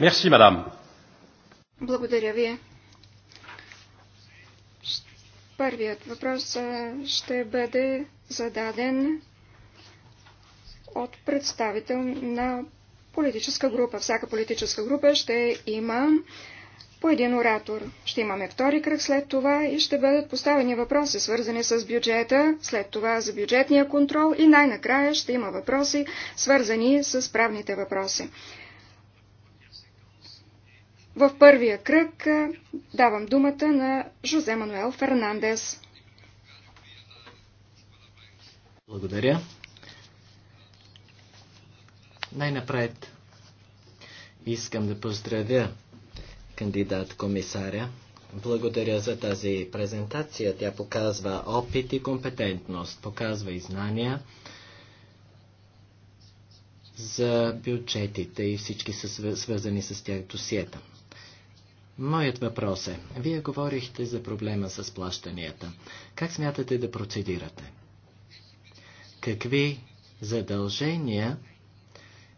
Мерси, мадам. Благодаря ви. Първият въпрос ще бъде зададен от представител на политическа група. Всяка политическа група ще има по един оратор. Ще имаме втори кръг след това и ще бъдат поставени въпроси, свързани с бюджета, след това за бюджетния контрол и най-накрая ще има въпроси, свързани с правните въпроси. В първия кръг давам думата на Жозе Мануел Фернандес. Благодаря. Най-напред искам да поздравя кандидат комисаря. Благодаря за тази презентация. Тя показва опит и компетентност, показва и знания за бюджетите и всички са свързани с тях досиета. Моят въпрос е, вие говорихте за проблема с плащанията. Как смятате да процедирате? Какви задължения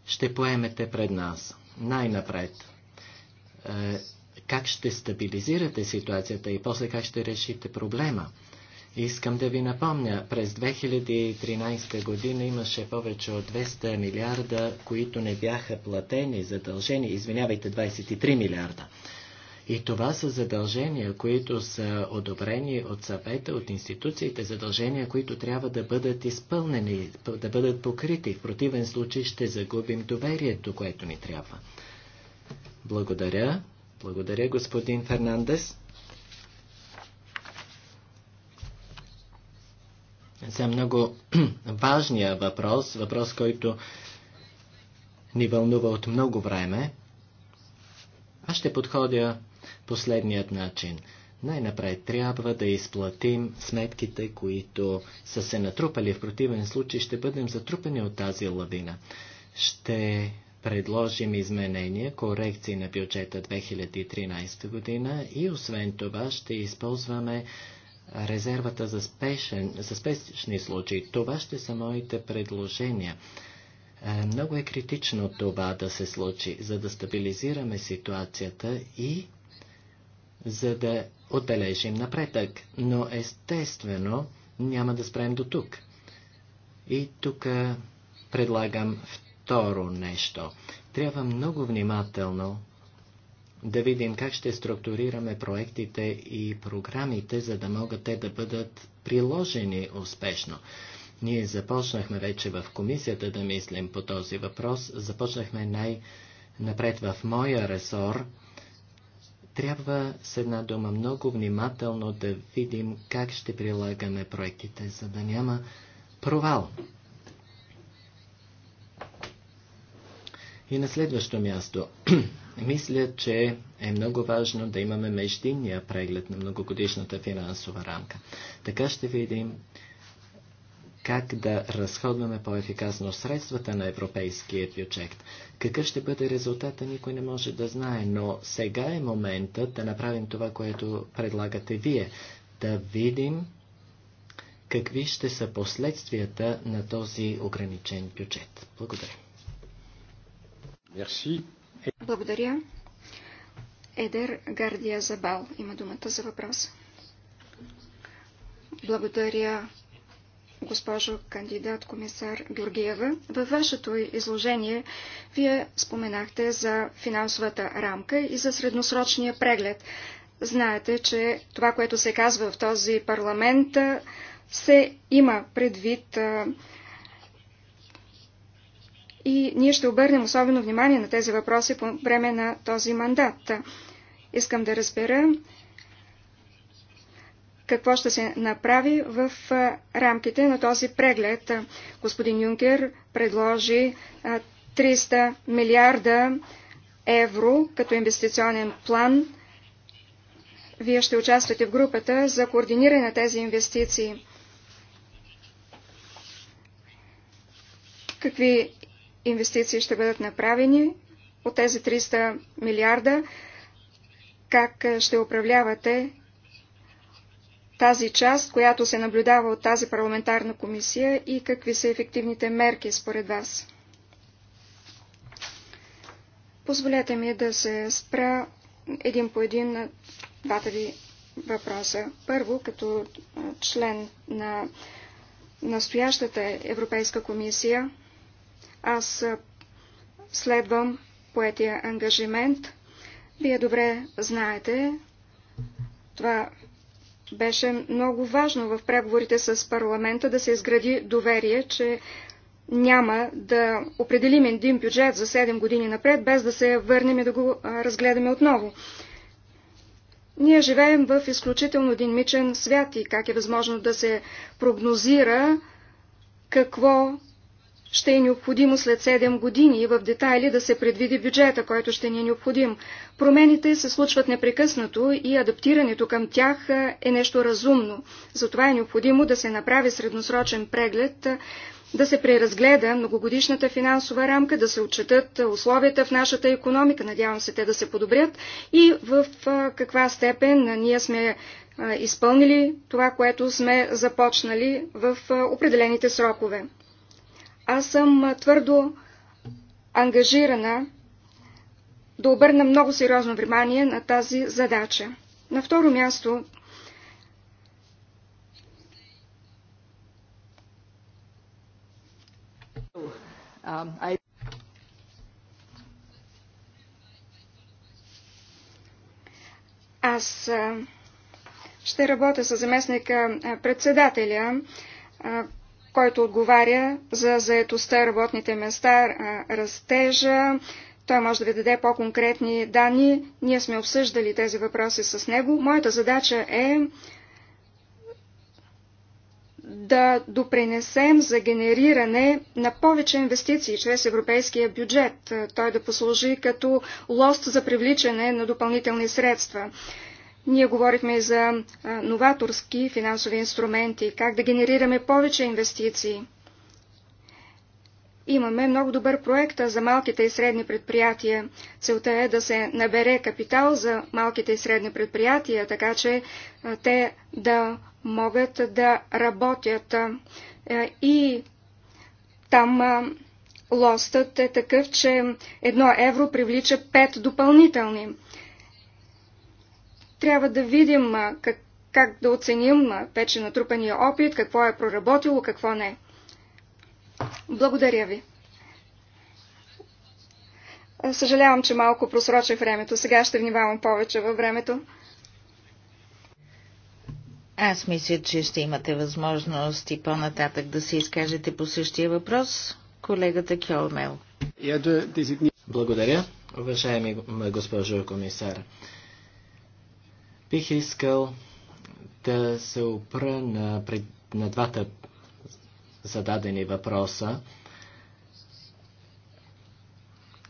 ще поемете пред нас? Най-напред, е, как ще стабилизирате ситуацията и после как ще решите проблема? Искам да ви напомня, през 2013 година имаше повече от 200 милиарда, които не бяха платени, задължени, извинявайте, 23 милиарда. И това са задължения, които са одобрени от съвета, от институциите, задължения, които трябва да бъдат изпълнени, да бъдат покрити. В противен случай ще загубим доверието, което ни трябва. Благодаря. Благодаря, господин Фернандес. За много важния въпрос, въпрос, който ни вълнува от много време. Аз ще подходя последният начин. Най-напред трябва да изплатим сметките, които са се натрупали. В противен случай ще бъдем затрупани от тази лавина. Ще предложим изменения, корекции на бюджета 2013 година и освен това ще използваме резервата за, спешен, за спешни случаи. Това ще са моите предложения. Е, много е критично това да се случи, за да стабилизираме ситуацията и за да отбележим напредък. Но естествено няма да спрем до тук. И тук предлагам второ нещо. Трябва много внимателно да видим как ще структурираме проектите и програмите, за да могат те да бъдат приложени успешно. Ние започнахме вече в комисията да мислим по този въпрос. Започнахме най-напред в моя ресор трябва с една дума много внимателно да видим как ще прилагаме проектите, за да няма провал. И на следващо място, мисля, че е много важно да имаме междинния преглед на многогодишната финансова рамка. Така ще видим как да разходваме по-ефикасно средствата на европейския бюджет. Какъв ще бъде резултата, никой не може да знае, но сега е моментът да направим това, което предлагате вие. Да видим какви ще са последствията на този ограничен бюджет. Благодаря. Merci. Благодаря. Едер Гардия Забал има думата за въпрос. Благодаря, госпожо кандидат комисар Георгиева. Във вашето изложение вие споменахте за финансовата рамка и за средносрочния преглед. Знаете, че това, което се казва в този парламент, се има предвид и ние ще обърнем особено внимание на тези въпроси по време на този мандат. Искам да разбера какво ще се направи в рамките на този преглед. Господин Юнкер предложи 300 милиарда евро като инвестиционен план. Вие ще участвате в групата за координиране на тези инвестиции. Какви инвестиции ще бъдат направени от тези 300 милиарда? Как ще управлявате тази част, която се наблюдава от тази парламентарна комисия и какви са ефективните мерки според вас? Позволете ми да се спра един по един на двата ви въпроса. Първо, като член на настоящата Европейска комисия, аз следвам поетия ангажимент. Вие добре знаете това беше много важно в преговорите с парламента да се изгради доверие, че няма да определим един бюджет за 7 години напред, без да се върнем и да го разгледаме отново. Ние живеем в изключително динамичен свят и как е възможно да се прогнозира какво ще е необходимо след 7 години и в детайли да се предвиди бюджета, който ще ни е необходим. Промените се случват непрекъснато и адаптирането към тях е, е нещо разумно. Затова е необходимо да се направи средносрочен преглед, е, да се преразгледа многогодишната финансова рамка, да се отчетат е, условията в нашата економика, надявам се те да се подобрят и в каква степен ние сме изпълнили това, което сме започнали в определените срокове. Аз съм твърдо ангажирана да обърна много сериозно внимание на тази задача. На второ място, аз ще работя с заместника председателя който отговаря за заетостта, работните места, растежа. Той може да ви даде по-конкретни данни. Ние сме обсъждали тези въпроси с него. Моята задача е да допринесем за генериране на повече инвестиции чрез европейския бюджет. Той да послужи като лост за привличане на допълнителни средства. Ние говорихме и за новаторски финансови инструменти, как да генерираме повече инвестиции. Имаме много добър проект за малките и средни предприятия. Целта е да се набере капитал за малките и средни предприятия, така че те да могат да работят. Е, и там лостът е такъв, че едно евро привлича пет допълнителни. Трябва да видим как, как да оценим вече натрупания опит, какво е проработило, какво не. Благодаря ви. Съжалявам, че малко просрочих времето. Сега ще внимавам повече във времето. Аз мисля, че ще имате възможност и по-нататък да се изкажете по същия въпрос. Колегата Кьолмел. Благодаря, уважаеми госпожо комисар. Бих искал да се опра на, пред, на двата зададени въпроса.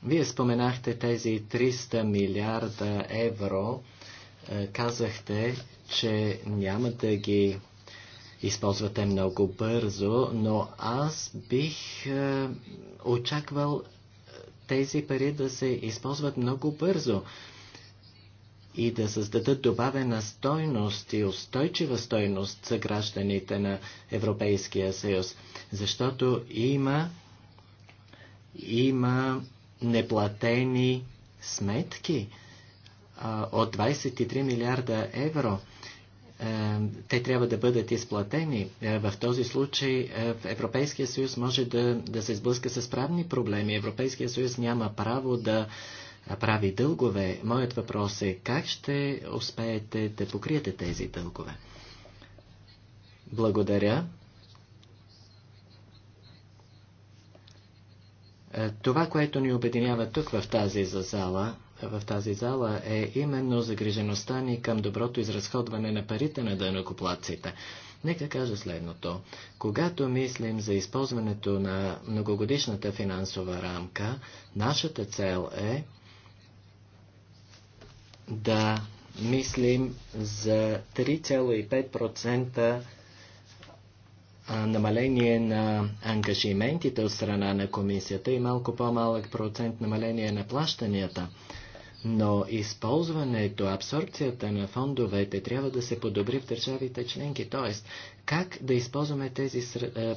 Вие споменахте тези 300 милиарда евро. Е, казахте, че няма да ги използвате много бързо, но аз бих е, очаквал е, тези пари да се използват много бързо и да създадат добавена стойност и устойчива стойност за гражданите на Европейския съюз, защото има, има неплатени сметки а, от 23 милиарда евро. А, е, те трябва да бъдат изплатени. А, е, в този случай а, е, Европейския съюз може да, да се сблъска с правни проблеми. Европейския съюз няма право да, прави дългове. Моят въпрос е как ще успеете да покриете тези дългове? Благодаря. Е, това, което ни обединява тук в тази зала, в тази зала е именно загрижеността ни към доброто изразходване на парите на дънокоплаците. Нека кажа следното. Когато мислим за използването на многогодишната финансова рамка, нашата цел е да мислим за 3,5% намаление на ангажиментите от страна на комисията и малко по-малък процент намаление на плащанията. Но използването, абсорбцията на фондовете трябва да се подобри в държавите членки, т.е. как да използваме тези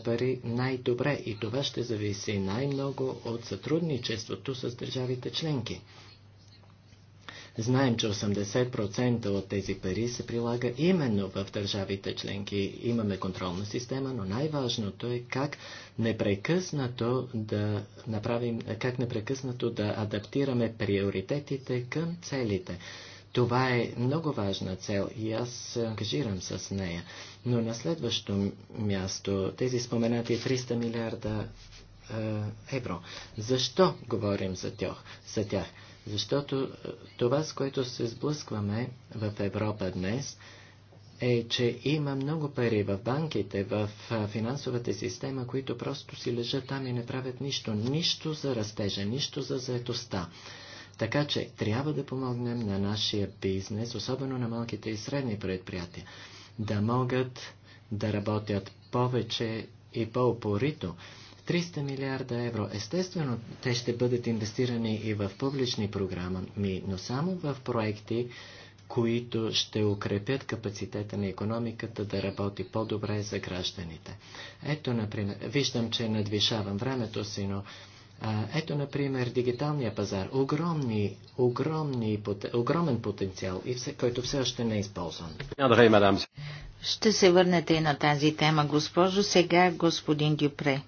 пари най-добре и това ще зависи най-много от сътрудничеството с държавите членки. Знаем, че 80% от тези пари се прилага именно в държавите членки. Имаме контролна система, но най-важното е как непрекъснато да направим, как непрекъснато да адаптираме приоритетите към целите. Това е много важна цел и аз се ангажирам с нея. Но на следващо място тези споменати 300 милиарда е, евро. Защо говорим за тях? За тях? Защото е, това, с което се сблъскваме в Европа днес, е, че има много пари в банките, в е, финансовата система, които просто си лежат там и не правят нищо. Нищо за растежа, нищо за заетостта. Така че трябва да помогнем на нашия бизнес, особено на малките и средни предприятия, да могат да работят повече и по-упорито. 300 милиарда евро. Естествено, те ще бъдат инвестирани и в публични програми, но само в проекти, които ще укрепят капацитета на економиката да работи по-добре за гражданите. Ето, например, виждам, че надвишавам времето си, но ето, например, дигиталния пазар. Огромни, огромни, огромен потенциал, и който все още не е използван. Ще се върнете и на тази тема, госпожо. Сега господин Дюпре.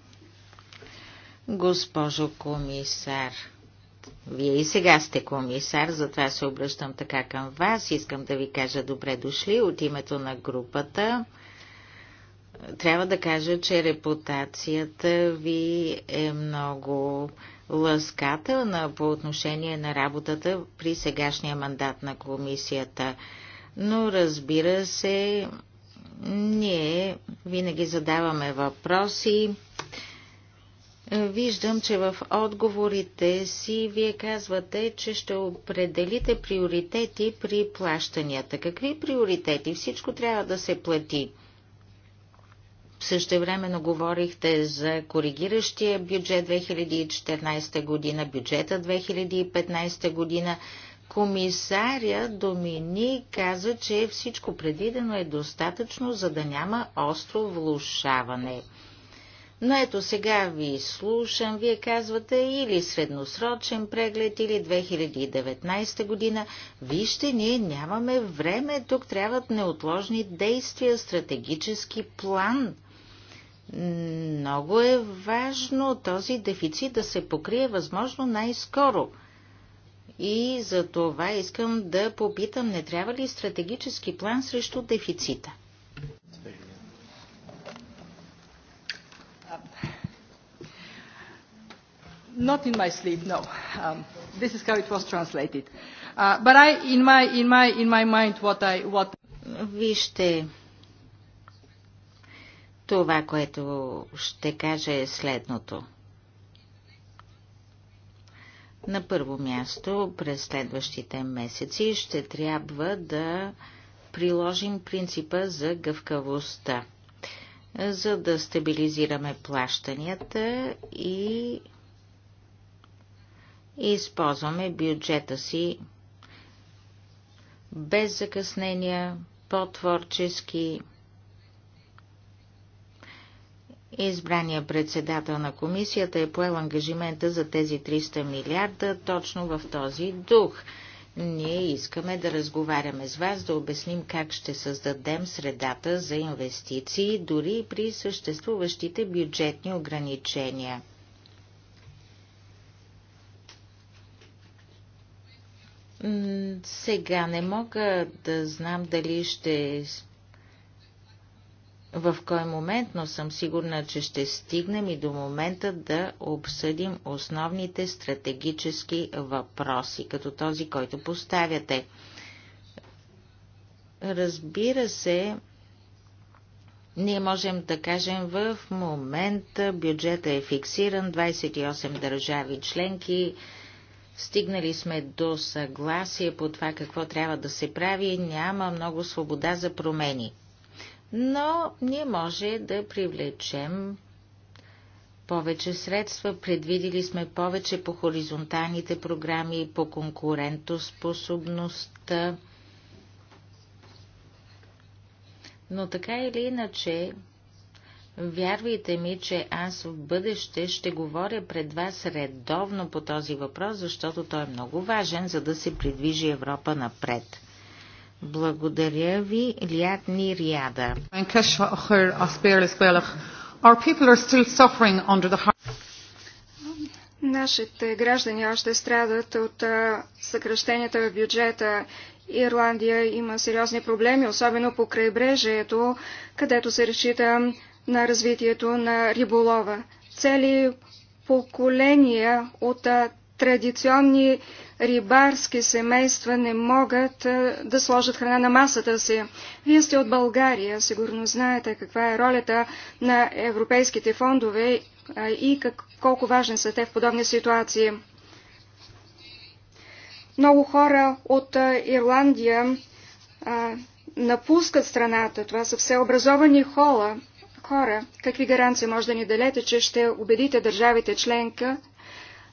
Госпожо комисар, вие и сега сте комисар, затова се обръщам така към вас. Искам да ви кажа добре дошли от името на групата. Трябва да кажа, че репутацията ви е много лъскателна по отношение на работата при сегашния мандат на комисията. Но разбира се, ние винаги задаваме въпроси Виждам, че в отговорите си вие казвате, че ще определите приоритети при плащанията. Какви приоритети? Всичко трябва да се плати. Същевременно говорихте за коригиращия бюджет 2014 година, бюджета 2015 година. Комисаря Домини каза, че всичко предвидено е достатъчно, за да няма остро влушаване. Но ето сега ви слушам, вие казвате или средносрочен преглед, или 2019 година. Вижте, ние нямаме време, тук трябват неотложни действия, стратегически план. Много е важно този дефицит да се покрие възможно най-скоро. И за това искам да попитам, не трябва ли стратегически план срещу дефицита? not in my sleep, no. Um, this is how it was translated. Uh, but I, in my, in my, in my mind, what I, what. Вижте, това, което ще кажа е следното. На първо място, през следващите месеци ще трябва да приложим принципа за гъвкавостта, за да стабилизираме плащанията и и използваме бюджета си без закъснения, по-творчески. Избрания председател на комисията е поел ангажимента за тези 300 милиарда точно в този дух. Ние искаме да разговаряме с вас, да обясним как ще създадем средата за инвестиции, дори при съществуващите бюджетни ограничения. Сега не мога да знам дали ще в кой момент, но съм сигурна, че ще стигнем и до момента да обсъдим основните стратегически въпроси, като този, който поставяте. Разбира се, ние можем да кажем в момента бюджета е фиксиран, 28 държави членки Стигнали сме до съгласие по това какво трябва да се прави. Няма много свобода за промени. Но ние може да привлечем повече средства, предвидили сме повече по хоризонталните програми, по конкурентоспособността. Но така или иначе, Вярвайте ми, че аз в бъдеще ще говоря пред вас редовно по този въпрос, защото той е много важен, за да се придвижи Европа напред. Благодаря ви, Лият Нириада. Нашите граждани още страдат от съкръщенията в бюджета Ирландия има сериозни проблеми, особено по крайбрежието, където се решита на развитието на риболова. Цели поколения от традиционни рибарски семейства не могат да сложат храна на масата си. Вие сте от България, сигурно знаете каква е ролята на европейските фондове и как, колко важни са те в подобни ситуации. Много хора от Ирландия а, напускат страната. Това са все образовани хора, хора. Какви гаранции може да ни далете, че ще убедите държавите членка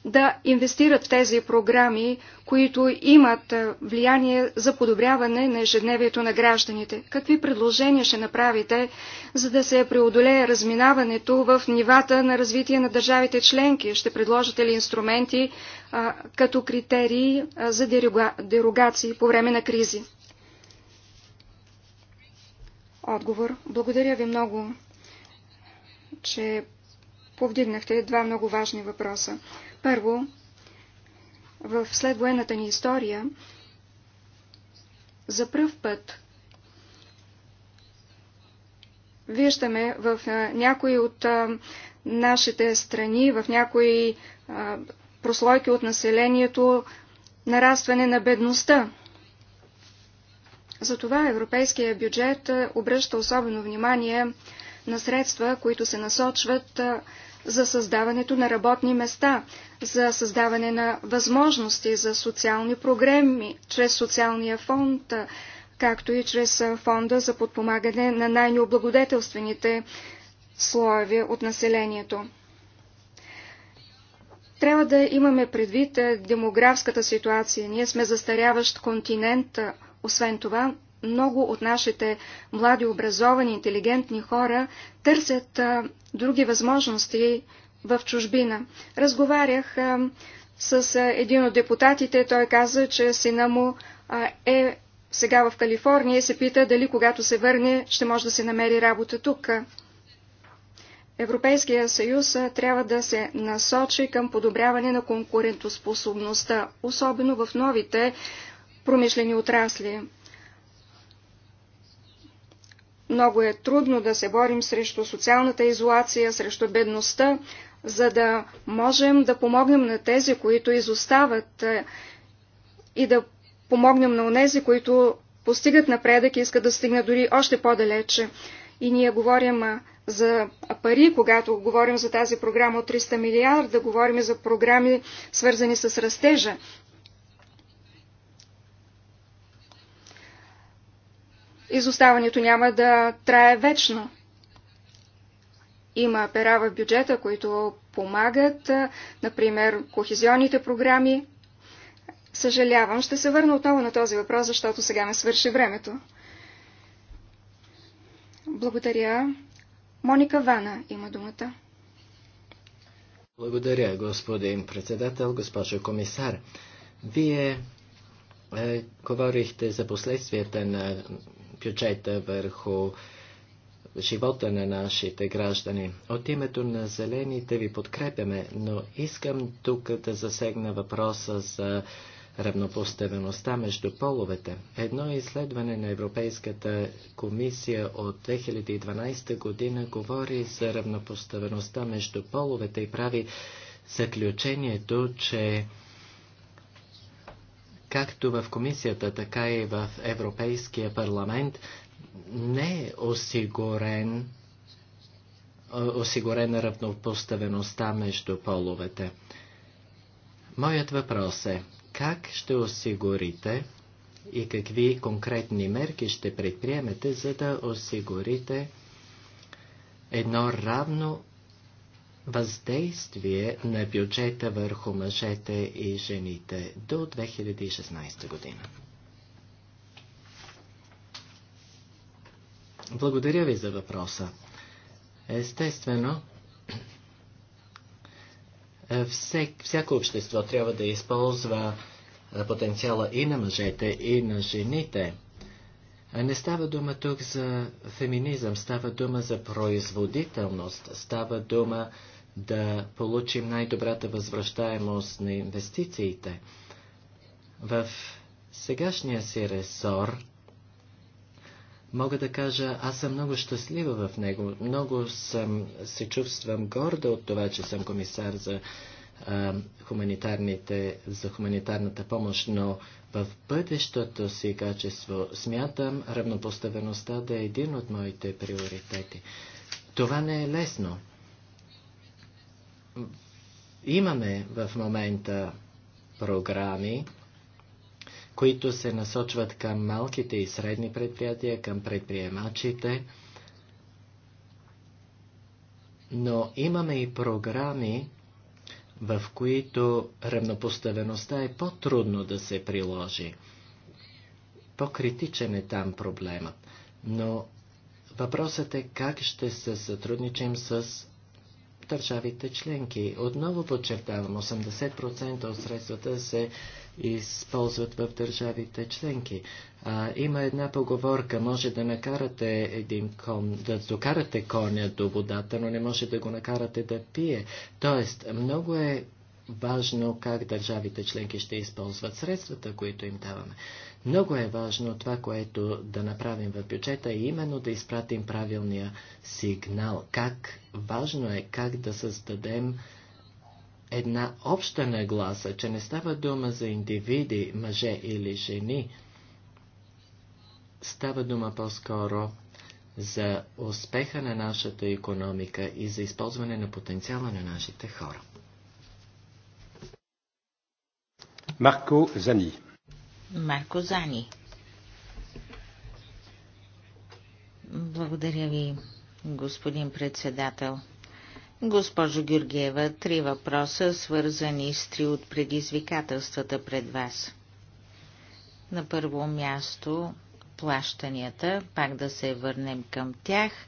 да инвестират в тези програми, които имат влияние за подобряване на ежедневието на гражданите? Какви предложения ще направите, за да се преодолее разминаването в нивата на развитие на държавите членки? Ще предложите ли инструменти а, като критерии а, за дерога, дерогации по време на кризи? Отговор. Благодаря ви много че повдигнахте два много важни въпроса. Първо, в следвоенната ни история за пръв път виждаме в някои от нашите страни, в някои прослойки от населението нарастване на бедността. Затова европейския бюджет обръща особено внимание на средства, които се насочват за създаването на работни места, за създаване на възможности за социални програми, чрез социалния фонд, както и чрез фонда за подпомагане на най-необлагодетелствените слоеве от населението. Трябва да имаме предвид демографската ситуация. Ние сме застаряващ континент. Освен това, много от нашите млади, образовани, интелигентни хора търсят а, други възможности в чужбина. Разговарях а, с а, един от депутатите, той каза, че сина му а, е сега в Калифорния и се пита дали когато се върне ще може да се намери работа тук. Европейския съюз трябва да се насочи към подобряване на конкурентоспособността, особено в новите промишлени отрасли. Много е трудно да се борим срещу социалната изолация, срещу бедността, за да можем да помогнем на тези, които изостават е, и да помогнем на онези, които постигат напредък и искат да стигнат дори още по-далече. И ние говорим е, за пари, когато говорим за тази програма от 300 милиарда, говорим за програми свързани с растежа. изоставането няма да трае вечно. Има пера в бюджета, които помагат, например, кохезионните програми. Съжалявам, ще се върна отново на този въпрос, защото сега ме свърши времето. Благодаря. Моника Вана има думата. Благодаря, господин председател, госпожо комисар. Вие е, говорихте за последствията на бюджета върху живота на нашите граждани. От името на зелените ви подкрепяме, но искам тук да засегна въпроса за равнопоставеността между половете. Едно изследване на Европейската комисия от 2012 година говори за равнопоставеността между половете и прави заключението, че както в комисията, така и в Европейския парламент, не е осигурен, е, осигурена равнопоставеността между половете. Моят въпрос е, как ще осигурите и какви конкретни мерки ще предприемете, за да осигурите едно равно въздействие на бюджета върху мъжете и жените до 2016 година. Благодаря ви за въпроса. Естествено, всек, всяко общество трябва да използва потенциала и на мъжете, и на жените. Не става дума тук за феминизъм, става дума за производителност, става дума да получим най-добрата възвръщаемост на инвестициите. В сегашния си ресор мога да кажа, аз съм много щастлива в него. Много съм, се чувствам горда от това, че съм комисар за, а, хуманитарните, за хуманитарната помощ, но в бъдещото си качество смятам равнопоставеността да е един от моите приоритети. Това не е лесно. Имаме в момента програми, които се насочват към малките и средни предприятия, към предприемачите, но имаме и програми, в които равнопоставеността е по-трудно да се приложи. По-критичен е там проблемът. Но въпросът е как ще се сътрудничим с държавите членки. Отново подчертавам, 80% от средствата се използват в държавите членки. А, има една поговорка, може да накарате един кон, да докарате коня до водата, но не може да го накарате да пие. Тоест, много е важно как държавите членки ще използват средствата, които им даваме. Много е важно това, което да направим в бюджета, е именно да изпратим правилния сигнал. Как важно е как да създадем една обща нагласа, че не става дума за индивиди, мъже или жени. Става дума по-скоро за успеха на нашата економика и за използване на потенциала на нашите хора. Марко Зани. Марко Зани. Благодаря ви, господин председател. Госпожо Георгиева, три въпроса, свързани с три от предизвикателствата пред вас. На първо място плащанията, пак да се върнем към тях –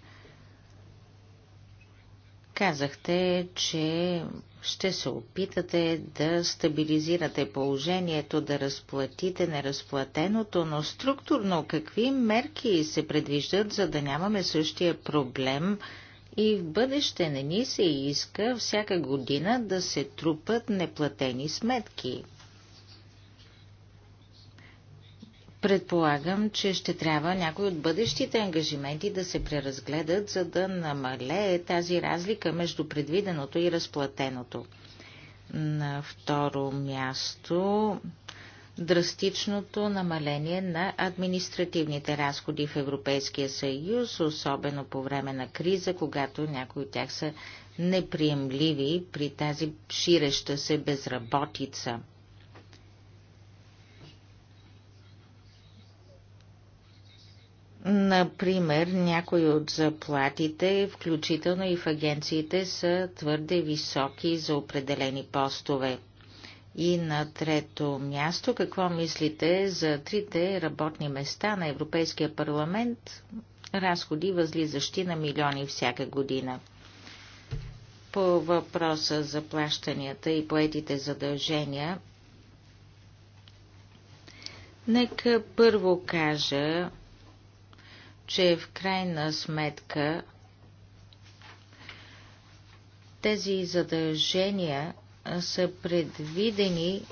Казахте, че ще се опитате да стабилизирате положението, да разплатите неразплатеното, но структурно какви мерки се предвиждат, за да нямаме същия проблем и в бъдеще не ни се иска всяка година да се трупат неплатени сметки? Предполагам, че ще трябва някои от бъдещите ангажименти да се преразгледат, за да намалее тази разлика между предвиденото и разплатеното. На второ място драстичното намаление на административните разходи в Европейския съюз, особено по време на криза, когато някои от тях са неприемливи при тази ширеща се безработица – Например, някои от заплатите, включително и в агенциите, са твърде високи за определени постове. И на трето място, какво мислите за трите работни места на Европейския парламент, разходи възлизащи на милиони всяка година? По въпроса за плащанията и поетите задължения, нека първо кажа, че в крайна сметка тези задължения са предвидени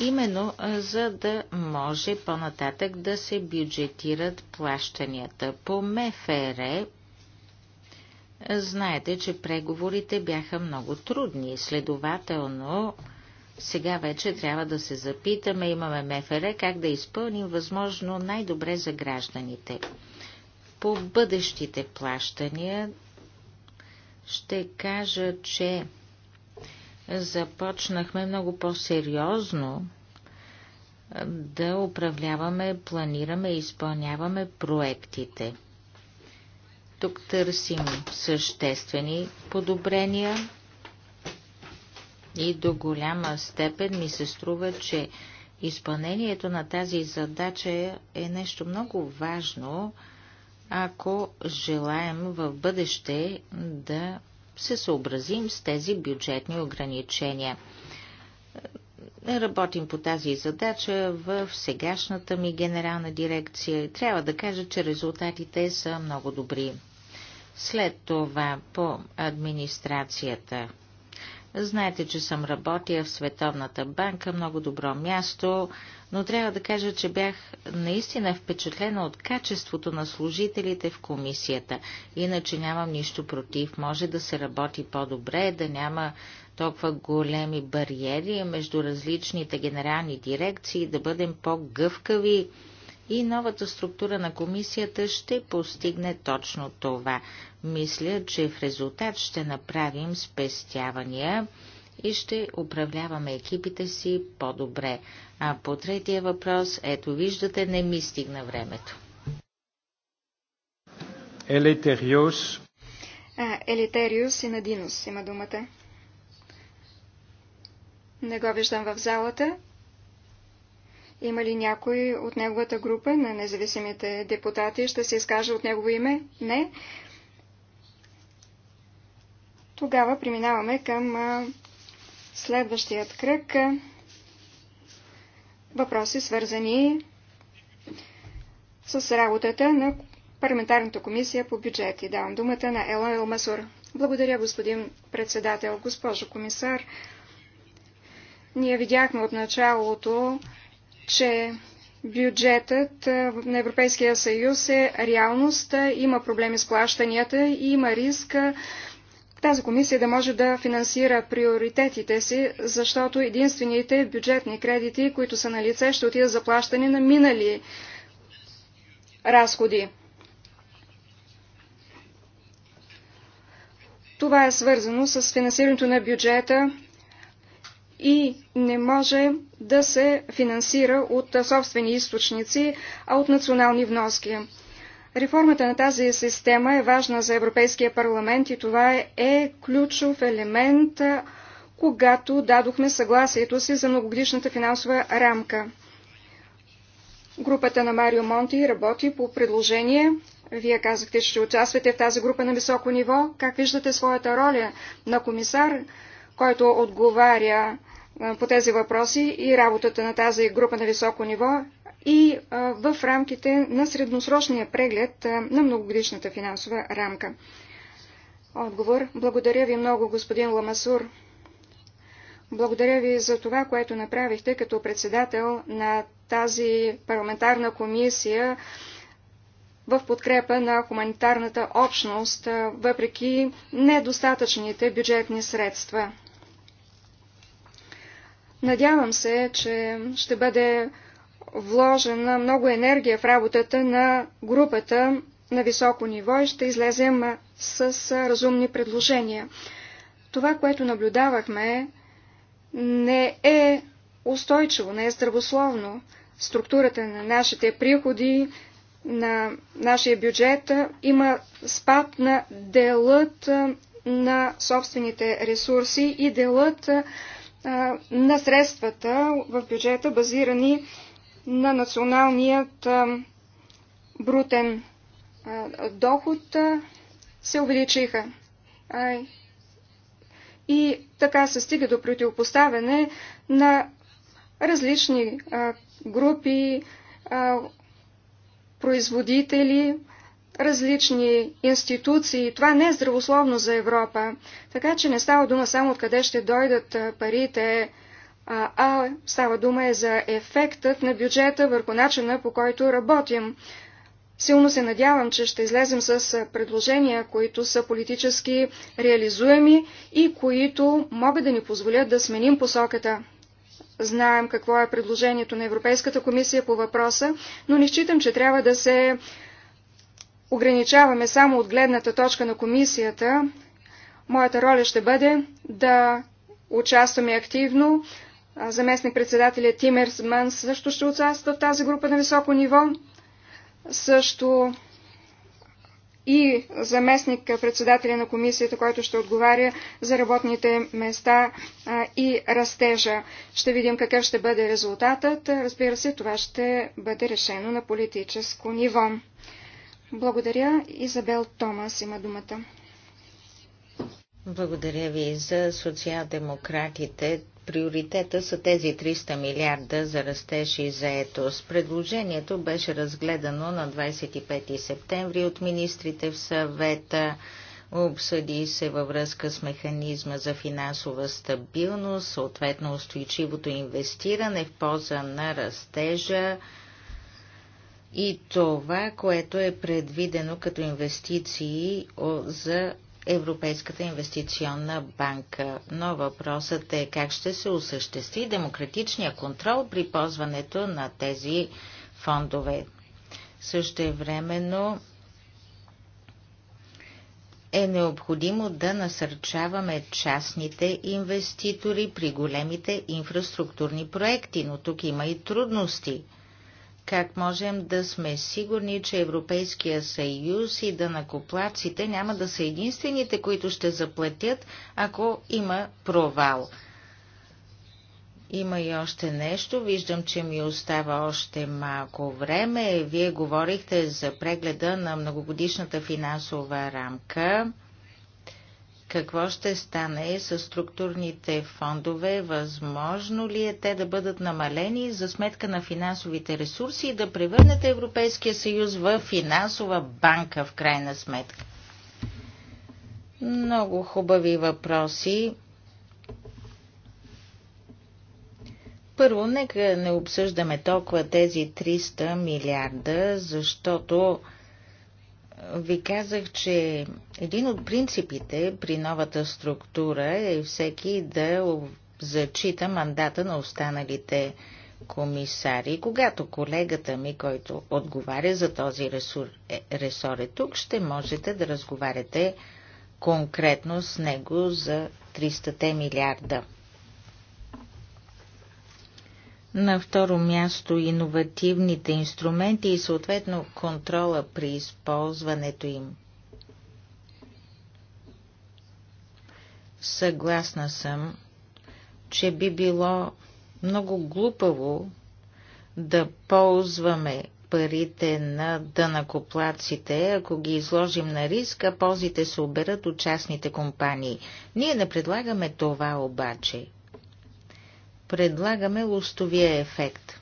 именно за да може по-нататък да се бюджетират плащанията. По МФР знаете, че преговорите бяха много трудни, следователно сега вече трябва да се запитаме, имаме МФР, как да изпълним възможно най-добре за гражданите. По бъдещите плащания ще кажа, че започнахме много по-сериозно да управляваме, планираме и изпълняваме проектите. Тук търсим съществени подобрения и до голяма степен ми се струва, че изпълнението на тази задача е нещо много важно, ако желаем в бъдеще да се съобразим с тези бюджетни ограничения. Е, работим по тази задача в сегашната ми генерална дирекция и трябва да кажа, че резултатите са много добри. След това по администрацията. Знаете, че съм работя в Световната банка, много добро място но трябва да кажа, че бях наистина впечатлена от качеството на служителите в комисията. Иначе нямам нищо против. Може да се работи по-добре, да няма толкова големи бариери между различните генерални дирекции, да бъдем по-гъвкави и новата структура на комисията ще постигне точно това. Мисля, че в резултат ще направим спестявания и ще управляваме екипите си по-добре. А по третия въпрос, ето виждате, не ми стигна времето. Елетериус. А, Елетериус и Надинус има думата. Не го виждам в залата. Има ли някой от неговата група на независимите депутати? Ще се изкаже от негово име? Не. Тогава преминаваме към Следващият кръг е въпроси свързани с работата на парламентарната комисия по бюджети. Давам думата на Ела Елмасур. Благодаря, господин председател, госпожо комисар. Ние видяхме от началото, че бюджетът на Европейския съюз е реалност, има проблеми с плащанията и има риск тази комисия да може да финансира приоритетите си, защото единствените бюджетни кредити, които са на лице, ще отидат за плащане на минали разходи. Това е свързано с финансирането на бюджета и не може да се финансира от собствени източници, а от национални вноски. Реформата на тази система е важна за Европейския парламент и това е ключов елемент, когато дадохме съгласието си за многогодишната финансова рамка. Групата на Марио Монти работи по предложение. Вие казахте, че участвате в тази група на високо ниво. Как виждате своята роля на комисар, който отговаря по тези въпроси и работата на тази група на високо ниво и в рамките на средносрочния преглед на многогодишната финансова рамка. Отговор. Благодаря ви много, господин Ламасур. Благодаря ви за това, което направихте като председател на тази парламентарна комисия в подкрепа на хуманитарната общност, въпреки недостатъчните бюджетни средства. Надявам се, че ще бъде вложена много енергия в работата на групата на високо ниво и ще излезем с разумни предложения. Това, което наблюдавахме, не е устойчиво, не е здравословно. Структурата на нашите приходи, на нашия бюджет има спад на делът на собствените ресурси и делът на средствата в бюджета, базирани на националният брутен доход, се увеличиха. И така се стига до противопоставяне на различни групи, производители, различни институции. Това не е здравословно за Европа. Така че не става дума само откъде ще дойдат парите, а, а става дума е за ефектът на бюджета върху начина по който работим. Силно се надявам, че ще излезем с предложения, които са политически реализуеми и които могат да ни позволят да сменим посоката. Знаем какво е предложението на Европейската комисия по въпроса, но не считам, че трябва да се ограничаваме само от гледната точка на комисията, моята роля ще бъде да участваме активно. Заместник председателя Тимерсман също ще участва в тази група на високо ниво. Също и заместник председателя на комисията, който ще отговаря за работните места и растежа. Ще видим какъв ще бъде резултатът. Разбира се, това ще бъде решено на политическо ниво. Благодаря. Изабел Томас има думата. Благодаря ви за социал-демократите. Приоритета са тези 300 милиарда за растеж и заетост. Предложението беше разгледано на 25 септември от министрите в съвета. Обсъди се във връзка с механизма за финансова стабилност, съответно устойчивото инвестиране в полза на растежа, и това, което е предвидено като инвестиции за Европейската инвестиционна банка. Но въпросът е как ще се осъществи демократичния контрол при ползването на тези фондове. Същевременно е необходимо да насърчаваме частните инвеститори при големите инфраструктурни проекти, но тук има и трудности – как можем да сме сигурни, че Европейския съюз и накоплаците няма да са единствените, които ще заплатят, ако има провал? Има и още нещо. Виждам, че ми остава още малко време. Вие говорихте за прегледа на многогодишната финансова рамка. Какво ще стане с структурните фондове? Възможно ли е те да бъдат намалени за сметка на финансовите ресурси и да превърнете Европейския съюз в финансова банка в крайна сметка? Много хубави въпроси. Първо, нека не обсъждаме толкова тези 300 милиарда, защото ви казах, че един от принципите при новата структура е всеки да зачита мандата на останалите комисари. Когато колегата ми, който отговаря за този ресур, е, ресор е тук, ще можете да разговаряте конкретно с него за 300 милиарда. На второ място иновативните инструменти и съответно контрола при използването им. Съгласна съм, че би било много глупаво да ползваме парите на дънакоплаците, ако ги изложим на риск, а ползите се оберат от частните компании. Ние не предлагаме това обаче – предлагаме лостовия ефект,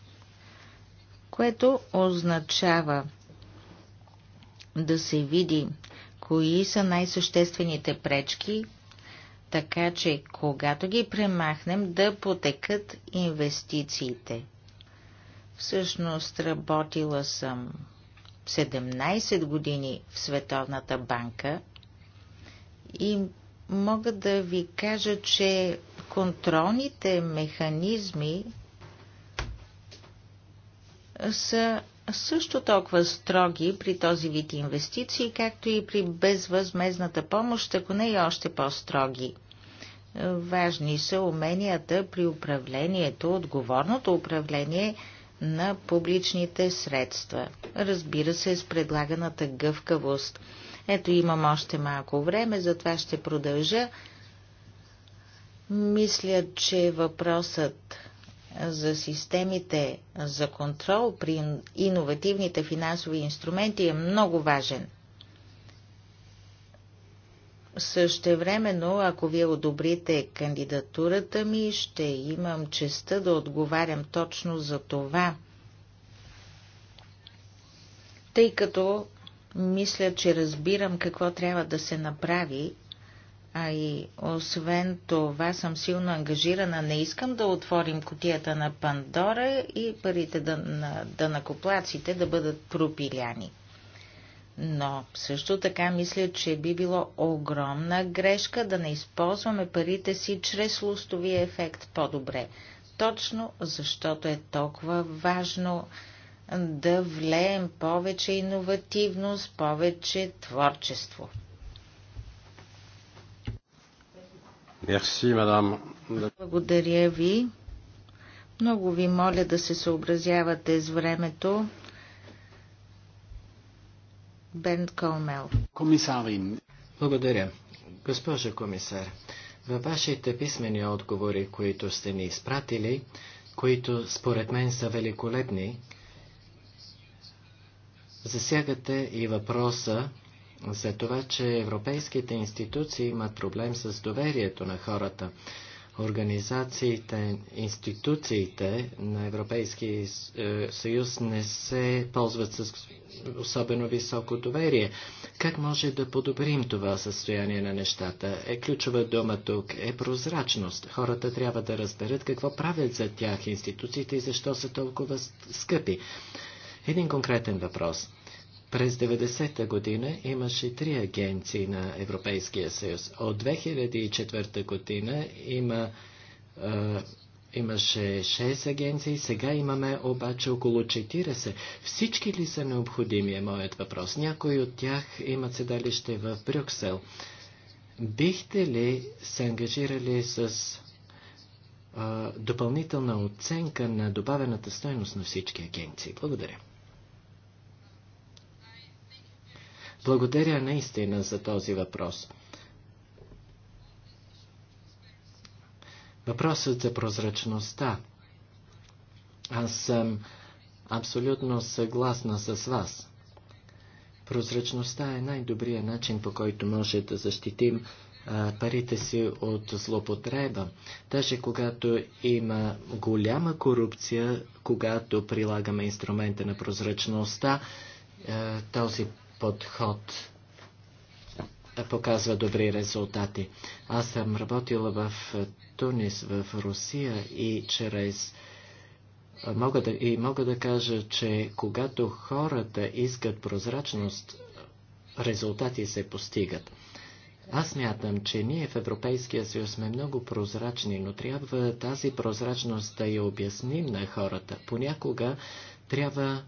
което означава да се види кои са най-съществените пречки, така че когато ги премахнем да потекат инвестициите. Всъщност работила съм 17 години в Световната банка и мога да ви кажа, че контролните механизми са също толкова строги при този вид инвестиции, както и при безвъзмезната помощ, ако не и още по-строги. Важни са уменията при управлението, отговорното управление на публичните средства. Разбира се, с предлаганата гъвкавост. Ето имам още малко време, затова ще продължа мисля, че въпросът за системите за контрол при иновативните финансови инструменти е много важен. Същевременно, ако вие одобрите кандидатурата ми, ще имам честа да отговарям точно за това, тъй като мисля, че разбирам какво трябва да се направи а и освен това съм силно ангажирана. Не искам да отворим котията на Пандора и парите да, на данакоплаците да бъдат пропиляни. Но също така мисля, че би било огромна грешка да не използваме парите си чрез лустовия ефект по-добре. Точно защото е толкова важно да влеем повече иновативност, повече творчество. Merci, madame. Благодаря ви. Много ви моля да се съобразявате с времето. Бент Колмел. Комисарин. Благодаря. Госпожо комисар, във вашите писмени отговори, които сте ни изпратили, които според мен са великолепни, засягате и въпроса за това, че европейските институции имат проблем с доверието на хората. Организациите, институциите на Европейския е, съюз не се ползват с особено високо доверие. Как може да подобрим това състояние на нещата? Е ключова дума тук е прозрачност. Хората трябва да разберат какво правят за тях институциите и защо са толкова скъпи. Един конкретен въпрос – през 90-та година имаше три агенции на Европейския съюз. От 2004 година има, е, имаше 6 агенции, сега имаме обаче около 40. Всички ли са необходими е моят въпрос? Някои от тях имат седалище в Брюксел. Бихте ли се ангажирали с е, допълнителна оценка на добавената стойност на всички агенции? Благодаря. Благодаря наистина за този въпрос. Въпросът за прозрачността. Аз съм абсолютно съгласна с вас. Прозрачността е най-добрият начин, по който може да защитим парите си от злопотреба. Даже когато има голяма корупция, когато прилагаме инструмента на прозрачността, този подход е показва добри резултати. Аз съм работила в Тунис, в Русия и чрез мога да, и мога да кажа, че когато хората искат прозрачност, резултати се постигат. Аз мятам, че ние в Европейския съюз сме много прозрачни, но трябва тази прозрачност да я обясним на хората. Понякога трябва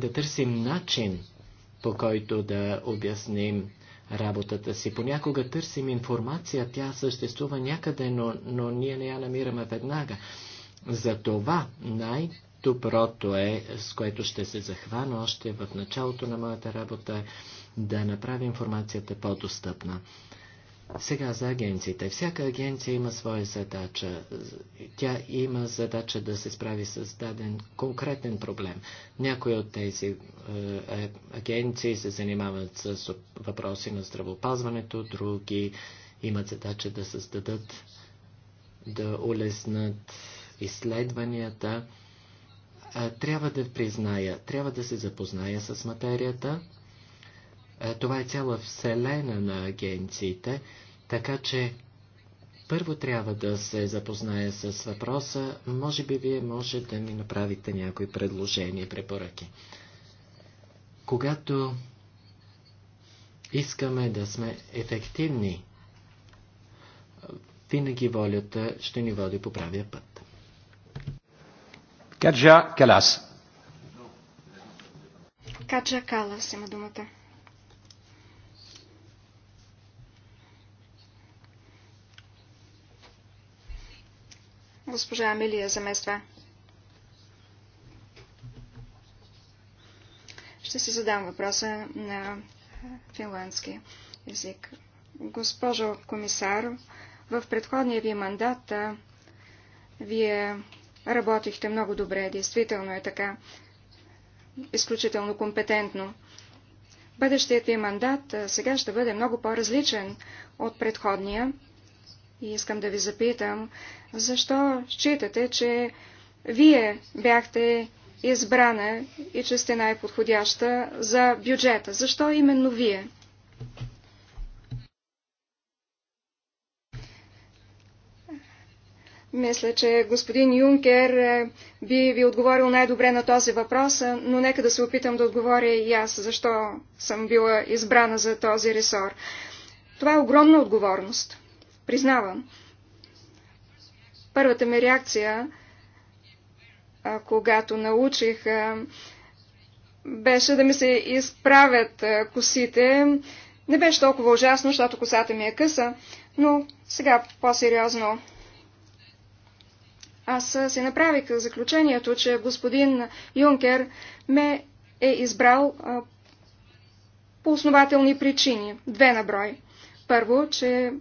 да търсим начин, по който да обясним работата си. Понякога търсим информация, тя съществува някъде, но, но ние не я намираме веднага. Затова най-доброто е, с което ще се захвана още в началото на моята работа, да направи информацията по-достъпна. Сега за агенциите. Всяка агенция има своя задача. Тя има задача да се справи с даден конкретен проблем. Някои от тези е, агенции се занимават с въпроси на здравопазването, други имат задача да създадат, да улеснат изследванията. Е, трябва да призная, трябва да се запозная с материята е, това е цяла вселена на агенциите, така че първо трябва да се запозная с въпроса. Може би вие може да ми направите някои предложения, препоръки. Когато искаме да сме ефективни, винаги волята ще ни води по правия път. Каджа Калас. Каджа Калас има думата. Госпожа Амелия замества. Ще си задам въпроса на финландски език. Госпожо комисар, в предходния ви мандат вие работихте много добре, действително е така, изключително компетентно. Бъдещият ви мандат сега ще бъде много по-различен от предходния. И искам да ви запитам, защо считате, че вие бяхте избрана и че сте най-подходяща за бюджета? Защо именно вие? Мисля, че господин Юнкер е, би ви отговорил най-добре на този въпрос, е, но нека да се опитам да отговоря и аз, защо съм била избрана за този ресор. Това е огромна отговорност признавам. Първата ми реакция, когато научих, беше да ми се изправят косите. Не беше толкова ужасно, защото косата ми е къса, но сега по-сериозно. Аз си направих заключението, че господин Юнкер ме е избрал по основателни причини. Две на брой. Първо, че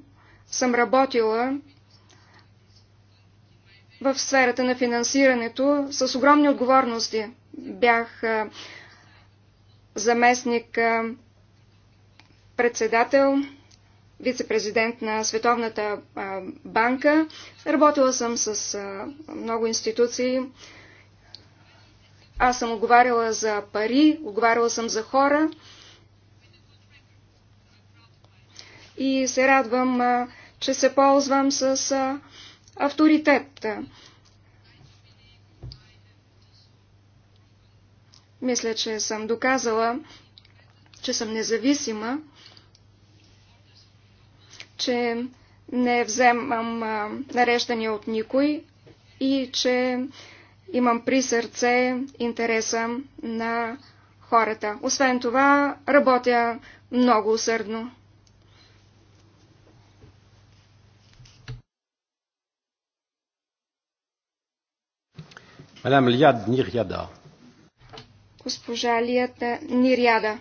съм работила в сферата на финансирането с огромни отговорности. Бях заместник председател, вице-президент на Световната банка. Работила съм с много институции. Аз съм отговаряла за пари, отговаряла съм за хора. и се радвам, че се ползвам с авторитет. Мисля, че съм доказала, че съм независима, че не вземам нареждания от никой и че имам при сърце интереса на хората. Освен това, работя много усърдно. Мадам Лияд Нирьяда. Госпожа Лията Нирьяда.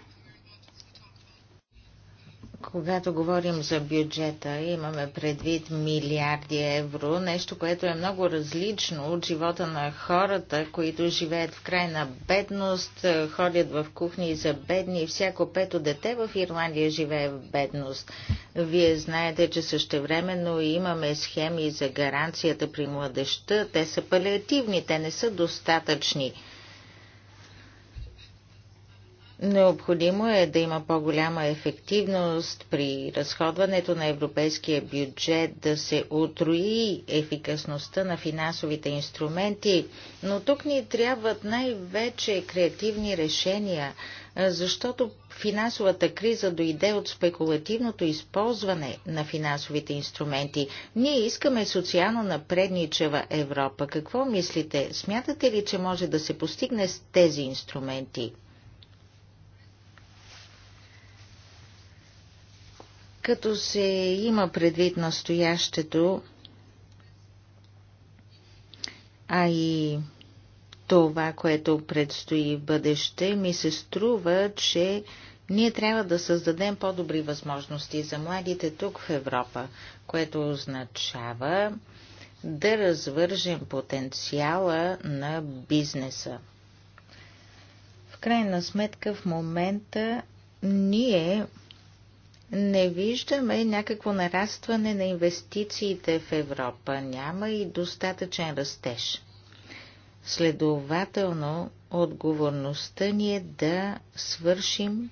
Когато говорим за бюджета, имаме предвид милиарди евро, нещо, което е много различно от живота на хората, които живеят в крайна бедност, е, ходят в кухни за бедни. Всяко пето дете в Ирландия живее в бедност. Вие знаете, че същевременно имаме схеми за гаранцията при младеща. Те са палиативни, те не са достатъчни. Необходимо е да има по-голяма ефективност при разходването на европейския бюджет, да се утрои ефикасността на финансовите инструменти, но тук ни трябват най-вече креативни решения, защото финансовата криза дойде от спекулативното използване на финансовите инструменти. Ние искаме социално напредничева Европа. Какво мислите? Смятате ли, че може да се постигне с тези инструменти? Като се има предвид настоящето, а и това, което предстои в бъдеще, ми се струва, че ние трябва да създадем по-добри възможности за младите тук в Европа, което означава да развържем потенциала на бизнеса. В крайна сметка в момента ние не виждаме някакво нарастване на инвестициите в Европа. Няма и достатъчен растеж. Следователно, отговорността ни е да свършим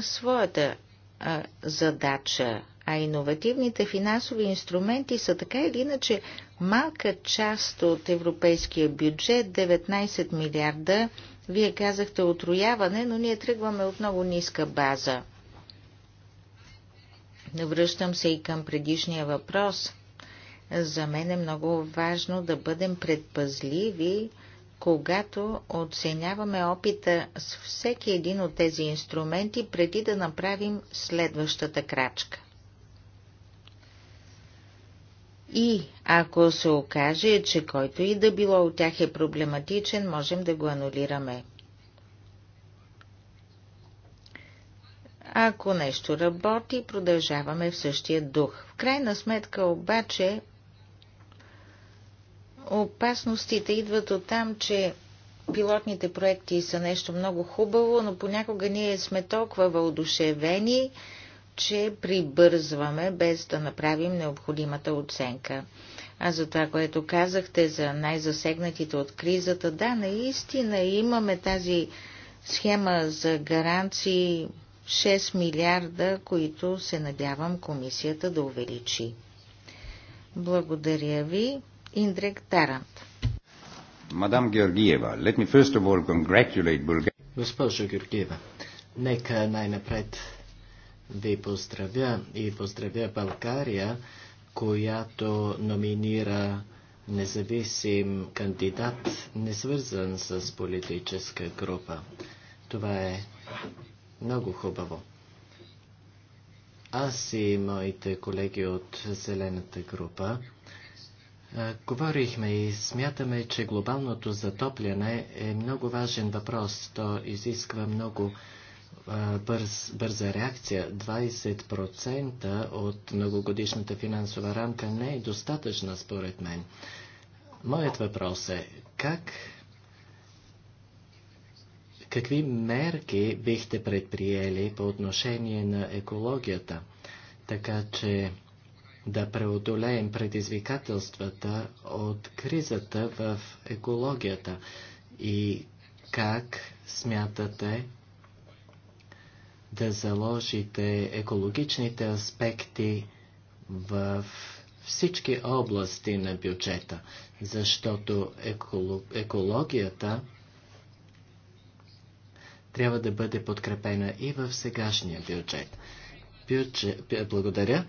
своята а, задача, а иновативните финансови инструменти са така или иначе малка част от европейския бюджет 19 милиарда. Вие казахте отрояване, но ние тръгваме от много ниска база. Връщам се и към предишния въпрос. За мен е много важно да бъдем предпазливи, когато оценяваме опита с всеки един от тези инструменти, преди да направим следващата крачка. И ако се окаже, че който и да било от тях е проблематичен, можем да го анулираме. Ако нещо работи, продължаваме в същия дух. В крайна сметка обаче опасностите идват от там, че пилотните проекти са нещо много хубаво, но понякога ние сме толкова въодушевени, че прибързваме без да направим необходимата оценка. А за това, което казахте за най-засегнатите от кризата, да, наистина имаме тази схема за гаранции 6 милиарда, които се надявам комисията да увеличи. Благодаря ви, Индрек Тарант. Мадам Георгиева, let me first of all congratulate Bulgaria. Госпожо Георгиева, нека най-напред ви поздравя и поздравя България, която номинира независим кандидат, не свързан с политическа група. Това е много хубаво. Аз и моите колеги от Зелената група Говорихме и смятаме, че глобалното затопляне е много важен въпрос. То изисква много бърз, бърза реакция. 20% от многогодишната финансова рамка не е достатъчна, според мен. Моят въпрос е, как Какви мерки бихте предприели по отношение на екологията, така че да преодолеем предизвикателствата от кризата в екологията и как смятате да заложите екологичните аспекти в всички области на бюджета, защото екологията трябва да бъде подкрепена и в сегашния бюджет. бюджет благодаря.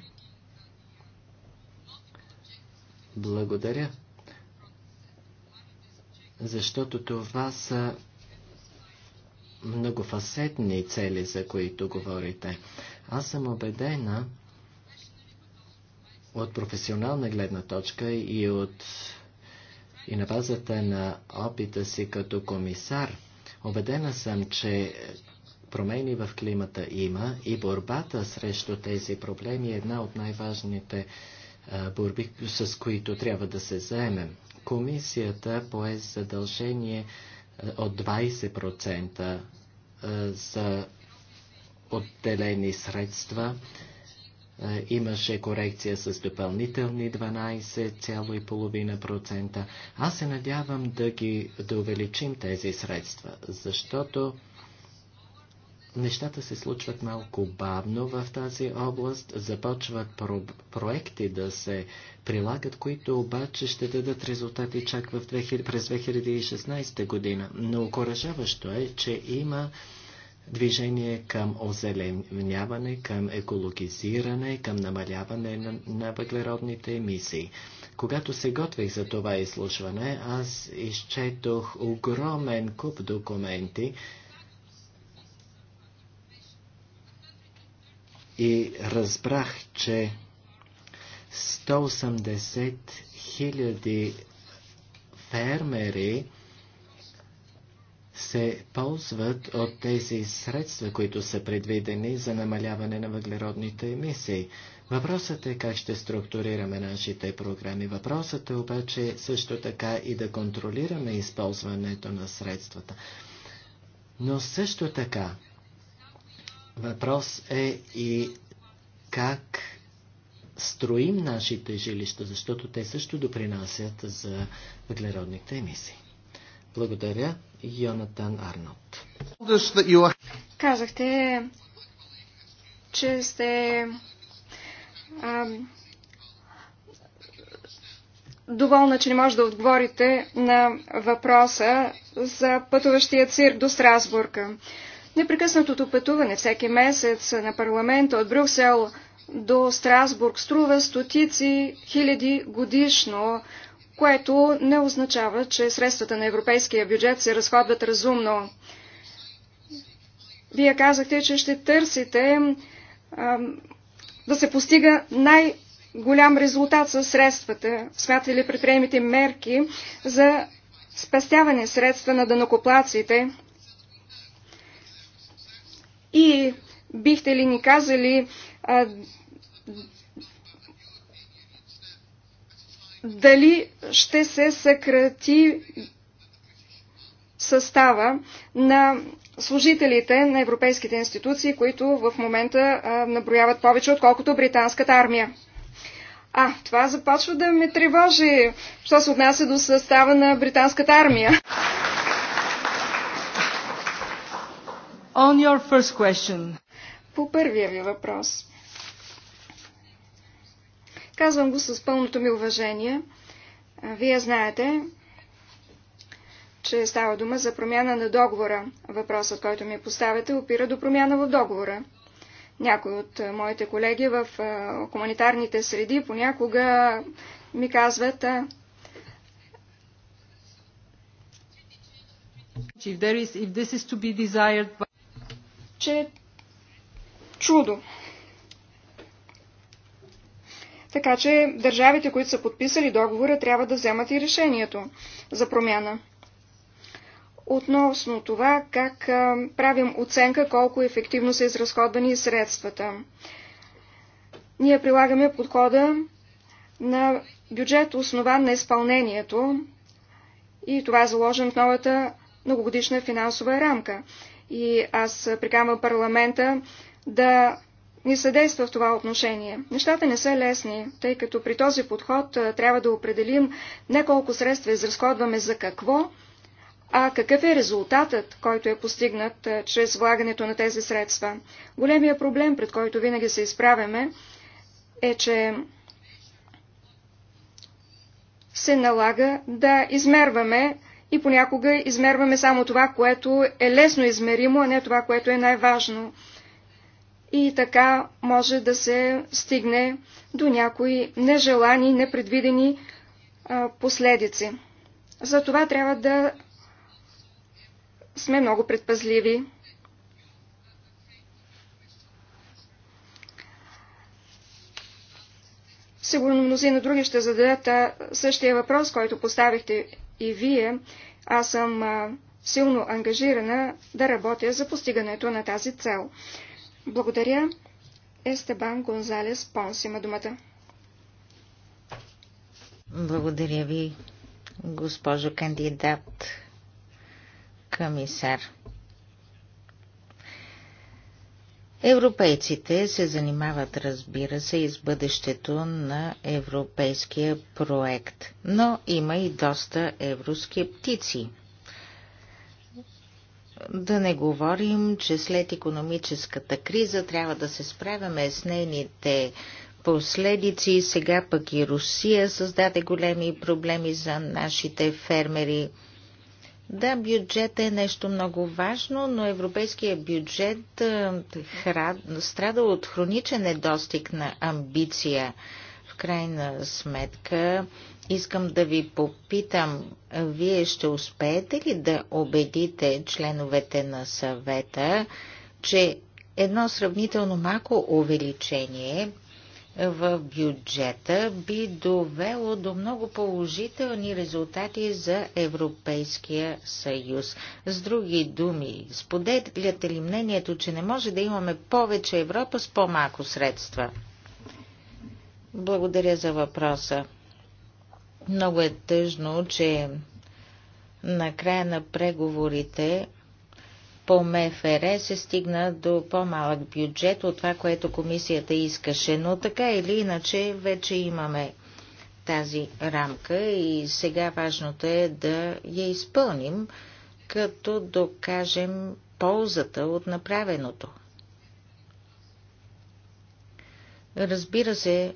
Благодаря. Защото това са многофасетни цели, за които говорите. Аз съм убедена от професионална гледна точка и от и на базата на опита си като комисар – Обедена съм, че промени в климата има и борбата срещу тези проблеми е една от най-важните борби, с които трябва да се заемем. Комисията пое задължение от 20% за отделени средства е, имаше корекция с допълнителни 12,5%. Аз се надявам да ги да увеличим тези средства, защото нещата се случват малко бавно в тази област, започват про проекти да се прилагат, които обаче ще дадат резултати чак в 2000, през 2016 година. Но окоръжаващо е, че има движение към озеленяване, към екологизиране, към намаляване на, на въглеродните емисии. Когато се готвих за това изслушване, аз изчетох огромен куп документи и разбрах, че 180 хиляди фермери се ползват от тези средства, които са предвидени за намаляване на въглеродните емисии. Въпросът е как ще структурираме нашите програми. Въпросът е обаче също така и да контролираме използването на средствата. Но също така въпрос е и как строим нашите жилища, защото те също допринасят за въглеродните емисии. Благодаря. Йонатан Арнот. Казахте, че сте а, доволна, че не може да отговорите на въпроса за пътуващия цирк до Страсбурга. Непрекъснатото пътуване всеки месец на парламента от Брюксел до Страсбург струва стотици хиляди годишно което не означава, че средствата на европейския бюджет се разходват разумно. Вие казахте, че ще търсите а, да се постига най-голям резултат със средствата. Смятате ли предприемите мерки за спестяване средства на данокоплаците? И бихте ли ни казали а, дали ще се съкрати състава на служителите на европейските институции, които в момента наброяват повече, отколкото британската армия. А, това започва да ме тревожи, що се отнася до състава на британската армия. On your first question. По първия ви въпрос. Казвам го с пълното ми уважение. Вие знаете, че става дума за промяна на договора. Въпросът, който ми поставяте, опира до промяна в договора. Някой от моите колеги в хуманитарните среди понякога ми казват, is, by... че чудо така че държавите, които са подписали договора, трябва да вземат и решението за промяна. Относно това, как правим оценка колко ефективно са изразходвани средствата. Ние прилагаме подхода на бюджет, основан на изпълнението и това е заложено в новата многогодишна финансова рамка. И аз приканвам парламента да ни съдейства в това отношение. Нещата не са лесни, тъй като при този подход трябва да определим не колко средства изразходваме за какво, а какъв е резултатът, който е постигнат чрез влагането на тези средства. Големия проблем, пред който винаги се изправяме, е, че се налага да измерваме и понякога измерваме само това, което е лесно измеримо, а не това, което е най-важно и така може да се стигне до някои нежелани, непредвидени последици. За това трябва да сме много предпазливи. Сигурно мнозина други ще зададат същия въпрос, който поставихте и вие. Аз съм силно ангажирана да работя за постигането на тази цел. Благодаря. Естебан Гонзалес Понс има думата. Благодаря ви, госпожо кандидат комисар. Европейците се занимават, разбира се, и с бъдещето на европейския проект, но има и доста евроскептици – да не говорим, че след економическата криза трябва да се справяме с нейните последици. Сега пък и Русия създаде големи проблеми за нашите фермери. Да, бюджет е нещо много важно, но европейският бюджет е, страда от хроничен недостиг на амбиция. В крайна сметка Искам да ви попитам, вие ще успеете ли да убедите членовете на съвета, че едно сравнително малко увеличение в бюджета би довело до много положителни резултати за Европейския съюз. С други думи, споделяте ли мнението, че не може да имаме повече Европа с по-малко средства? Благодаря за въпроса. Много е тъжно, че на края на преговорите по МФР се стигна до по-малък бюджет от това, което комисията искаше. Но така или иначе вече имаме тази рамка и сега важното е да я изпълним, като докажем ползата от направеното. Разбира се,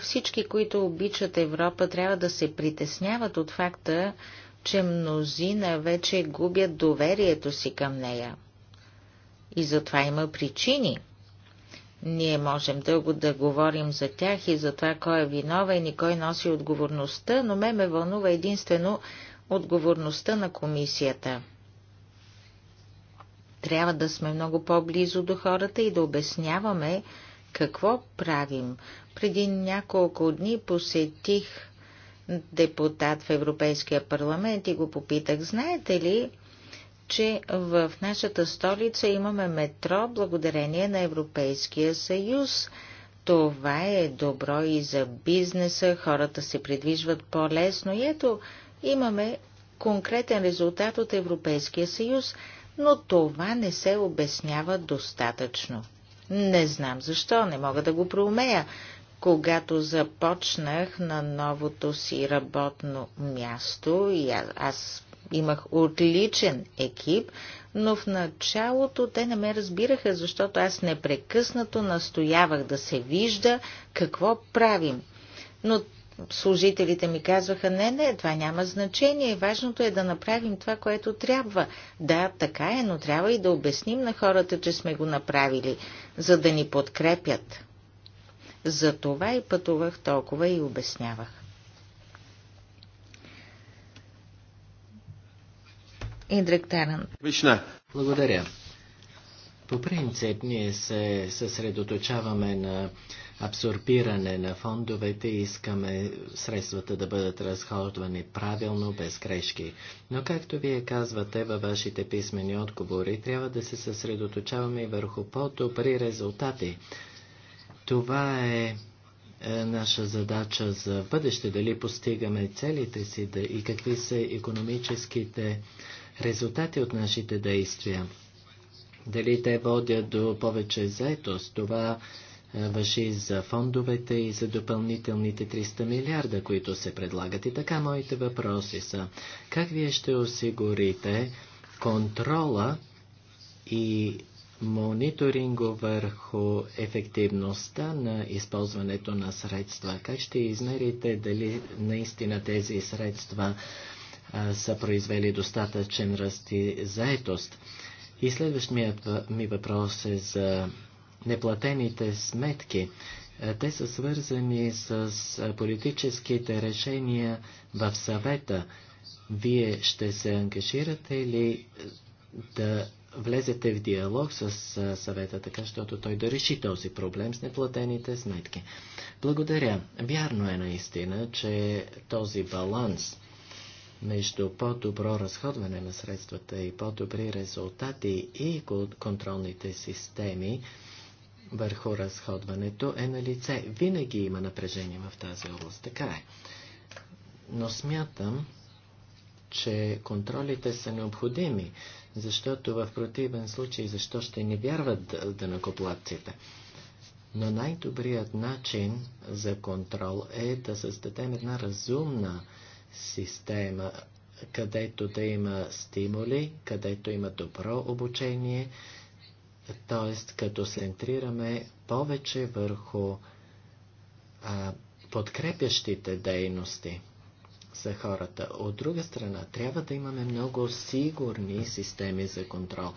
всички, които обичат Европа, трябва да се притесняват от факта, че мнозина вече губят доверието си към нея. И затова има причини. Ние можем дълго да говорим за тях и за това кой е виновен и кой носи отговорността, но ме ме вълнува единствено отговорността на комисията. Трябва да сме много по-близо до хората и да обясняваме, какво правим. Преди няколко дни посетих депутат в Европейския парламент и го попитах, знаете ли, че в нашата столица имаме метро благодарение на Европейския съюз. Това е добро и за бизнеса, хората се придвижват по-лесно и ето имаме конкретен резултат от Европейския съюз, но това не се обяснява достатъчно. Не знам защо, не мога да го проумея. Когато започнах на новото си работно място, и аз имах отличен екип, но в началото те не ме разбираха, защото аз непрекъснато настоявах да се вижда какво правим. Но служителите ми казваха, не, не, това няма значение, важното е да направим това, което трябва. Да, така е, но трябва и да обясним на хората, че сме го направили, за да ни подкрепят. За това и пътувах толкова и обяснявах. Индрек Таран. Вишна. Благодаря. По принцип ние се съсредоточаваме на абсорбиране на фондовете искаме средствата да бъдат разходвани правилно, без грешки. Но както вие казвате във вашите писмени отговори, трябва да се съсредоточаваме и върху по-добри резултати. Това е, е наша задача за бъдеще, дали постигаме целите си да, и какви са економическите резултати от нашите действия. Дали те водят до повече заетост, това въжи за фондовете и за допълнителните 300 милиарда, които се предлагат. И така моите въпроси са, как вие ще осигурите контрола и мониторинго върху ефективността на използването на средства? Как ще измерите дали наистина тези средства а, са произвели достатъчен ръст и заетост? И следващият ми въпрос е за неплатените сметки. Е, те са свързани с е, политическите решения в съвета. Вие ще се ангажирате ли е, да влезете в диалог с съвета, така защото той да реши този проблем с неплатените сметки. Благодаря. Вярно е наистина, че този баланс между по-добро разходване на средствата и по-добри резултати и контролните системи върху разходването е на лице. Винаги има напрежение в тази област. Така е. Но смятам, че контролите са необходими, защото в противен случай защо ще не вярват дънакоплатците. накоплатците. но най-добрият начин за контрол е да създадем една разумна система, където да има стимули, където има добро обучение, т.е. като центрираме повече върху а, подкрепящите дейности за хората. От друга страна, трябва да имаме много сигурни системи за контрол,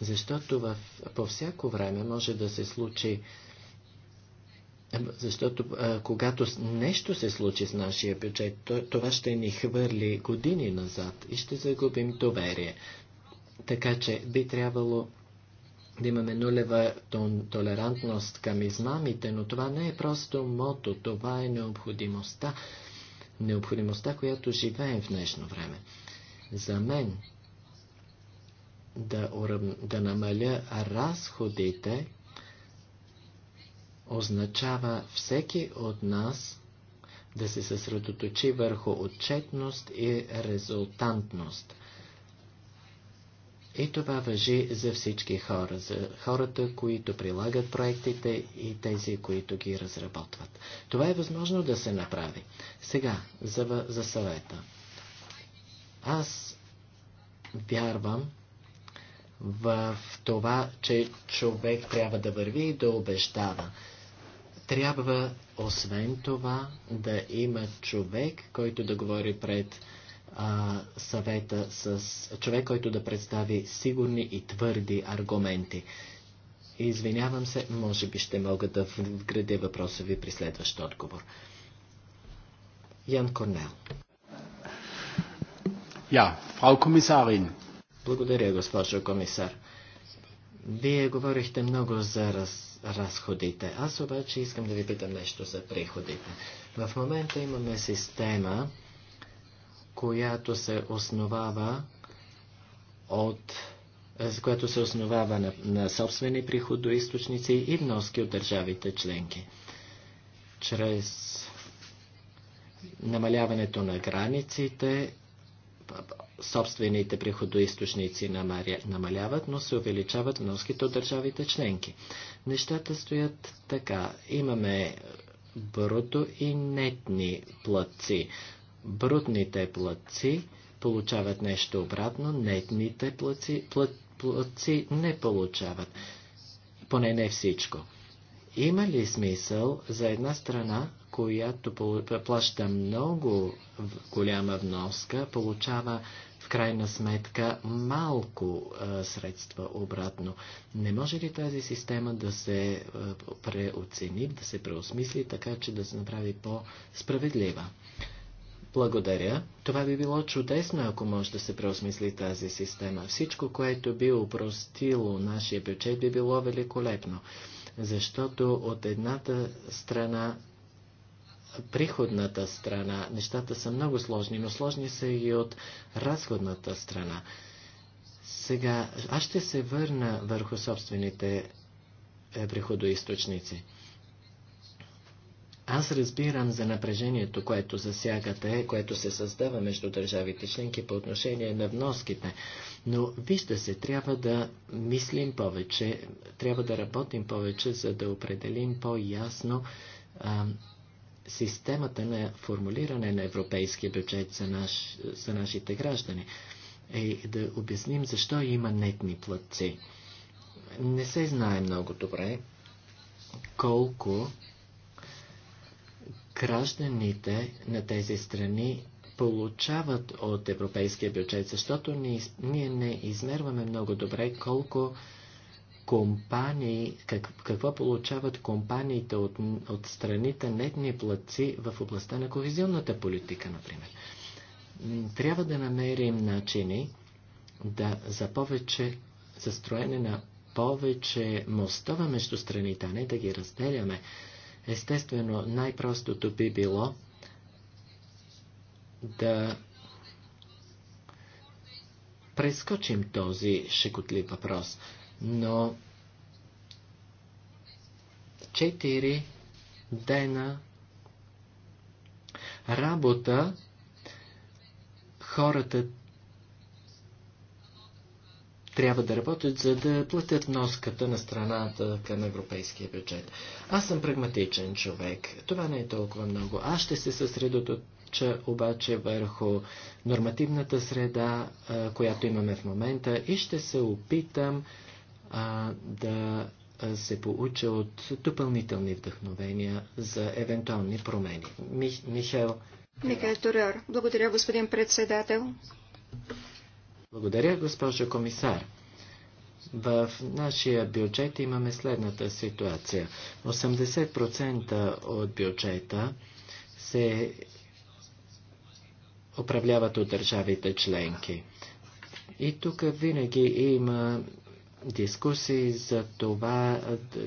защото в, по всяко време може да се случи защото а, когато нещо се случи с нашия бюджет, то, това ще ни хвърли години назад и ще загубим доверие. Така че би трябвало да имаме нулева толерантност към измамите, но това не е просто мото, това е необходимостта, необходимостта, която живеем в днешно време. За мен да, да намаля разходите означава всеки от нас да се съсредоточи върху отчетност и резултантност – и това въжи за всички хора, за хората, които прилагат проектите и тези, които ги разработват. Това е възможно да се направи. Сега, за, за съвета. Аз вярвам в това, че човек трябва да върви и да обещава. Трябва, освен това, да има човек, който да говори пред а, съвета с човек, който да представи сигурни и твърди аргументи. Извинявам се, може би ще мога да вградя въпроса ви при следващ отговор. Ян Корнел. Я, фрау комисарин. Благодаря, госпожо комисар. Вие говорихте много за раз, разходите. Аз обаче искам да ви питам нещо за приходите. В момента имаме система, която се основава от е, което се основава на, на собствени приходоисточници и вноски от държавите членки. Чрез намаляването на границите, собствените приходоисточници намаляват, но се увеличават вноските от държавите членки. Нещата стоят така. Имаме бруто и нетни платци брутните плъци получават нещо обратно, нетните плъци, плат, плъци не получават. Поне не всичко. Има ли смисъл за една страна, която плаща много голяма вноска, получава в крайна сметка малко а, средства обратно. Не може ли тази система да се а, преоцени, да се преосмисли, така че да се направи по-справедлива? Благодаря. Това би било чудесно, ако може да се преосмисли тази система. Всичко, което би упростило нашия бюджет, би било великолепно. Защото от едната страна, приходната страна, нещата са много сложни, но сложни са и от разходната страна. Сега, аз ще се върна върху собствените е, приходоисточници. Аз разбирам за напрежението, което засягате, което се създава между държавите членки по отношение на вноските, но вижте се, трябва да мислим повече, трябва да работим повече, за да определим по-ясно системата на формулиране на европейския бюджет за, наш, за нашите граждани И да обясним защо има нетни платци. Не се знае много добре колко гражданите на тези страни получават от европейския бюджет, защото ние не измерваме много добре колко компании, как, какво получават компаниите от, от страните нетни платци в областта на кохезионната политика, например. Трябва да намерим начини да, за повече застроене на повече мостове между страните, а не да ги разделяме. Естествено, най-простото би било да прескочим този шекотлив въпрос, но четири дена работа хората трябва да работят, за да платят вноската на страната към европейския бюджет. Аз съм прагматичен човек. Това не е толкова много. Аз ще се съсредоточа обаче върху нормативната среда, която имаме в момента и ще се опитам а, да се получа от допълнителни вдъхновения за евентуални промени. Мих, Михел. Михел Благодаря, господин председател. Благодаря, госпожо комисар. В нашия бюджет имаме следната ситуация. 80% от бюджета се управляват от държавите членки. И тук винаги има дискусии за това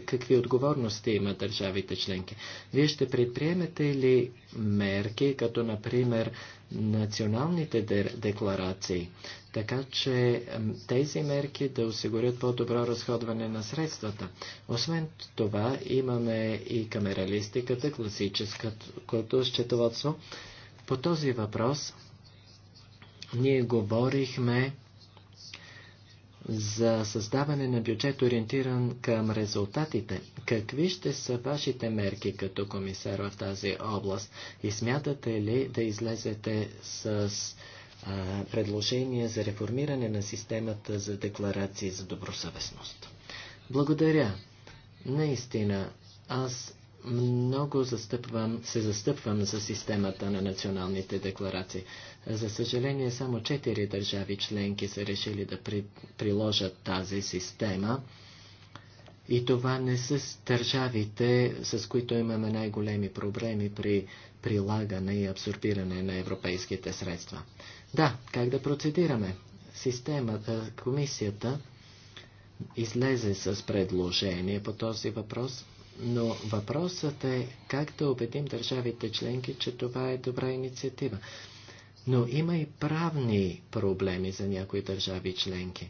какви отговорности има държавите членки. Вие ще предприемете ли мерки, като например националните декларации? така че тези мерки да осигурят по-добро разходване на средствата. Освен това, имаме и камералистиката, класическото счетоводство. По този въпрос ние говорихме за създаване на бюджет ориентиран към резултатите. Какви ще са вашите мерки като комисар в тази област и смятате ли да излезете с предложение за реформиране на системата за декларации за добросъвестност. Благодаря. Наистина, аз много застъпвам, се застъпвам за системата на националните декларации. За съжаление, само четири държави членки са решили да при, приложат тази система. И това не са държавите, с които имаме най-големи проблеми при прилагане и абсорбиране на европейските средства. Да, как да процедираме? Системата, комисията излезе с предложение по този въпрос, но въпросът е как да убедим държавите членки, че това е добра инициатива. Но има и правни проблеми за някои държави членки,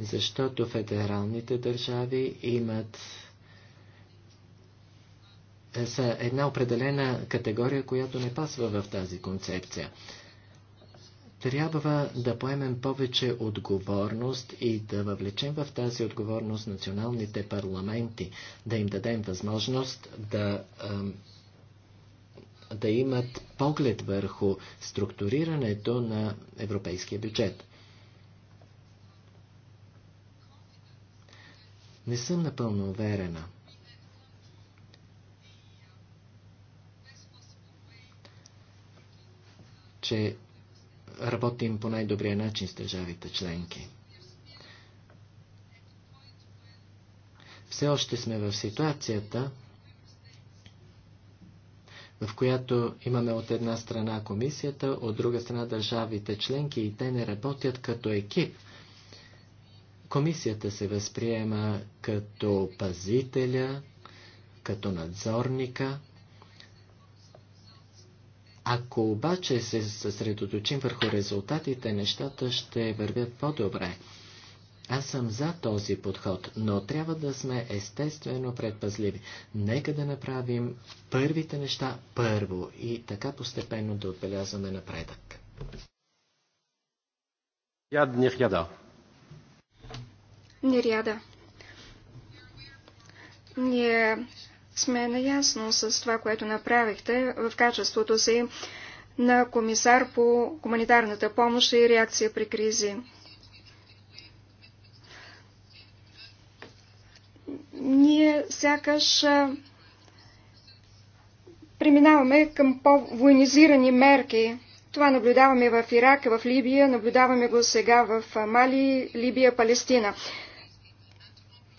защото федералните държави имат е, са една определена категория, която не пасва в тази концепция трябва да поемем повече отговорност и да въвлечем в тази отговорност националните парламенти, да им дадем възможност да, да имат поглед върху структурирането на европейския бюджет. Не съм напълно уверена. че работим по най-добрия начин с държавите членки. Все още сме в ситуацията, в която имаме от една страна комисията, от друга страна държавите членки и те не работят като екип. Комисията се възприема като пазителя, като надзорника – ако обаче се съсредоточим върху резултатите, нещата ще вървят по-добре. Аз съм за този подход, но трябва да сме естествено предпазливи. Нека да направим първите неща първо и така постепенно да отбелязваме напредък. Ядних Не... Ряда. не сме наясно с това, което направихте в качеството си на комисар по хуманитарната помощ и реакция при кризи. Ние сякаш преминаваме към по-военизирани мерки. Това наблюдаваме в Ирак, в Либия, наблюдаваме го сега в Мали, Либия, Палестина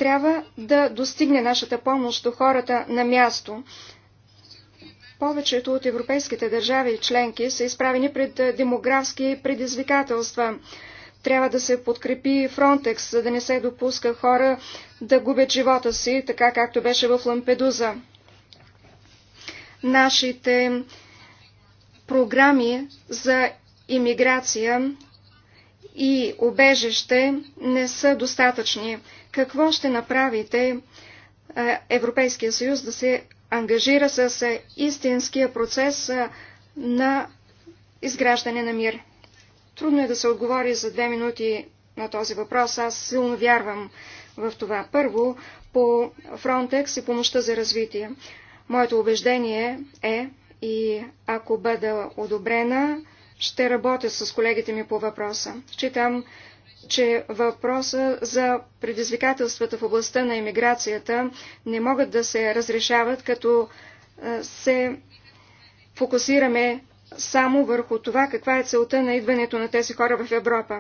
трябва да достигне нашата помощ до хората на място. Повечето от европейските държави и членки са изправени пред демографски предизвикателства. Трябва да се подкрепи Фронтекс, за да не се допуска хора да губят живота си, така както беше в Лампедуза. Нашите програми за иммиграция и обежище не са достатъчни. Какво ще направите е, Европейския съюз да се ангажира с е, истинския процес е, на изграждане на мир? Трудно е да се отговори за две минути на този въпрос. Аз силно вярвам в това. Първо, по Frontex и помощта за развитие. Моето убеждение е, и ако бъда одобрена, ще работя с колегите ми по въпроса. Читам, че въпроса за предизвикателствата в областта на иммиграцията не могат да се разрешават, като се фокусираме само върху това, каква е целта на идването на тези хора в Европа.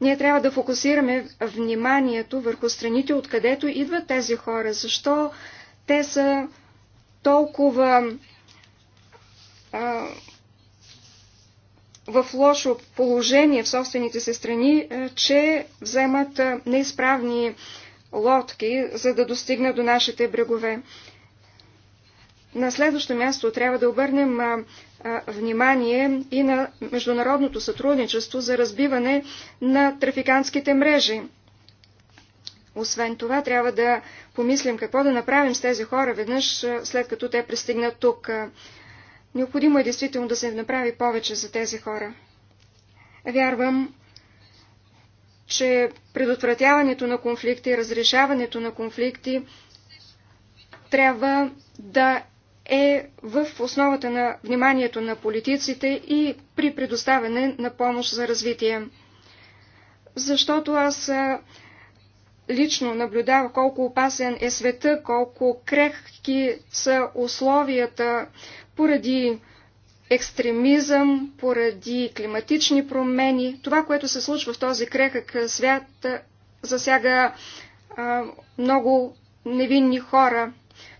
Ние трябва да фокусираме вниманието върху страните, откъдето идват тези хора, защо те са толкова а, в лошо положение в собствените си страни, е, че вземат е, неизправни лодки, за да достигнат до нашите брегове. На следващо място трябва да обърнем е, внимание и на международното сътрудничество за разбиване на трафикантските мрежи. Освен това, трябва да помислим какво да направим с тези хора веднъж, след като те пристигнат тук. Необходимо е действително да се направи повече за тези хора. Вярвам, че предотвратяването на конфликти, разрешаването на конфликти трябва да е в основата на вниманието на политиците и при предоставяне на помощ за развитие. Защото аз лично наблюдава колко опасен е света, колко крехки са условията, поради екстремизъм, поради климатични промени. Това, което се случва в този крехък свят, засяга а, много невинни хора.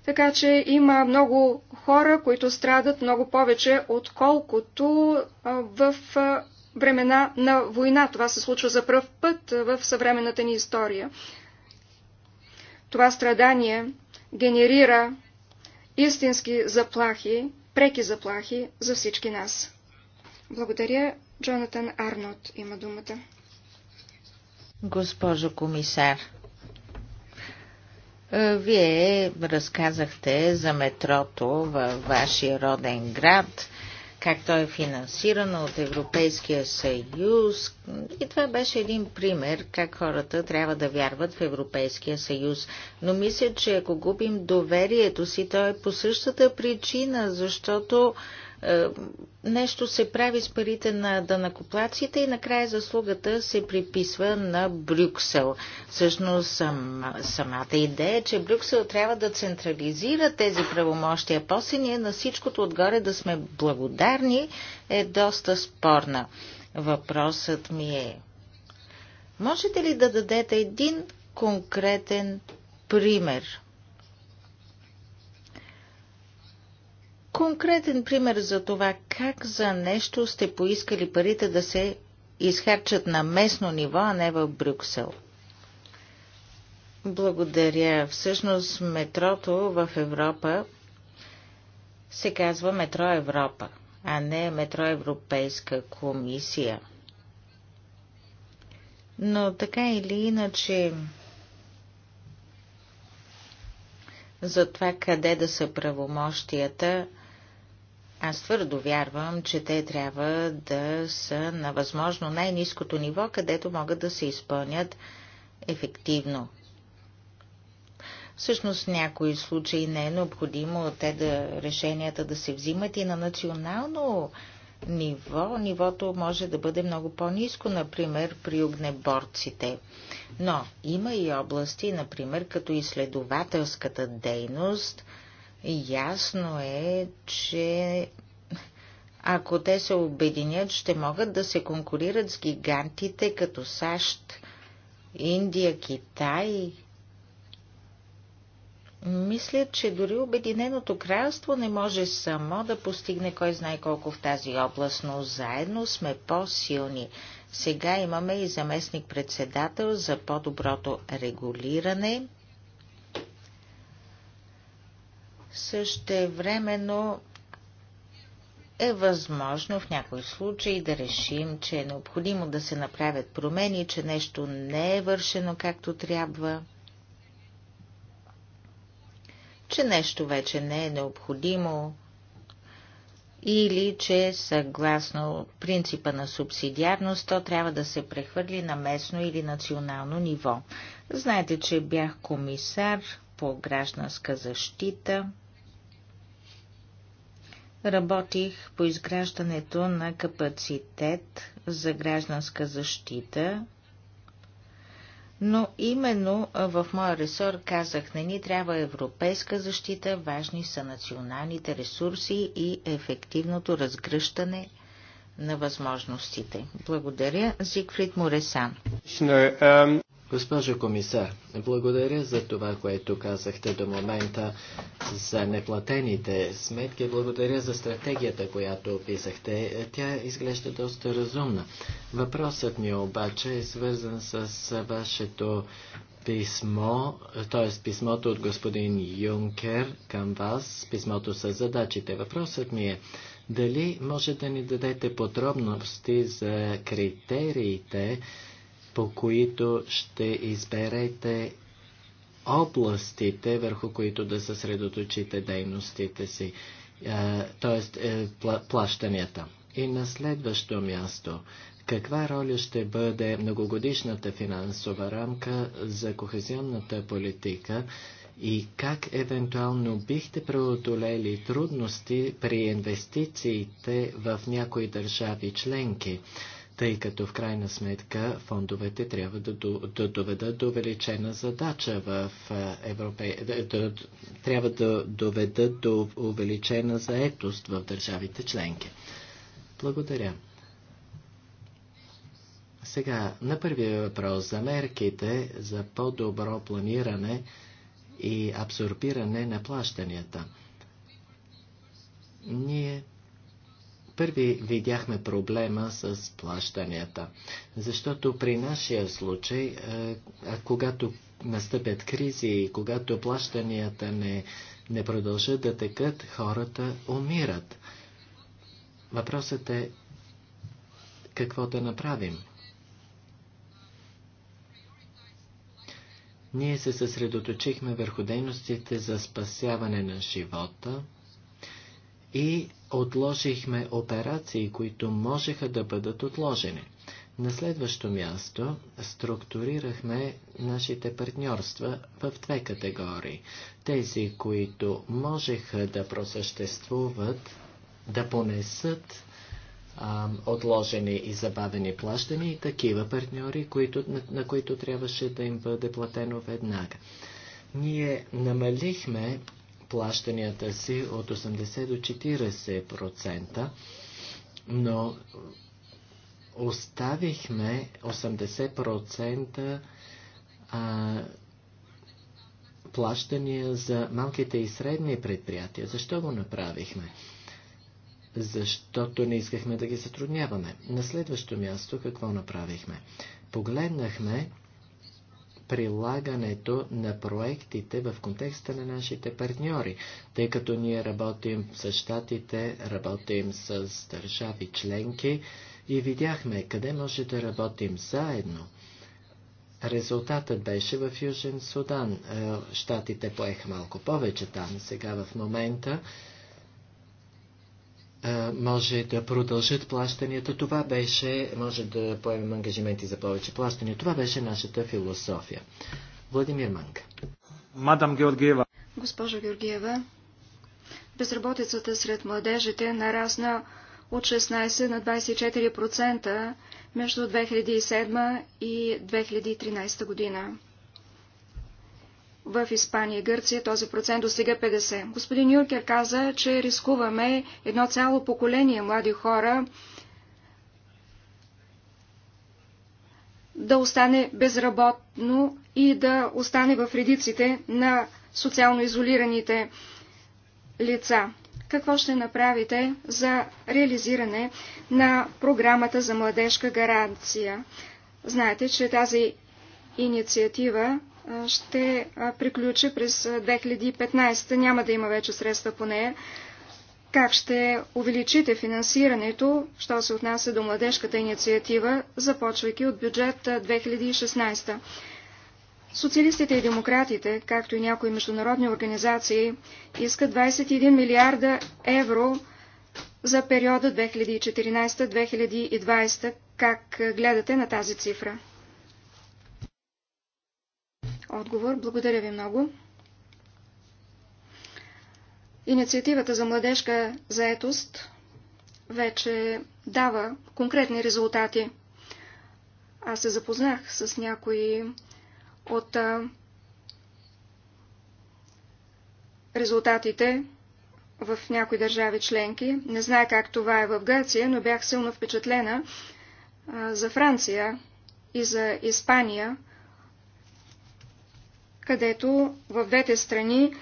Така че има много хора, които страдат много повече, отколкото а, в а, времена на война. Това се случва за пръв път в съвременната ни история. Това страдание генерира истински заплахи преки заплахи за всички нас. Благодаря. Джонатан Арнот има думата. Госпожо комисар, е, вие разказахте за метрото във вашия роден град как той е финансирано от Европейския съюз. И това беше един пример как хората трябва да вярват в Европейския съюз. Но мисля, че ако губим доверието си, то е по същата причина, защото е, нещо се прави с парите на данакоплаците и накрая заслугата се приписва на Брюксел. Всъщност сам, самата идея е, че Брюксел трябва да централизира тези правомощия. После ние на всичкото отгоре да сме благодарни е доста спорна. Въпросът ми е, можете ли да дадете един конкретен пример Конкретен пример за това как за нещо сте поискали парите да се изхарчат на местно ниво, а не в Брюксел. Благодаря. Всъщност метрото в Европа се казва Метро Европа, а не Метро Европейска комисия. Но така или иначе, за това къде да са правомощията, аз твърдо вярвам, че те трябва да са на възможно най-низкото ниво, където могат да се изпълнят ефективно. Всъщност някои случаи не е необходимо те да решенията да се взимат и на национално ниво. Нивото може да бъде много по-низко, например при огнеборците. Но има и области, например като изследователската дейност – Ясно е, че ако те се обединят, ще могат да се конкурират с гигантите като САЩ, Индия, Китай. Мисля, че дори Обединеното кралство не може само да постигне кой знае колко в тази област, но заедно сме по-силни. Сега имаме и заместник-председател за по-доброто регулиране – Същевременно е възможно в някои случаи да решим, че е необходимо да се направят промени, че нещо не е вършено както трябва, че нещо вече не е необходимо или че съгласно принципа на субсидиарност то трябва да се прехвърли на местно или национално ниво. Знаете, че бях комисар по гражданска защита – Работих по изграждането на капацитет за гражданска защита, но именно в моя ресор казах, не ни трябва европейска защита, важни са националните ресурси и ефективното разгръщане на възможностите. Благодаря, Зигфрид Моресан. Е, Госпожо комисар, благодаря за това, което казахте до момента за неплатените сметки. Благодаря за стратегията, която описахте. Тя изглежда доста разумна. Въпросът ми обаче е свързан с вашето писмо, т.е. писмото от господин Юнкер към вас, писмото с задачите. Въпросът ми е, дали може да ни дадете подробности за критериите, по които ще изберете областите, върху които да съсредоточите дейностите си, т.е. плащанията. И на следващо място, каква роля ще бъде многогодишната финансова рамка за кохезионната политика и как евентуално бихте преодолели трудности при инвестициите в някои държави членки? тъй като в крайна сметка фондовете трябва да, да доведат до увеличена задача в е, Европе... Да, трябва да доведат до увеличена заетост в държавите членки. Благодаря. Сега, на първия въпрос за мерките за по-добро планиране и абсорбиране на плащанията. Ние първи видяхме проблема с плащанията. Защото при нашия случай, е, когато настъпят кризи и когато плащанията не, не продължат да текат, хората умират. Въпросът е какво да направим. Ние се съсредоточихме върху дейностите за спасяване на живота – и отложихме операции, които можеха да бъдат отложени. На следващо място структурирахме нашите партньорства в две категории. Тези, които можеха да просъществуват, да понесат а, отложени и забавени плащания и такива партньори, които, на, на които трябваше да им бъде платено веднага. Ние намалихме плащанията си от 80 до 40%, но оставихме 80% а, плащания за малките и средни предприятия. Защо го направихме? Защото не искахме да ги затрудняваме. На следващо място какво направихме? Погледнахме прилагането на проектите в контекста на нашите партньори, тъй като ние работим с щатите, работим с държави членки и видяхме къде може да работим заедно. Резултатът беше в Южен Судан. Штатите е, поеха малко повече там. Сега в момента може да продължат плащанията. Това беше, може да поемем ангажименти за повече плащания. Това беше нашата философия. Владимир Манга. Мадам Георгиева. Госпожа Георгиева, безработицата сред младежите нарасна от 16 на 24% между 2007 и 2013 година в Испания и Гърция този процент достига 50. Господин Юркер каза, че рискуваме едно цяло поколение млади хора да остане безработно и да остане в редиците на социално изолираните лица. Какво ще направите за реализиране на програмата за младежка гаранция? Знаете, че тази инициатива ще приключи през 2015. Няма да има вече средства по нея. Как ще увеличите финансирането, що се отнася до младежката инициатива, започвайки от бюджет 2016? Социалистите и демократите, както и някои международни организации, искат 21 милиарда евро за периода 2014-2020. Как гледате на тази цифра? отговор. Благодаря ви много. Инициативата за младежка заетост вече дава конкретни резултати. Аз се запознах с някои от резултатите в някои държави членки. Не знае как това е в Гърция, но бях силно впечатлена за Франция и за Испания – където в двете страни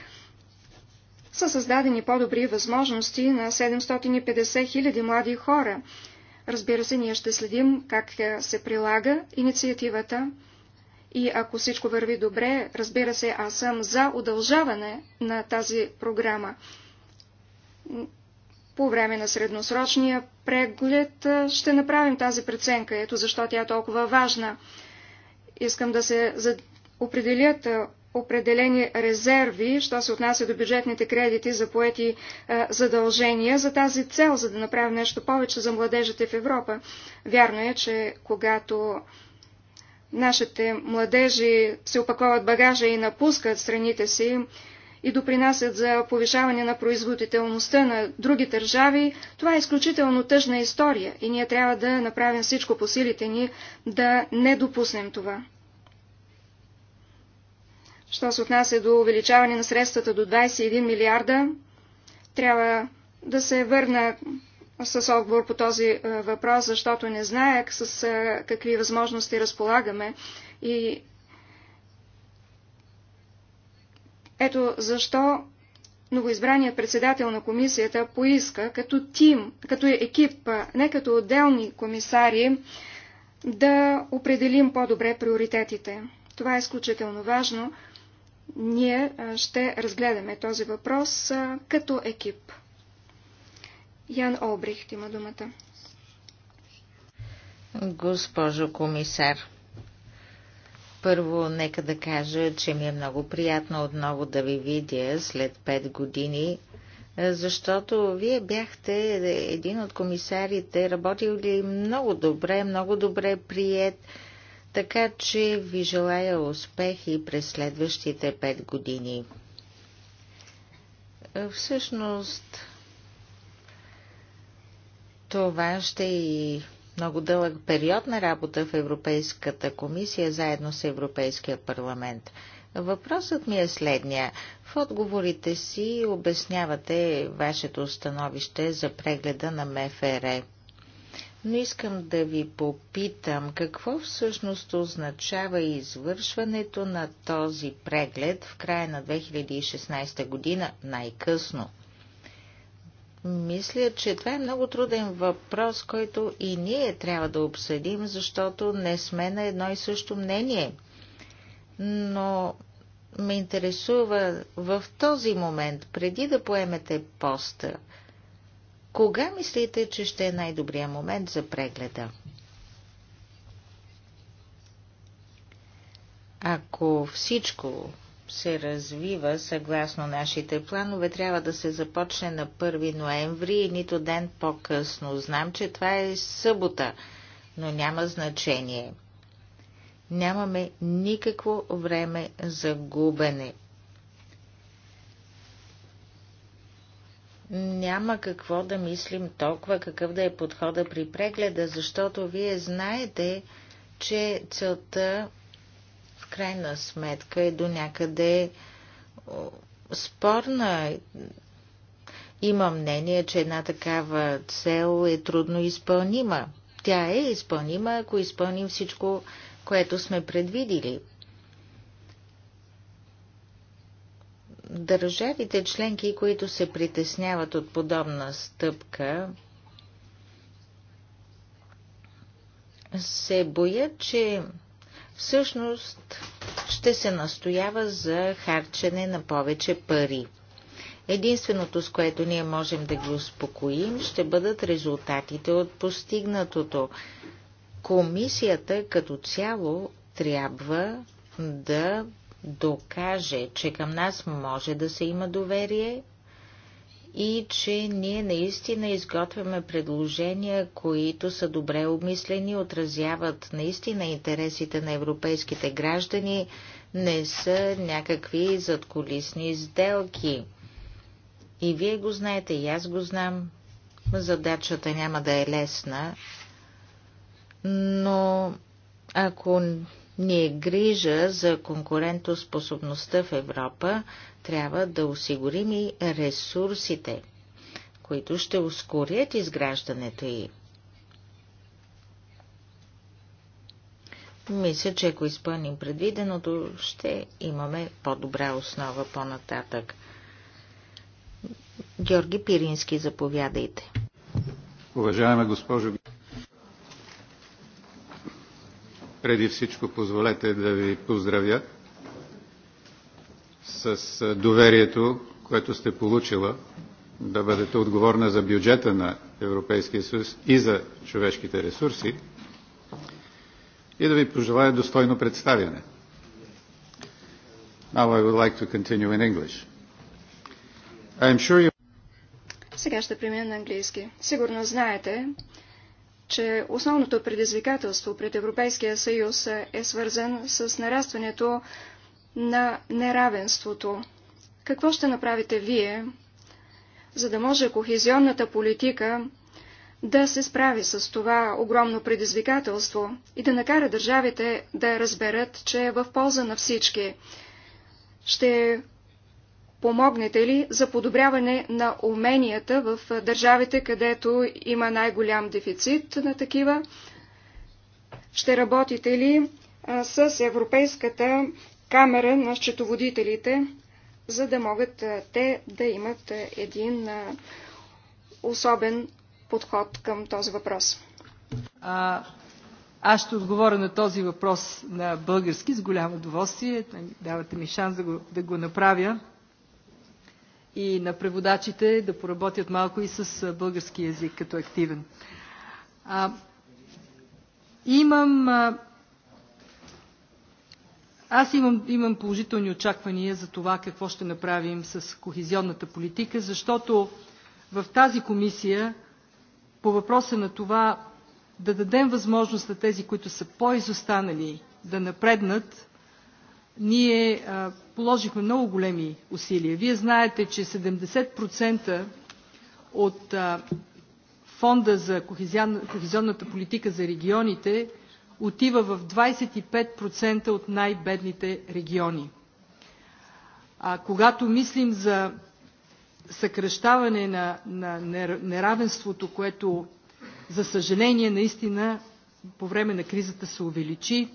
са създадени по-добри възможности на 750 000 млади хора. Разбира се, ние ще следим как е, се прилага инициативата и ако всичко върви добре, разбира се, аз съм за удължаване на тази програма. По време на средносрочния преглед е, ще направим тази преценка. Ето защо тя е толкова важна. Искам да се определят определени резерви, що се отнася до бюджетните кредити за поети задължения за тази цел, за да направим нещо повече за младежите в Европа. Вярно е, че когато нашите младежи се опаковат багажа и напускат страните си и допринасят за повишаване на производителността на други държави, това е изключително тъжна история и ние трябва да направим всичко по силите ни да не допуснем това що се отнася до увеличаване на средствата до 21 милиарда, трябва да се върна с отговор по този е, въпрос, защото не зная с е, какви възможности разполагаме. И ето защо новоизбраният председател на комисията поиска като тим, като екип, не като отделни комисари, да определим по-добре приоритетите. Това е изключително важно, ние ще разгледаме този въпрос като екип. Ян Обрихт има думата. Госпожо комисар, първо нека да кажа, че ми е много приятно отново да ви видя след 5 години, защото вие бяхте един от комисарите, работил ли много добре, много добре прият така че ви желая успех и през следващите пет години. Е, всъщност, това ще е и много дълъг период на работа в Европейската комисия заедно с Европейския парламент. Въпросът ми е следния. В отговорите си обяснявате вашето становище за прегледа на МФР но искам да ви попитам какво всъщност означава извършването на този преглед в края на 2016 година най-късно. Мисля, че това е много труден въпрос, който и ние трябва да обсъдим, защото не сме на едно и също мнение. Но ме интересува в този момент, преди да поемете поста, кога мислите, че ще е най-добрия момент за прегледа? Ако всичко се развива съгласно нашите планове, трябва да се започне на 1 ноември и нито ден по-късно. Знам, че това е събота, но няма значение. Нямаме никакво време за губене. няма какво да мислим толкова какъв да е подхода при прегледа, защото вие знаете, че целта в крайна сметка е до някъде спорна. Има мнение, че една такава цел е трудно изпълнима. Тя е изпълнима, ако изпълним всичко, което сме предвидили. Държавите членки, които се притесняват от подобна стъпка, се боят, че всъщност ще се настоява за харчене на повече пари. Единственото, с което ние можем да ги успокоим, ще бъдат резултатите от постигнатото. Комисията като цяло трябва да докаже, че към нас може да се има доверие и че ние наистина изготвяме предложения, които са добре обмислени, отразяват наистина интересите на европейските граждани, не са някакви задколисни сделки. И вие го знаете, и аз го знам. Задачата няма да е лесна, но ако ни е грижа за конкурентоспособността в Европа, трябва да осигурим и ресурсите, които ще ускорят изграждането й. Мисля, че ако изпълним предвиденото, ще имаме по-добра основа по-нататък. Георги Пирински, заповядайте. Уважаема госпожо преди всичко позволете да ви поздравя с доверието, което сте получила да бъдете отговорна за бюджета на Европейския съюз и за човешките ресурси и да ви пожелая достойно представяне. Now I would like to continue in English. I am sure you... Сега ще премина на английски. Сигурно знаете, че основното предизвикателство пред Европейския съюз е свързан с нарастването на неравенството. Какво ще направите вие, за да може кохезионната политика да се справи с това огромно предизвикателство и да накара държавите да разберат, че е в полза на всички? Ще помогнете ли за подобряване на уменията в държавите, където има най-голям дефицит на такива? Ще работите ли с Европейската камера на счетоводителите, за да могат те да имат един особен подход към този въпрос? А, аз ще отговоря на този въпрос на български с голямо удоволствие. Давате ми шанс да го, да го направя и на преводачите да поработят малко и с български язик като активен. А, имам. А, аз имам, имам положителни очаквания за това какво ще направим с кохезионната политика, защото в тази комисия по въпроса на това да дадем възможност на тези, които са по-изостанали, да напреднат, ние а, положихме много големи усилия. Вие знаете, че 70% от фонда за кохезионната политика за регионите отива в 25% от най-бедните региони. А когато мислим за съкръщаване на, на неравенството, което за съжаление наистина по време на кризата се увеличи,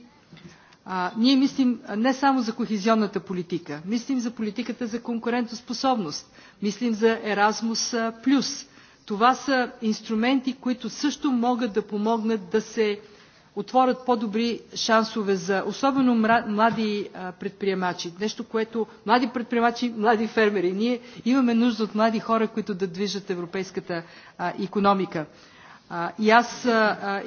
а, ние мислим не само за кохезионната политика, мислим за политиката за конкурентоспособност, мислим за Erasmus+. Това са инструменти, които също могат да помогнат да се отворят по-добри шансове за особено млади предприемачи. Нещо, което млади предприемачи, млади фермери. Ние имаме нужда от млади хора, които да движат европейската економика. И аз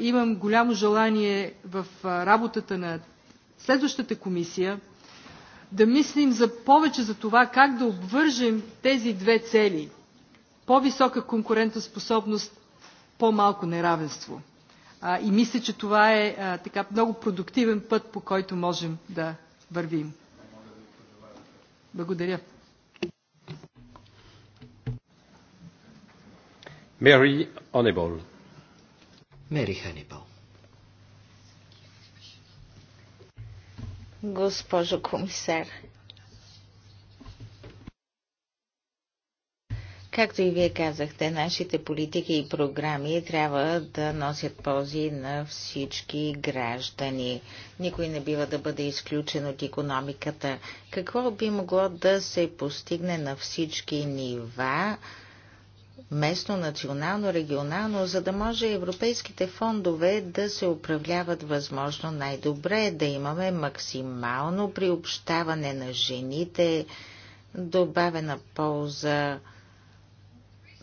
имам голямо желание в работата на следващата комисия да мислим за повече за това как да обвържем тези две цели – по-висока конкурентоспособност, по-малко неравенство. А, и мисля, че това е а, така много продуктивен път, по който можем да вървим. Благодаря. Мери Honeyball. госпожо комисар. Както и вие казахте, нашите политики и програми трябва да носят ползи на всички граждани. Никой не бива да бъде изключен от економиката. Какво би могло да се постигне на всички нива? местно, национално, регионално, за да може европейските фондове да се управляват възможно най-добре, да имаме максимално приобщаване на жените, добавена полза,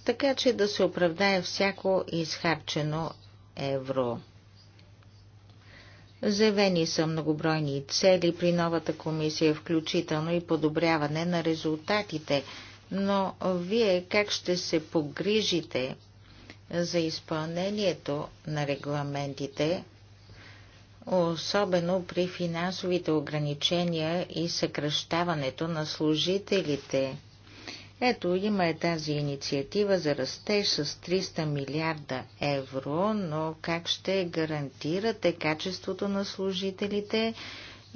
така че да се оправдае всяко изхарчено евро. Заявени са многобройни цели при новата комисия, включително и подобряване на резултатите – но вие как ще се погрижите за изпълнението на регламентите, особено при финансовите ограничения и съкръщаването на служителите? Ето, има е тази инициатива за растеж с 300 милиарда евро, но как ще гарантирате качеството на служителите?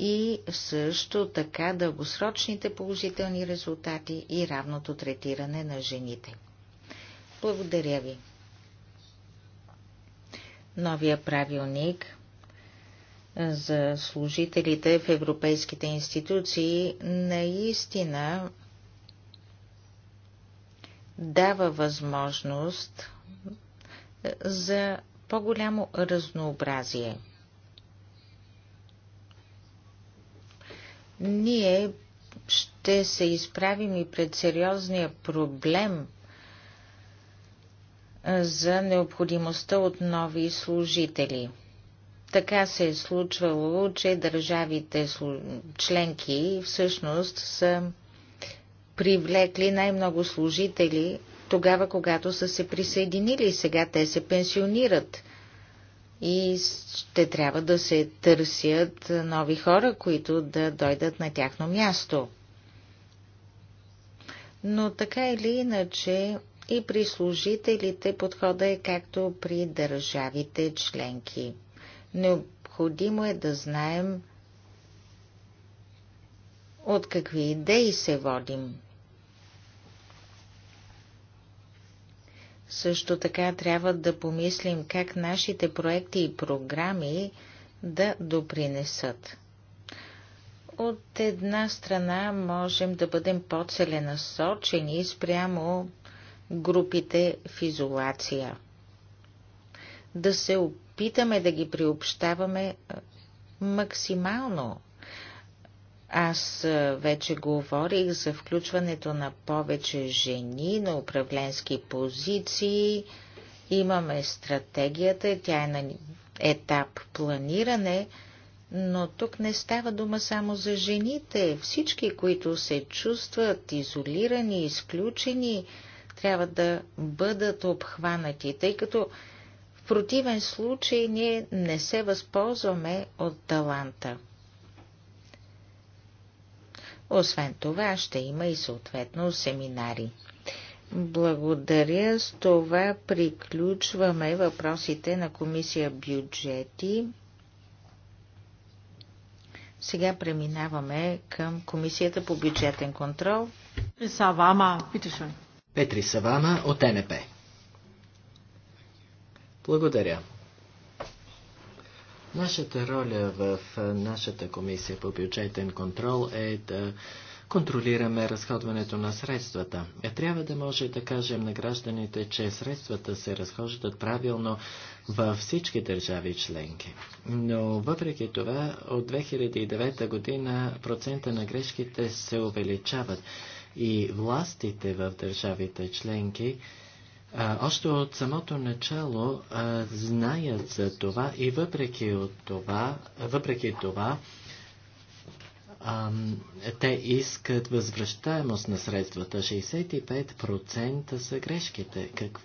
и също така дългосрочните положителни резултати и равното третиране на жените. Благодаря ви! Новия правилник за служителите в европейските институции наистина дава възможност за по-голямо разнообразие – ние ще се изправим и пред сериозния проблем за необходимостта от нови служители. Така се е случвало, че държавите членки всъщност са привлекли най-много служители тогава, когато са се присъединили. Сега те се пенсионират и ще трябва да се търсят нови хора, които да дойдат на тяхно място. Но така или иначе и при служителите подхода е както при държавите членки. Необходимо е да знаем от какви идеи се водим. Също така трябва да помислим как нашите проекти и програми да допринесат. От една страна можем да бъдем по-целенасочени спрямо групите в изолация. Да се опитаме да ги приобщаваме максимално аз вече говорих за включването на повече жени на управленски позиции. Имаме стратегията, тя е на етап планиране, но тук не става дума само за жените. Всички, които се чувстват изолирани, изключени, трябва да бъдат обхванати, тъй като в противен случай ние не се възползваме от таланта. Освен това ще има и съответно семинари. Благодаря. С това приключваме въпросите на комисия бюджети. Сега преминаваме към комисията по бюджетен контрол. Савама, Петри Савама от НП. Благодаря. Нашата роля в нашата комисия по бюджетен контрол е да контролираме разходването на средствата. Е, трябва да може да кажем на гражданите, че средствата се разхождат правилно във всички държави членки. Но въпреки това, от 2009 година процента на грешките се увеличават и властите в държавите членки а, още от самото начало а, знаят за това и въпреки от това, въпреки това а, те искат възвръщаемост на средствата. 65% са грешките. Как...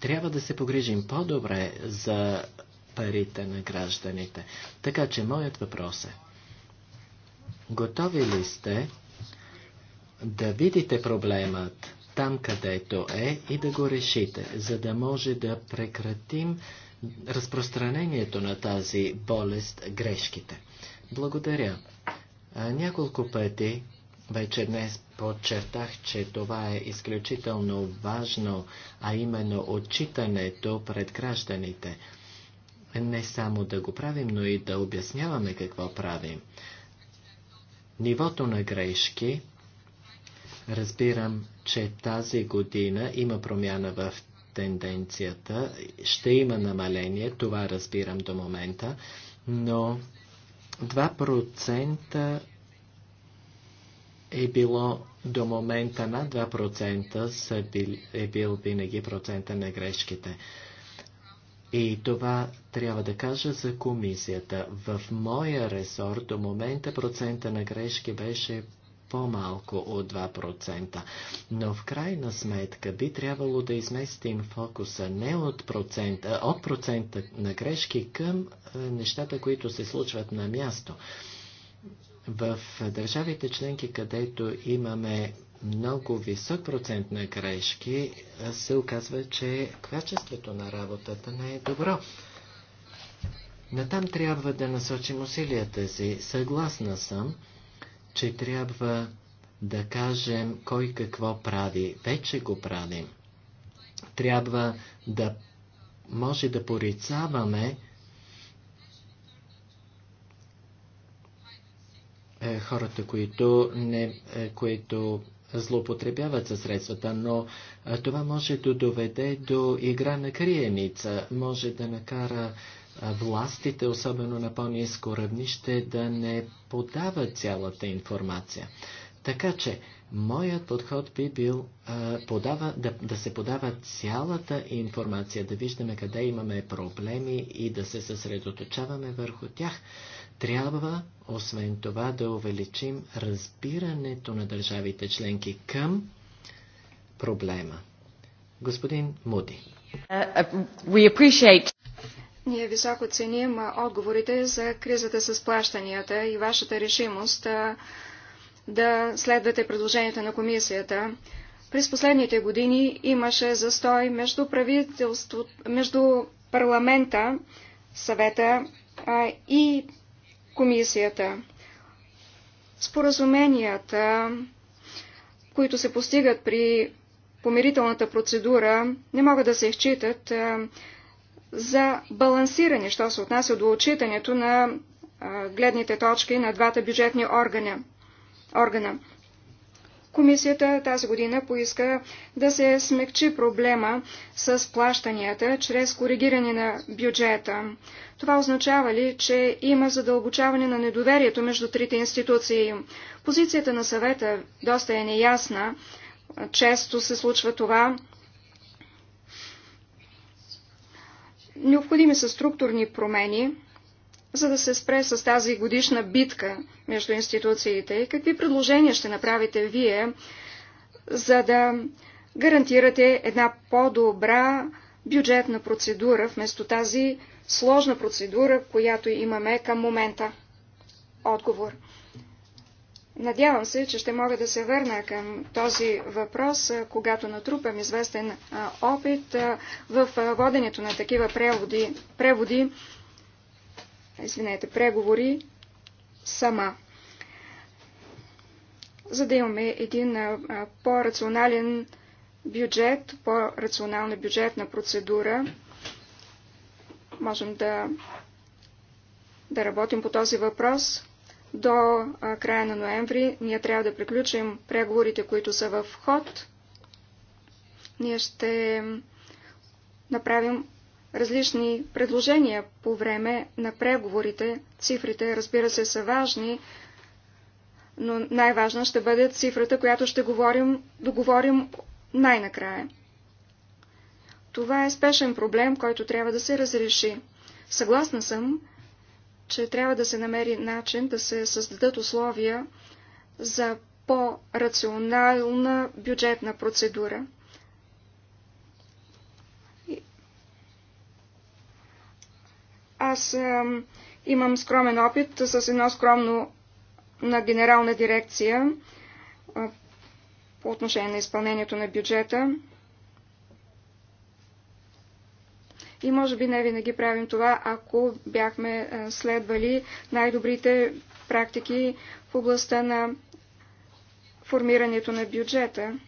Трябва да се погрижим по-добре за парите на гражданите. Така че моят въпрос е. Готови ли сте да видите проблемът там, където е и да го решите, за да може да прекратим разпространението на тази болест, грешките? Благодаря. Няколко пъти вече днес подчертах, че това е изключително важно, а именно отчитането пред гражданите. Не само да го правим, но и да обясняваме какво правим. Нивото на грешки, разбирам, че тази година има промяна в тенденцията, ще има намаление, това разбирам до момента, но 2% е било до момента на 2% е бил винаги процента на грешките. И това трябва да кажа за комисията. В моя ресор до момента процента на грешки беше по-малко от 2%. Но в крайна сметка би трябвало да изместим фокуса не от процента, от процента на грешки към е, нещата, които се случват на място. В държавите членки, където имаме много висок процент на грешки, се оказва, че качеството на работата не е добро. Натам трябва да насочим усилията си. Съгласна съм, че трябва да кажем кой какво прави. Вече го правим. Трябва да може да порицаваме е, хората, които, не, е, които злоупотребяват със средствата, но това може да доведе до игра на криеница, може да накара властите, особено на по-низко равнище, да не подават цялата информация. Така че, моят подход би бил а, подава, да, да се подава цялата информация, да виждаме къде имаме проблеми и да се съсредоточаваме върху тях. Трябва, освен това, да увеличим разбирането на държавите членки към проблема. Господин Муди. Ние високо ценим отговорите за кризата с плащанията и вашата решимост да следвате предложенията на комисията. През последните години имаше застой между правителството, между парламента, съвета и комисията. Споразуменията, които се постигат при помирителната процедура, не могат да се изчитат за балансиране, що се отнася до отчитането на гледните точки на двата бюджетни органа. органа. Комисията тази година поиска да се смекчи проблема с плащанията чрез коригиране на бюджета. Това означава ли, че има задълбочаване на недоверието между трите институции? Позицията на съвета доста е неясна. Често се случва това. Необходими са структурни промени за да се спре с тази годишна битка между институциите? И какви предложения ще направите вие, за да гарантирате една по-добра бюджетна процедура, вместо тази сложна процедура, която имаме към момента? Отговор. Надявам се, че ще мога да се върна към този въпрос, когато натрупам известен опит в воденето на такива преводи, преводи извинете, преговори сама, за да имаме един по-рационален бюджет, по-рационална бюджетна процедура. Можем да, да работим по този въпрос. До края на ноември ние трябва да приключим преговорите, които са в ход. Ние ще направим различни предложения по време на преговорите. Цифрите, разбира се, са важни, но най-важна ще бъде цифрата, която ще говорим, договорим най-накрая. Това е спешен проблем, който трябва да се разреши. Съгласна съм, че трябва да се намери начин да се създадат условия за по-рационална бюджетна процедура. Аз ам, имам скромен опит с едно скромно на генерална дирекция по отношение на изпълнението на бюджета. И може би не винаги правим това, ако бяхме следвали най-добрите практики в областта на формирането на бюджета.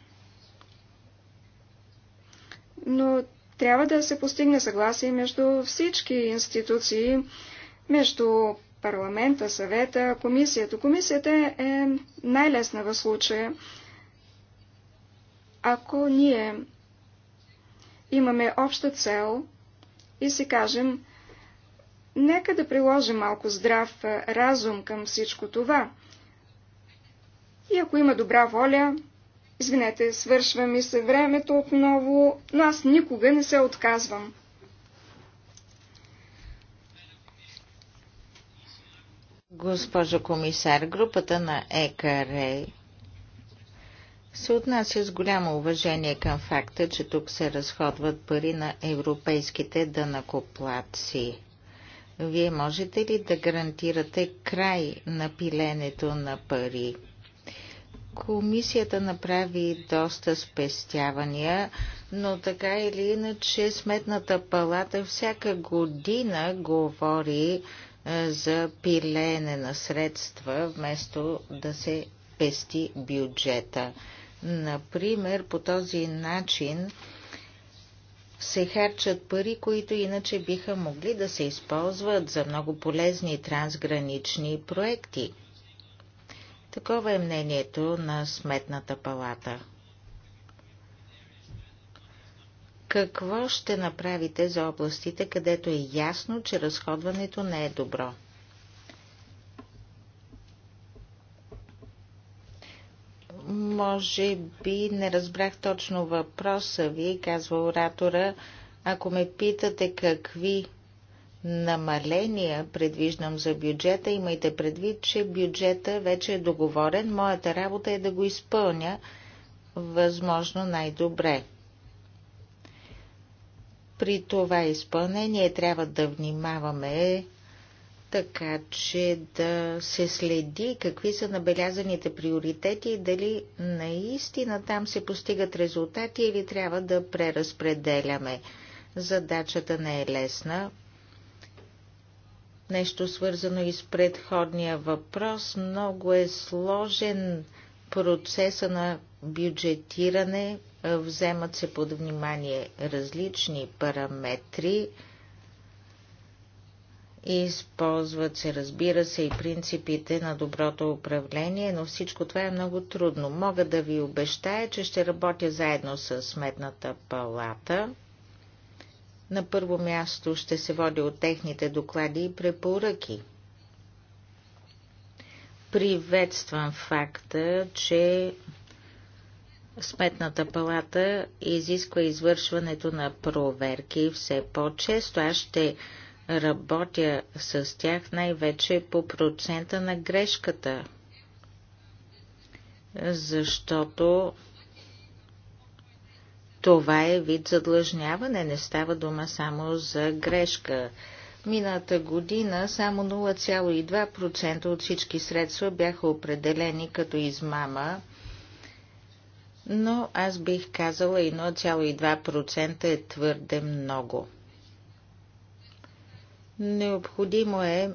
Но трябва да се постигне съгласие между всички институции, между парламента, съвета, комисията. Комисията е най-лесна в случая. Ако ние имаме обща цел и си кажем, нека да приложим малко здрав разум към всичко това. И ако има добра воля, Извинете, свършва ми се времето отново, но аз никога не се отказвам. Госпожо комисар, групата на ЕКР се отнася с голямо уважение към факта, че тук се разходват пари на европейските дънакоплатци. Вие можете ли да гарантирате край на пиленето на пари? Комисията направи доста спестявания, но така или иначе Сметната палата всяка година говори е, за пилеене на средства, вместо да се пести бюджета. Например, по този начин се харчат пари, които иначе биха могли да се използват за много полезни трансгранични проекти – Такова е мнението на Сметната палата. Какво ще направите за областите, където е ясно, че разходването не е добро? Може би не разбрах точно въпроса ви, казва оратора. Ако ме питате какви намаления предвиждам за бюджета, имайте предвид, че бюджета вече е договорен. Моята работа е да го изпълня възможно най-добре. При това изпълнение трябва да внимаваме така, че да се следи какви са набелязаните приоритети и дали наистина там се постигат резултати или трябва да преразпределяме. Задачата не е лесна, нещо свързано и с предходния въпрос. Много е сложен процеса на бюджетиране. Вземат се под внимание различни параметри. Използват се, разбира се, и принципите на доброто управление, но всичко това е много трудно. Мога да ви обещая, че ще работя заедно с Сметната палата на първо място ще се води от техните доклади и препоръки. Приветствам факта, че Сметната палата изисква извършването на проверки все по-често. Аз ще работя с тях най-вече по процента на грешката, защото това е вид задлъжняване, не става дума само за грешка. Мината година само 0,2% от всички средства бяха определени като измама, но аз бих казала и 0,2% е твърде много. Необходимо е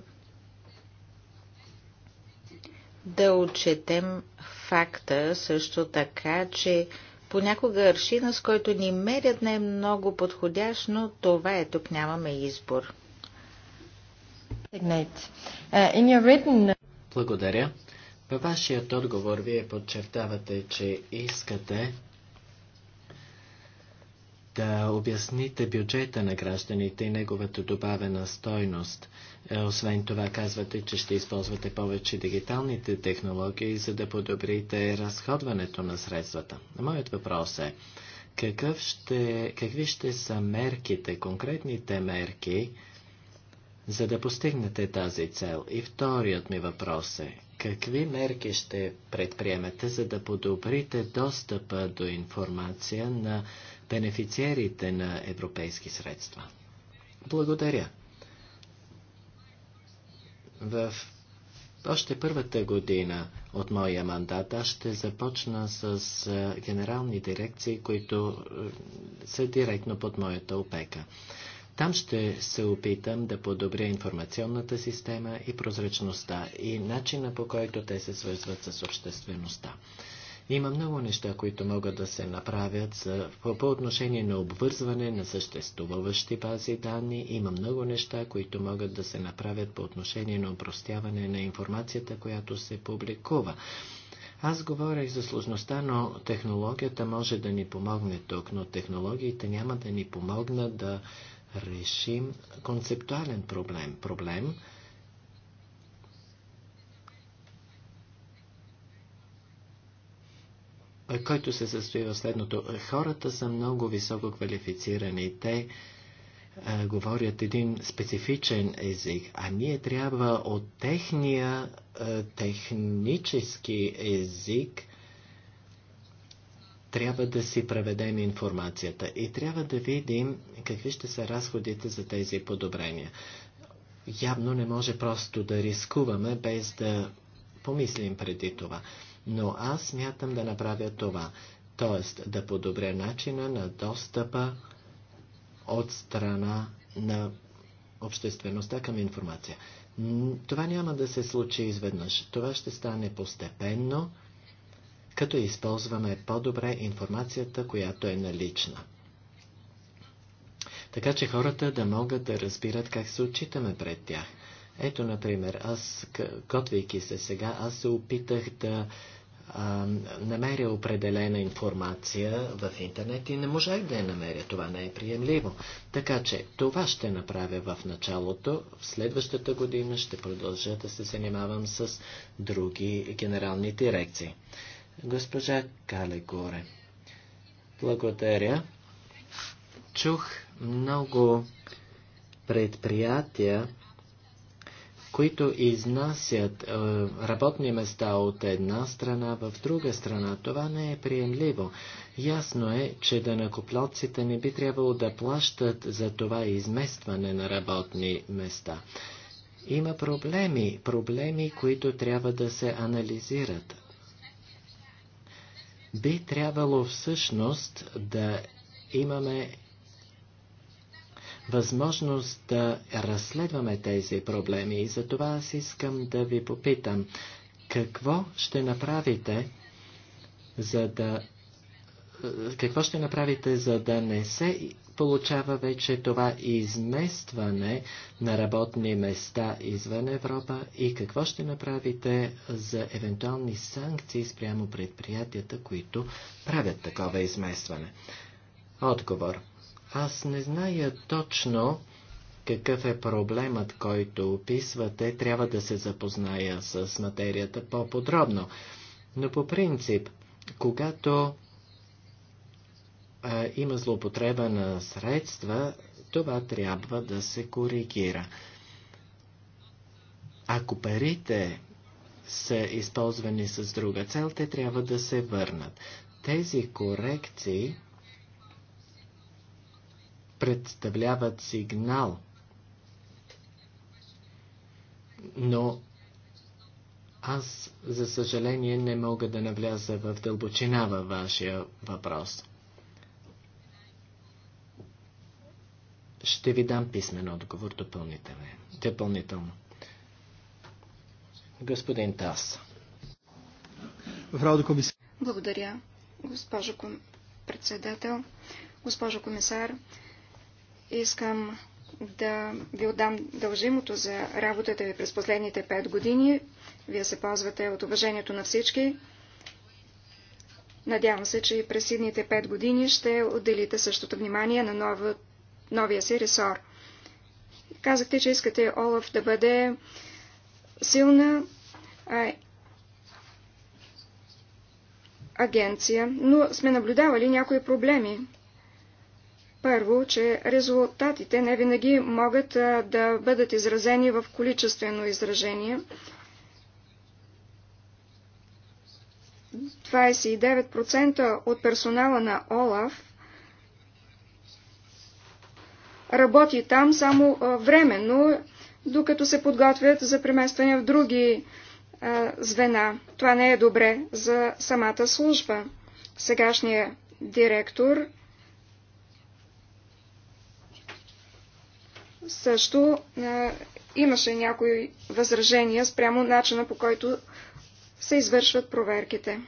да отчетем факта също така, че Понякога аршина, с който ни мерят, не е много подходящ, но това е, тук нямаме избор. Uh, Благодаря. Във вашият отговор вие подчертавате, че искате да обясните бюджета на гражданите и неговата добавена стойност. Е, освен това казвате, че ще използвате повече дигиталните технологии, за да подобрите разходването на средствата. Моят въпрос е, какъв ще, какви ще са мерките, конкретните мерки, за да постигнете тази цел? И вторият ми въпрос е, какви мерки ще предприемете, за да подобрите достъпа до информация на бенефициерите на европейски средства. Благодаря. В още първата година от моя мандат аз ще започна с генерални дирекции, които са директно под моята опека. Там ще се опитам да подобря информационната система и прозрачността и начина по който те се свързват с обществеността. Има много неща, които могат да се направят за, по, по отношение на обвързване на съществуващи бази данни. Има много неща, които могат да се направят по отношение на упростяване на информацията, която се публикува. Аз говоря и за сложността, но технологията може да ни помогне тук, но технологиите няма да ни помогнат да решим концептуален проблем. Проблем, Е, който се състои в следното. Хората са много високо квалифицирани. Те а, е, говорят един специфичен език, а ние трябва от техния а, е, технически език трябва да си преведем информацията и трябва да видим какви ще са разходите за тези подобрения. Явно не може просто да рискуваме без да помислим преди това но аз смятам да направя това, т.е. да подобря начина на достъпа от страна на обществеността към информация. Това няма да се случи изведнъж. Това ще стане постепенно, като използваме по-добре информацията, която е налична. Така че хората да могат да разбират как се отчитаме пред тях – ето, например, аз, готвейки се сега, аз се опитах да а, намеря определена информация в интернет и не можах да я намеря. Това не е приемливо. Така че това ще направя в началото. В следващата година ще продължа да се занимавам с други генерални дирекции. Госпожа Калегоре, благодаря. Чух много предприятия, които изнасят е, работни места от една страна в друга страна. Това не е приемливо. Ясно е, че данакоплатците не би трябвало да плащат за това изместване на работни места. Има проблеми, проблеми, които трябва да се анализират. Би трябвало всъщност да имаме възможност да разследваме тези проблеми и за това аз искам да ви попитам какво ще направите, за да какво ще направите, за да не се получава вече това изместване на работни места извън Европа и какво ще направите за евентуални санкции спрямо предприятията, които правят такова изместване? Отговор. Аз не зная точно какъв е проблемът, който описвате. Трябва да се запозная с материята по-подробно. Но по принцип, когато а, има злоупотреба на средства, това трябва да се коригира. Ако парите са използвани с друга цел, те трябва да се върнат. Тези корекции представляват сигнал. Но аз, за съжаление, не мога да навляза в дълбочина във вашия въпрос. Ще ви дам писмен отговор допълнително. Господин Тас. Благодаря, госпожо председател. Госпожо комисар, Искам да ви отдам дължимото за работата ви през последните пет години. Вие се ползвате от уважението на всички. Надявам се, че и през следните пет години ще отделите същото внимание на нова, новия си ресор. Казахте, че искате Олаф да бъде силна а, агенция, но сме наблюдавали някои проблеми първо, че резултатите не винаги могат да бъдат изразени в количествено изражение. 29% от персонала на ОЛАФ работи там само временно, докато се подготвят за преместване в други звена. Това не е добре за самата служба. Сегашният директор също а, е, имаше някои възражения спрямо начина по който се извършват проверките.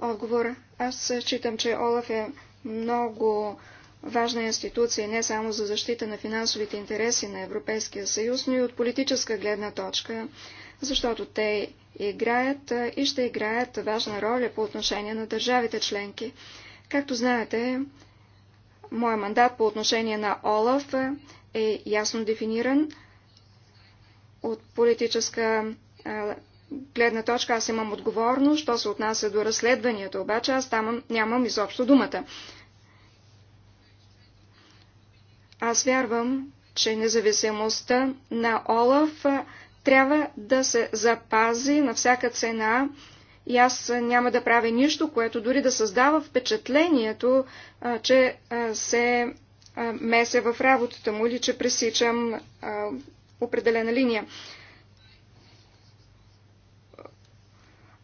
Отговор. Аз считам, че Олаф е много важна институция не само за защита на финансовите интереси на Европейския съюз, но и от политическа гледна точка, защото те играят е, и ще играят важна роля по отношение на държавите членки. Както знаете, Моя мандат по отношение на ОЛАФ е ясно дефиниран. От политическа гледна точка аз имам отговорност, що се отнася до разследванията, обаче аз там нямам изобщо думата. Аз вярвам, че независимостта на Олаф трябва да се запази на всяка цена, и аз няма да правя нищо, което дори да създава впечатлението, че се меся месе в работата му или че пресичам определена линия.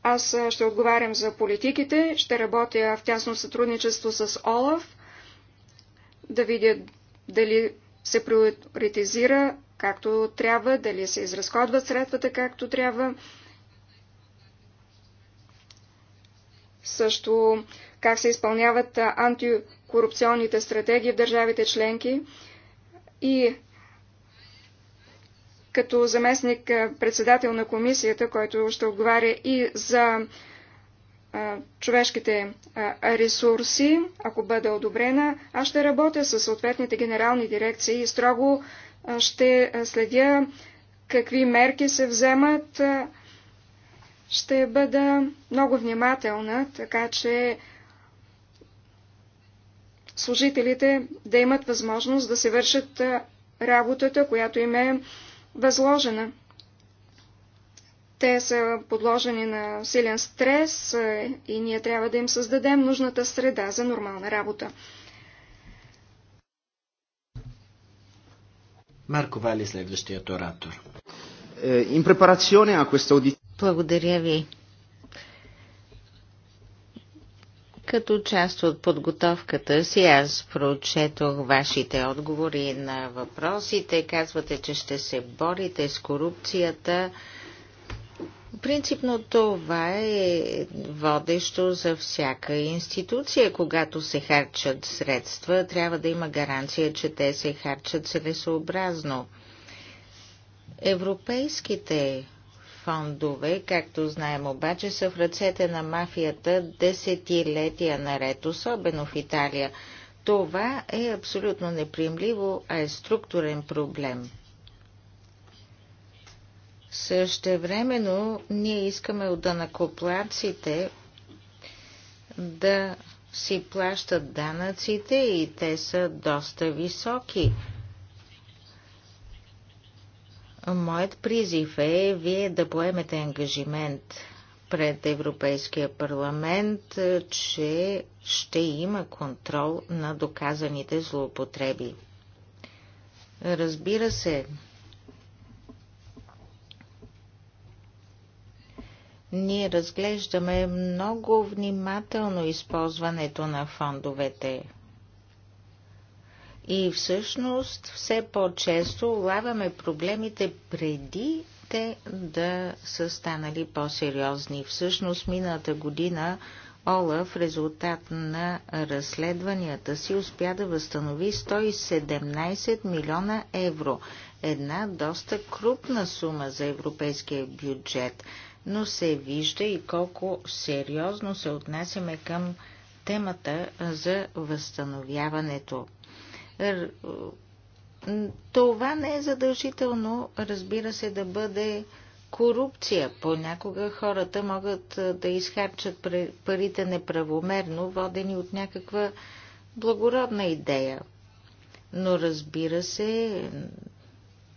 Аз ще отговарям за политиките, ще работя в тясно сътрудничество с ОЛАФ, да видя дали се приоритизира както трябва, дали се изразходват средствата както трябва. също как се изпълняват антикорупционните стратегии в държавите членки и като заместник председател на комисията, който ще отговаря и за човешките ресурси, ако бъде одобрена, аз ще работя с съответните генерални дирекции и строго ще следя какви мерки се вземат, ще бъда много внимателна, така че служителите да имат възможност да се вършат работата, която им е възложена. Те са подложени на силен стрес и ние трябва да им създадем нужната среда за нормална работа. Марко Вали, следващият оратор. Е, in preparazione a questa audizione благодаря ви. Като част от подготовката си, аз прочетох вашите отговори на въпросите. Казвате, че ще се борите с корупцията. Принципно това е водещо за всяка институция. Когато се харчат средства, трябва да има гаранция, че те се харчат целесообразно. Европейските фондове, както знаем обаче, са в ръцете на мафията десетилетия наред, особено в Италия. Това е абсолютно неприемливо, а е структурен проблем. Същевременно ние искаме от данакоплаците да си плащат данъците и те са доста високи. Моят призив е вие да поемете ангажимент пред Европейския парламент, е, че ще има контрол на доказаните злоупотреби. Разбира се, ние разглеждаме много внимателно използването на фондовете. И всъщност все по-често лаваме проблемите преди те да са станали по-сериозни. Всъщност миналата година Ола в резултат на разследванията си успя да възстанови 117 милиона евро. Една доста крупна сума за европейския бюджет, но се вижда и колко сериозно се отнасяме към темата за възстановяването. Това не е задължително, разбира се, да бъде корупция. Понякога хората могат да изхарчат парите неправомерно, водени от някаква благородна идея. Но разбира се,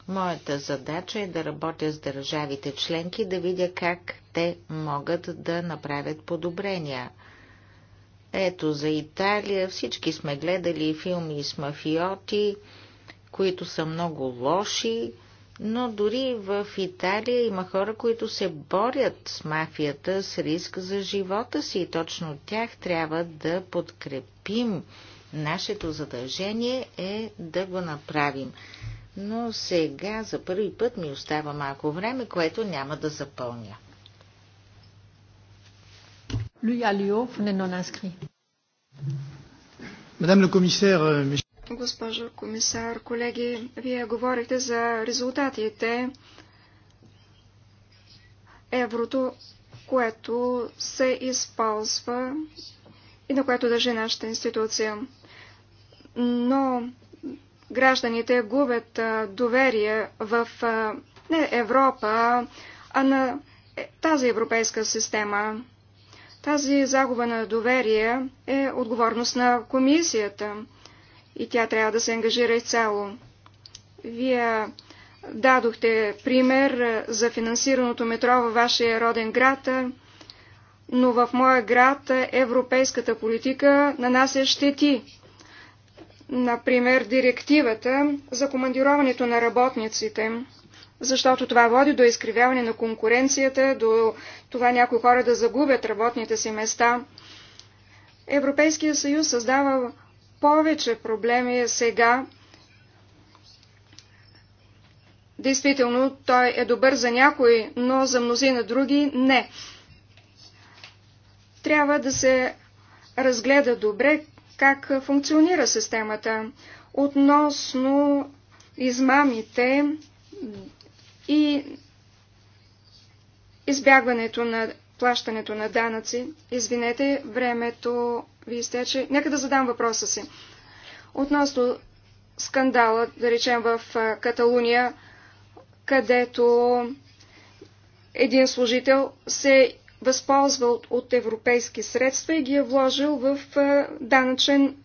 моята задача е да работя с държавите членки, да видя как те могат да направят подобрения. Ето за Италия всички сме гледали филми с мафиоти, които са много лоши, но дори в Италия има хора, които се борят с мафията с риск за живота си и точно тях трябва да подкрепим. Нашето задължение е да го направим. Но сега за първи път ми остава малко време, което няма да запълня. Lui non Madame le commissaire, euh, Госпожо комисар, колеги, вие говорихте за резултатите еврото, което се използва и на което държи нашата институция. Но гражданите губят доверие в не Европа, а на е, тази европейска система. Тази загуба на доверие е отговорност на комисията и тя трябва да се ангажира изцяло. Вие дадохте пример за финансираното метро във вашия роден град, но в моя град европейската политика нанася е щети. Например, директивата за командироването на работниците – защото това води до изкривяване на конкуренцията, до това някои хора да загубят работните си места. Европейския съюз създава повече проблеми сега. Действително, той е добър за някои, но за мнози на други не. Трябва да се разгледа добре как функционира системата относно измамите и избягването на плащането на данъци. Извинете, времето ви изтече. Нека да задам въпроса си. Относно скандала, да речем в Каталуния, където един служител се възползвал от европейски средства и ги е вложил в данъчен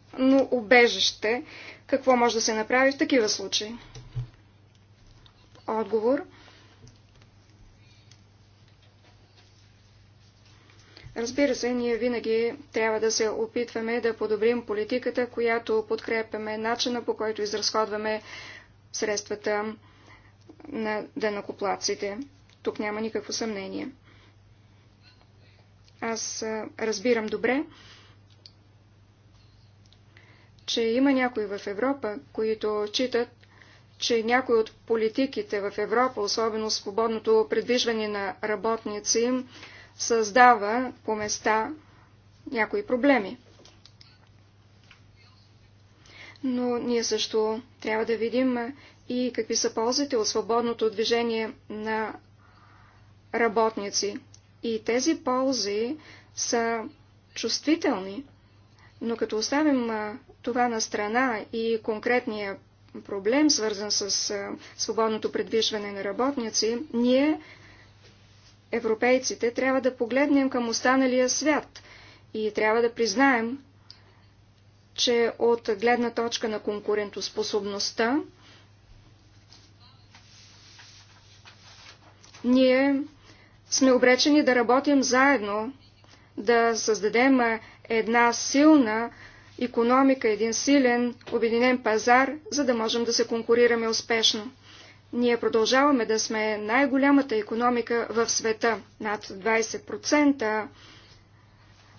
убежище. Какво може да се направи в такива случаи? отговор. Разбира се, ние винаги трябва да се опитваме да подобрим политиката, която подкрепяме, начина по който изразходваме средствата на денакоплаците. Тук няма никакво съмнение. Аз разбирам добре, че има някои в Европа, които читат, че някои от политиките в Европа, особено свободното предвижване на работници, създава по места някои проблеми. Но ние също трябва да видим и какви са ползите от свободното движение на работници. И тези ползи са чувствителни, но като оставим това на страна и конкретния проблем, свързан с свободното предвижване на работници, ние, европейците, трябва да погледнем към останалия свят и трябва да признаем, че от гледна точка на конкурентоспособността, ние сме обречени да работим заедно, да създадем една силна економика, е един силен, обединен пазар, за да можем да се конкурираме успешно. Ние продължаваме да сме най-голямата економика в света, над 20%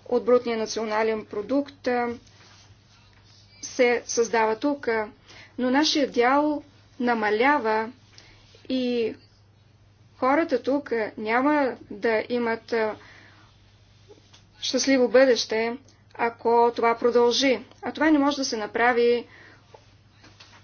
от брутния национален продукт се създава тук, но нашия дял намалява и хората тук няма да имат щастливо бъдеще, ако това продължи. А това не може да се направи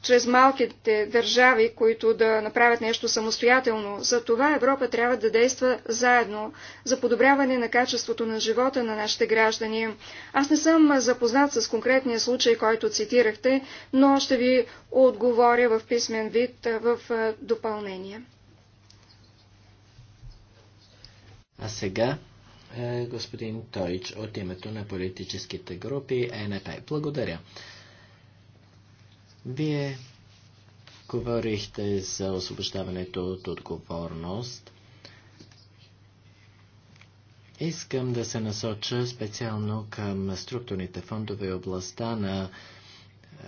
чрез малките държави, които да направят нещо самостоятелно. За това Европа трябва да действа заедно за подобряване на качеството на живота на нашите граждани. Аз не съм запознат с конкретния случай, който цитирахте, но ще ви отговоря в писмен вид в допълнение. А сега е, господин Тойч от името на политическите групи ЕНП. Благодаря. Вие говорихте за освобождаването от отговорност. Искам да се насоча специално към структурните фондове и областта на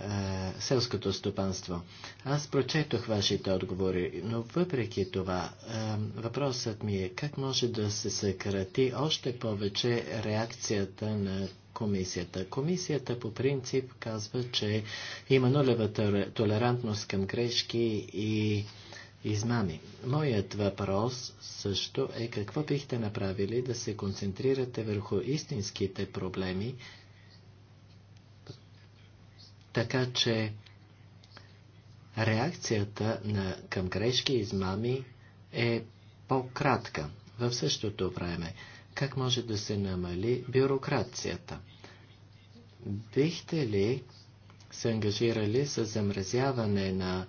е, селското стопанство. Аз прочетох вашите отговори, но въпреки това е, въпросът ми е как може да се съкрати още повече реакцията на комисията. Комисията по принцип казва, че има нулева толерантност към грешки и измами. Моят въпрос също е какво бихте направили да се концентрирате върху истинските проблеми, така че реакцията на, към грешки и измами е по-кратка. В същото време, как може да се намали бюрокрацията? Бихте ли се ангажирали с замразяване на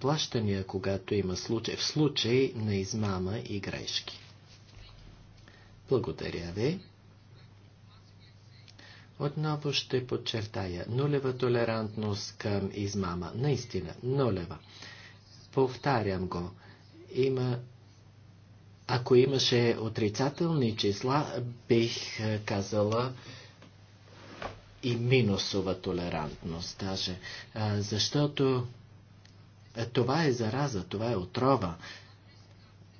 плащания, когато има случай, в случай на измама и грешки? Благодаря ви. Отново ще подчертая, нулева толерантност към измама. Наистина, нулева. Повтарям го. Има ако имаше отрицателни числа, бих е, казала и минусова толерантност даже, е, защото това е зараза, това е отрова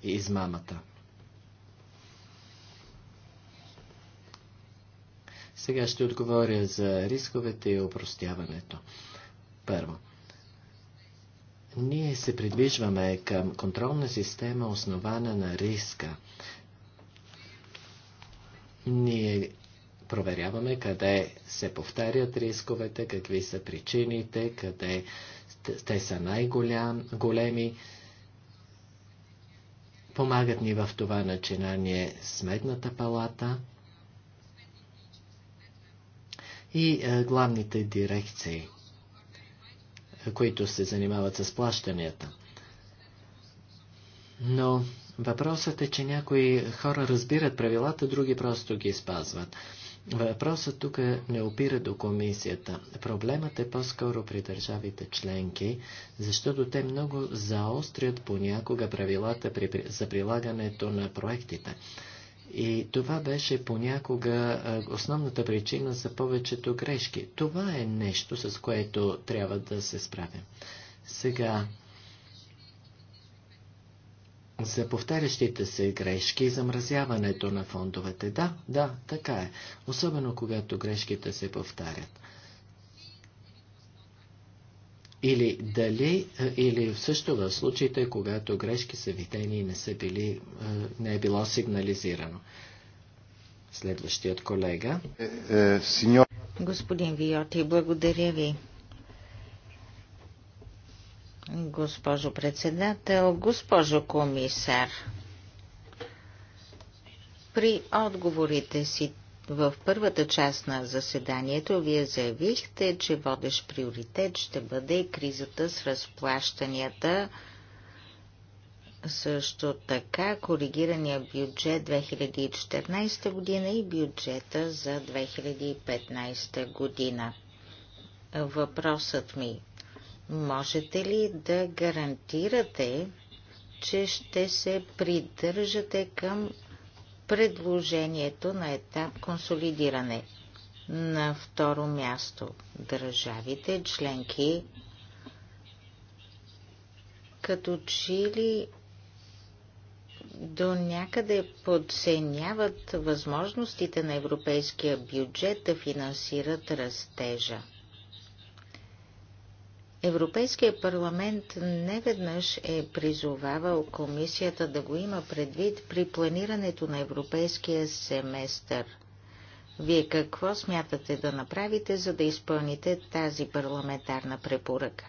измамата. Сега ще отговоря за рисковете и опростяването. Първо. Ние се придвижваме към контролна система, основана на риска. Ние проверяваме къде се повтарят рисковете, какви са причините, къде те са най-големи. Помагат ни в това начинание Сметната палата – и е, главните дирекции, които се занимават с плащанията. Но въпросът е, че някои хора разбират правилата, други просто ги спазват. Въпросът тук е, не опира до комисията. Проблемът е по-скоро при държавите членки, защото те много заострят понякога правилата при, за прилагането на проектите. И това беше понякога основната причина за повечето грешки. Това е нещо, с което трябва да се справим. Сега, за повтарящите се грешки и замразяването на фондовете. Да, да, така е. Особено когато грешките се повтарят. Или дали, е, или също в случаите, когато грешки са видени и не, са били, е, не е било сигнализирано. Следващият колега. Е, Господин Виоти, благодаря ви. Госпожо председател, госпожо комисар, при отговорите си в първата част на заседанието вие заявихте, че водещ приоритет ще бъде кризата с разплащанията. Също така коригирания бюджет 2014 година и бюджета за 2015 година. Въпросът ми. Можете ли да гарантирате, че ще се придържате към предложението на етап консолидиране. На второ място държавите членки като чили до някъде подценяват възможностите на европейския бюджет да финансират растежа. Европейския парламент неведнъж е призовавал комисията да го има предвид при планирането на европейския семестър. Вие какво смятате да направите, за да изпълните тази парламентарна препоръка?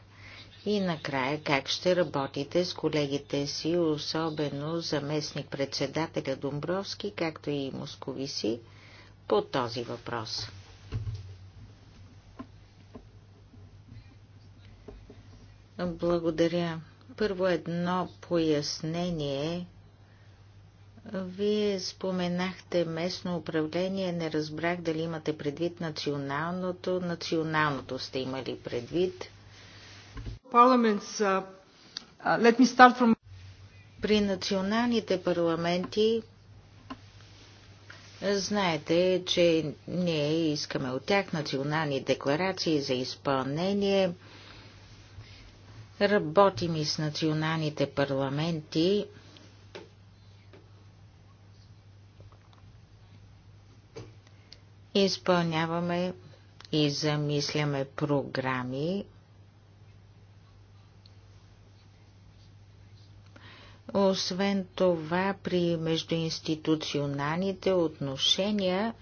И накрая как ще работите с колегите си, особено заместник председателя Домбровски, както и московиси, по този въпрос? Благодаря. Първо едно пояснение. Вие споменахте местно управление, не разбрах дали имате предвид националното. Националното сте имали предвид. При националните парламенти знаете, че ние искаме от тях национални декларации за изпълнение – Работим и с националните парламенти. Изпълняваме и замисляме програми, Освен това, при междуинституционалните отношения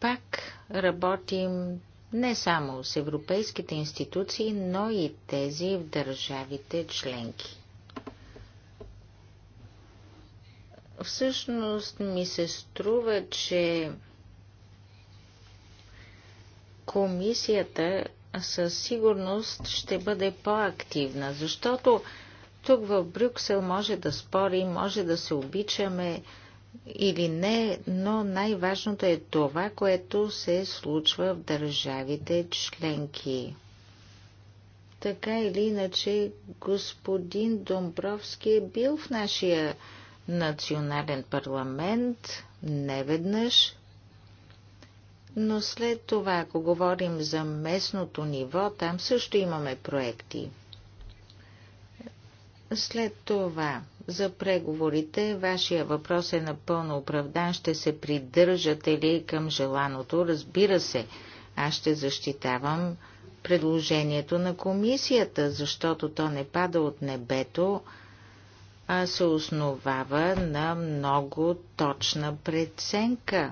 пак работим не само с европейските институции, но и тези в държавите членки. Всъщност ми се струва, че комисията със сигурност ще бъде по-активна, защото тук в Брюксел може да спорим, може да се обичаме, или не, но най-важното е това, което се случва в държавите членки. Така или иначе, господин Домбровски е бил в нашия национален парламент неведнъж, но след това, ако говорим за местното ниво, там също имаме проекти. След това за преговорите. Вашия въпрос е напълно оправдан. Ще се придържате ли към желаното? Разбира се, аз ще защитавам предложението на комисията, защото то не пада от небето, а се основава на много точна преценка.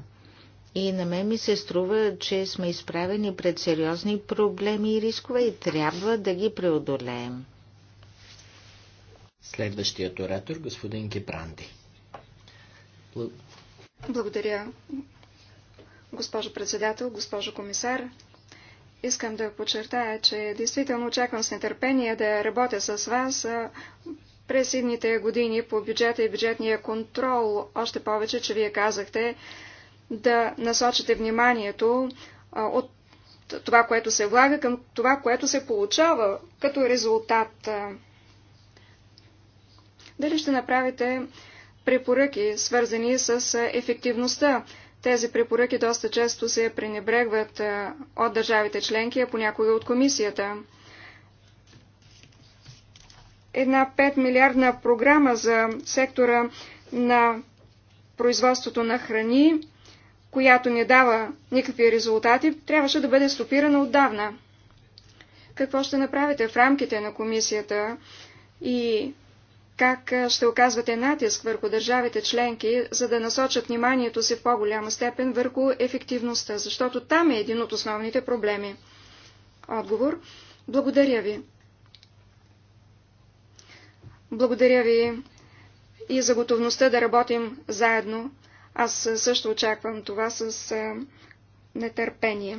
И на мен ми се струва, че сме изправени пред сериозни проблеми и рискове и трябва да ги преодолеем. Следващият оратор, господин Гебранди. Благодаря, госпожо председател, госпожо комисар. Искам да подчертая, че действително очаквам с нетърпение да работя с вас през идните години по бюджета и бюджетния контрол. Още повече, че вие казахте да насочите вниманието от това, което се влага, към това, което се получава като резултат. Дали ще направите препоръки, свързани с ефективността? Тези препоръки доста често се пренебрегват от държавите членки, а понякога от комисията. Една 5 милиардна програма за сектора на производството на храни, която не дава никакви резултати, трябваше да бъде стопирана отдавна. Какво ще направите в рамките на комисията и как ще оказвате натиск върху държавите членки, за да насочат вниманието си в по-голяма степен върху ефективността, защото там е един от основните проблеми. Отговор. Благодаря ви. Благодаря ви и за готовността да работим заедно. Аз също очаквам това с нетърпение.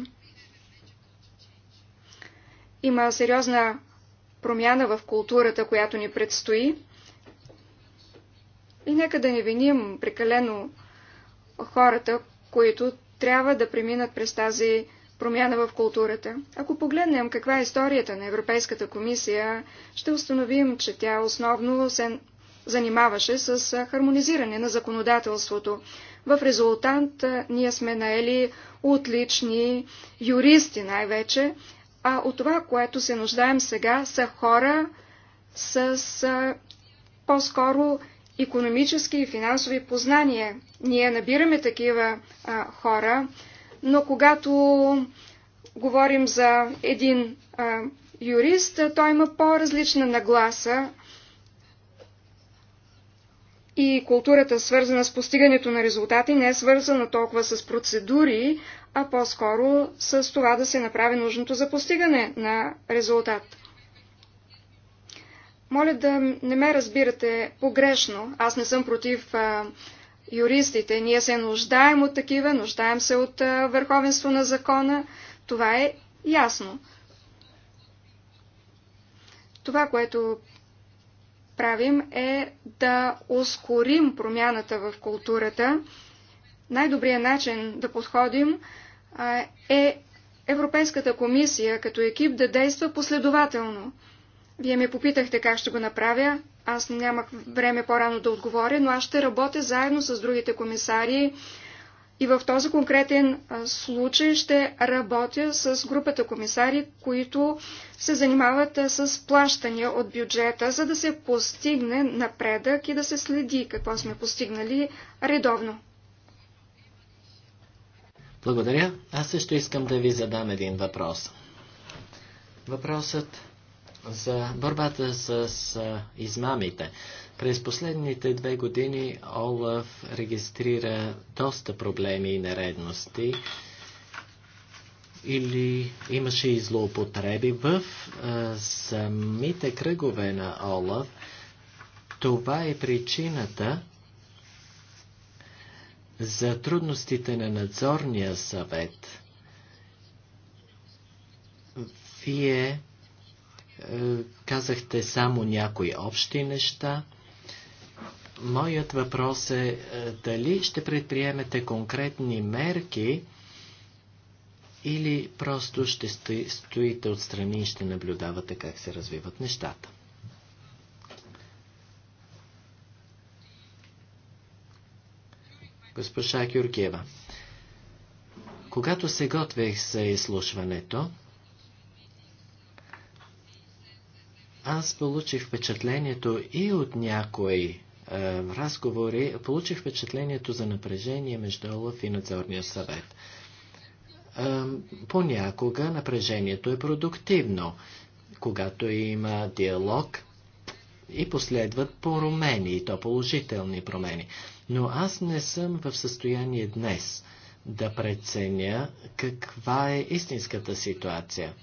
Има сериозна промяна в културата, която ни предстои. И нека да не виним прекалено хората, които трябва да преминат през тази промяна в културата. Ако погледнем каква е историята на Европейската комисия, ще установим, че тя основно се занимаваше с хармонизиране на законодателството. В резултат ние сме наели отлични юристи най-вече, а от това, което се нуждаем сега, са хора с по-скоро економически и финансови познания. Ние набираме такива а, хора, но когато говорим за един а, юрист, той има по-различна нагласа и културата, свързана с постигането на резултати, не е свързана толкова с процедури, а по-скоро с това да се направи нужното за постигане на резултат. Моля да не ме разбирате погрешно. Аз не съм против а, юристите. Ние се нуждаем от такива, нуждаем се от а, върховенство на закона. Това е ясно. Това, което правим е да ускорим промяната в културата. Най-добрият начин да подходим а, е Европейската комисия като екип да действа последователно. Вие ме попитахте как ще го направя. Аз нямах време по-рано да отговоря, но аз ще работя заедно с другите комисари и в този конкретен случай ще работя с групата комисари, които се занимават с плащания от бюджета, за да се постигне напредък и да се следи какво сме постигнали редовно. Благодаря. Аз също искам да ви задам един въпрос. Въпросът за борбата с измамите. През последните две години Олаф регистрира доста проблеми и нередности или имаше и злоупотреби в а, самите кръгове на Олаф. Това е причината за трудностите на надзорния съвет. Вие е, казахте само някои общи неща. Моят въпрос е, е дали ще предприемете конкретни мерки или просто ще стоите отстрани и ще наблюдавате как се развиват нещата. Госпожа Георгиева, когато се готвех за изслушването, аз получих впечатлението и от някои е, разговори, получих впечатлението за напрежение между Олаф и надзорния съвет. Е, понякога напрежението е продуктивно, когато има диалог и последват промени, и то положителни промени. Но аз не съм в състояние днес да преценя каква е истинската ситуация.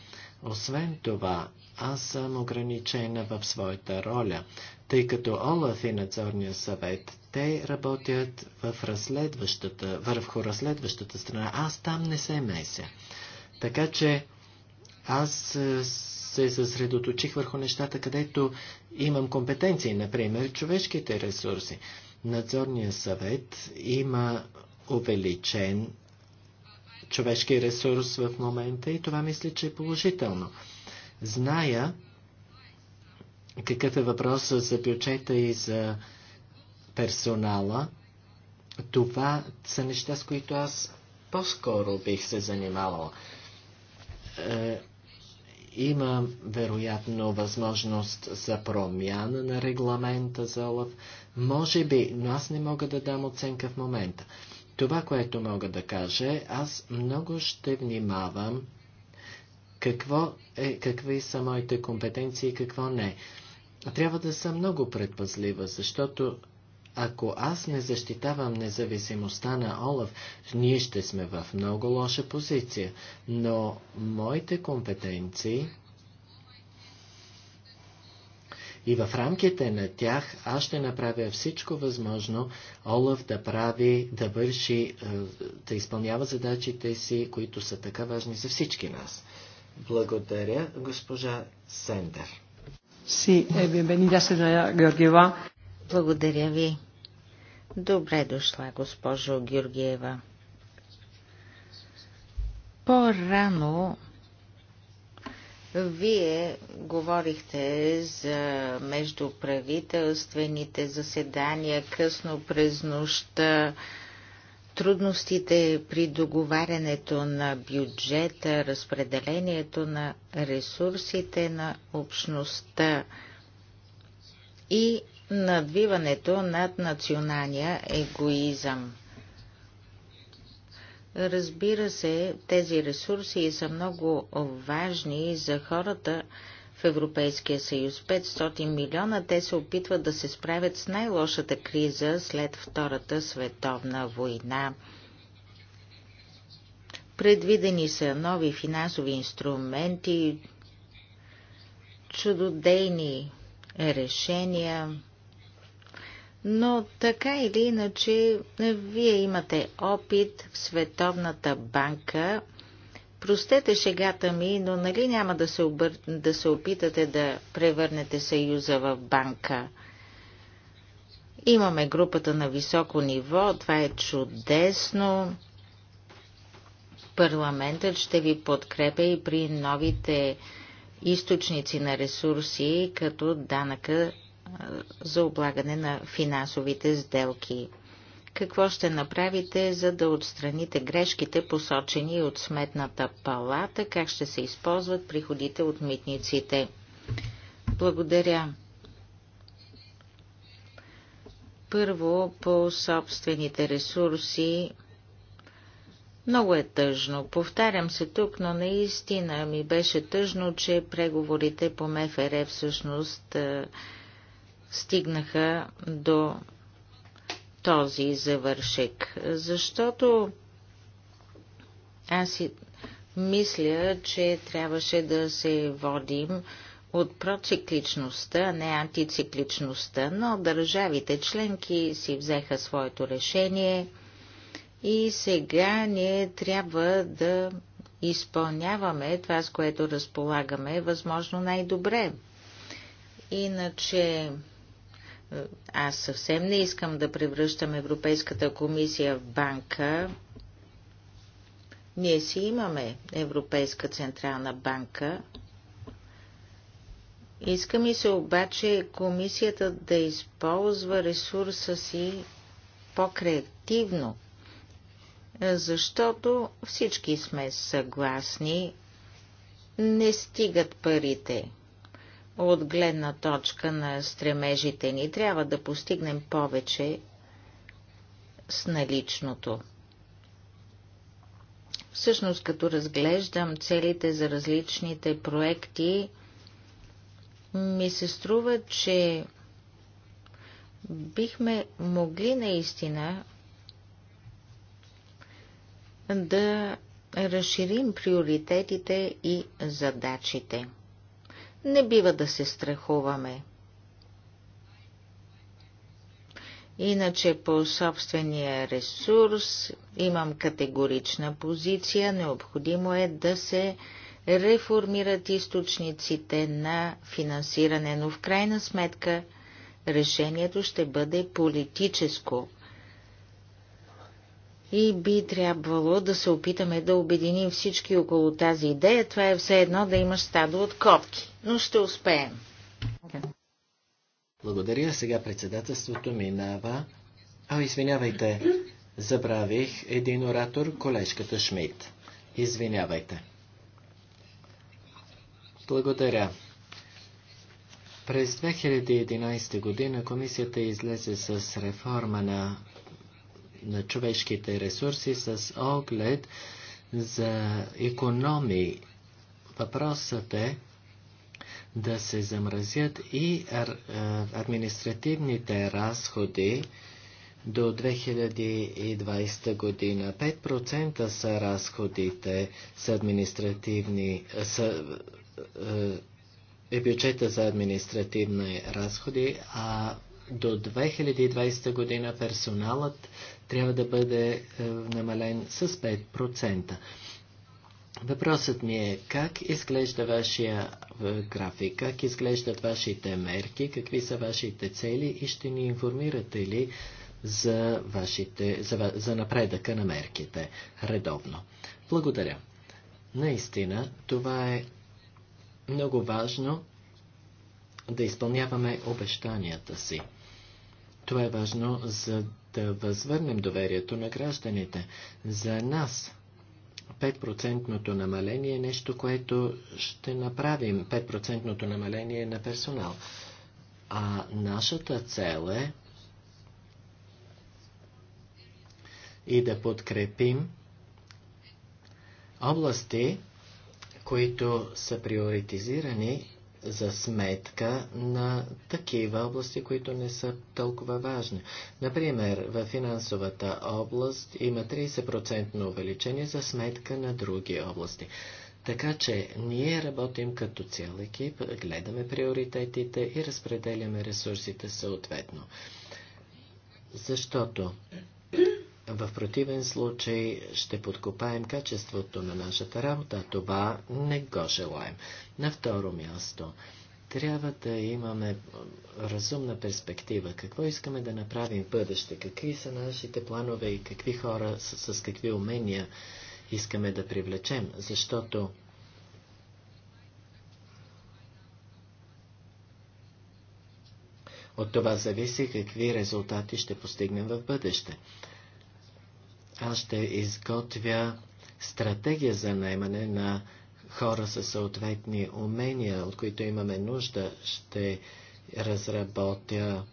Освен това, аз съм ограничена в своята роля, тъй като Олаф и надзорния съвет, те работят в разследващата, върху разследващата страна. Аз там не се меся. Така че аз е, се съсредоточих върху нещата, където имам компетенции, например, човешките ресурси. Надзорния съвет има увеличен човешки ресурс в момента и това мисля, че е положително. Зная какъв е въпросът за бюджета и за персонала. Това са неща, с които аз по-скоро бих се занимавала. Е, има вероятно възможност за промяна на регламента за ОЛАФ. Може би, но аз не мога да дам оценка в момента. Това, което мога да кажа, аз много ще внимавам какво е, какви са моите компетенции и какво не. Трябва да съм много предпазлива, защото ако аз не защитавам независимостта на Олаф, ние ще сме в много лоша позиция. Но моите компетенции и в рамките на тях аз ще направя всичко възможно Олаф да прави, да върши, е, да изпълнява задачите си, които са така важни за всички нас. Благодаря, госпожа Сендер. Си, е, бенвенида, сенера Георгиева. Благодаря ви. Добре дошла, госпожо Георгиева. По-рано вие говорихте за междуправителствените заседания късно през нощта, трудностите при договарянето на бюджета, разпределението на ресурсите на общността и надвиването над националния егоизъм. Разбира се, тези ресурси са много важни за хората, в Европейския съюз. 500 милиона те се опитват да се справят с най-лошата криза след Втората световна война. Предвидени са нови финансови инструменти, чудодейни решения, но така или иначе, вие имате опит в Световната банка Простете шегата ми, но нали няма да се, обър... да се опитате да превърнете Съюза в банка? Имаме групата на високо ниво, това е чудесно. Парламентът ще ви подкрепя и при новите източници на ресурси, като данъка за облагане на финансовите сделки. Какво ще направите, за да отстраните грешките, посочени от Сметната палата? Как ще се използват приходите от митниците? Благодаря. Първо, по собствените ресурси много е тъжно. Повтарям се тук, но наистина ми беше тъжно, че преговорите по МФР всъщност е, стигнаха до този завършек, защото аз си мисля, че трябваше да се водим от процикличността, а не антицикличността, но държавите членки си взеха своето решение и сега ние трябва да изпълняваме това, с което разполагаме, възможно най-добре. Иначе аз съвсем не искам да превръщам Европейската комисия в банка. Ние си имаме Европейска централна банка. Иска ми се обаче комисията да използва ресурса си по-креативно, защото всички сме съгласни, не стигат парите от гледна точка на стремежите ни. Трябва да постигнем повече с наличното. Всъщност, като разглеждам целите за различните проекти, ми се струва, че бихме могли наистина да разширим приоритетите и задачите. Не бива да се страхуваме. Иначе по собствения ресурс имам категорична позиция. Необходимо е да се реформират източниците на финансиране, но в крайна сметка решението ще бъде политическо и би трябвало да се опитаме да обединим всички около тази идея. Това е все едно да имаш стадо от котки, но ще успеем. Благодаря. Сега председателството минава. А, извинявайте, забравих един оратор, колежката Шмидт. Извинявайте. Благодаря. През 2011 година комисията излезе с реформа на на човешките ресурси с оглед за економии. Въпросът е да се замразят и административните разходи до 2020 година. 5% са разходите с административни с, е бюджета за административни разходи, а до 2020 година персоналът трябва да бъде е, намален с 5%. Въпросът ми е как изглежда вашия е, график, как изглеждат вашите мерки, какви са вашите цели и ще ни информирате ли за, вашите, за, за напредъка на мерките редовно. Благодаря. Наистина, това е много важно да изпълняваме обещанията си. Това е важно, за да възвърнем доверието на гражданите. За нас 5 намаление е нещо, което ще направим. 5 намаление е на персонал. А нашата цел е и да подкрепим области, които са приоритизирани за сметка на такива области, които не са толкова важни. Например, в финансовата област има 30% увеличение за сметка на други области. Така че ние работим като цял екип, гледаме приоритетите и разпределяме ресурсите съответно. Защото в противен случай ще подкопаем качеството на нашата работа. Това не го желаем. На второ място, трябва да имаме разумна перспектива. Какво искаме да направим в бъдеще? Какви са нашите планове и какви хора с, с какви умения искаме да привлечем? Защото от това зависи какви резултати ще постигнем в бъдеще аз ще изготвя стратегия за наймане на хора със съответни умения, от които имаме нужда. Ще разработя,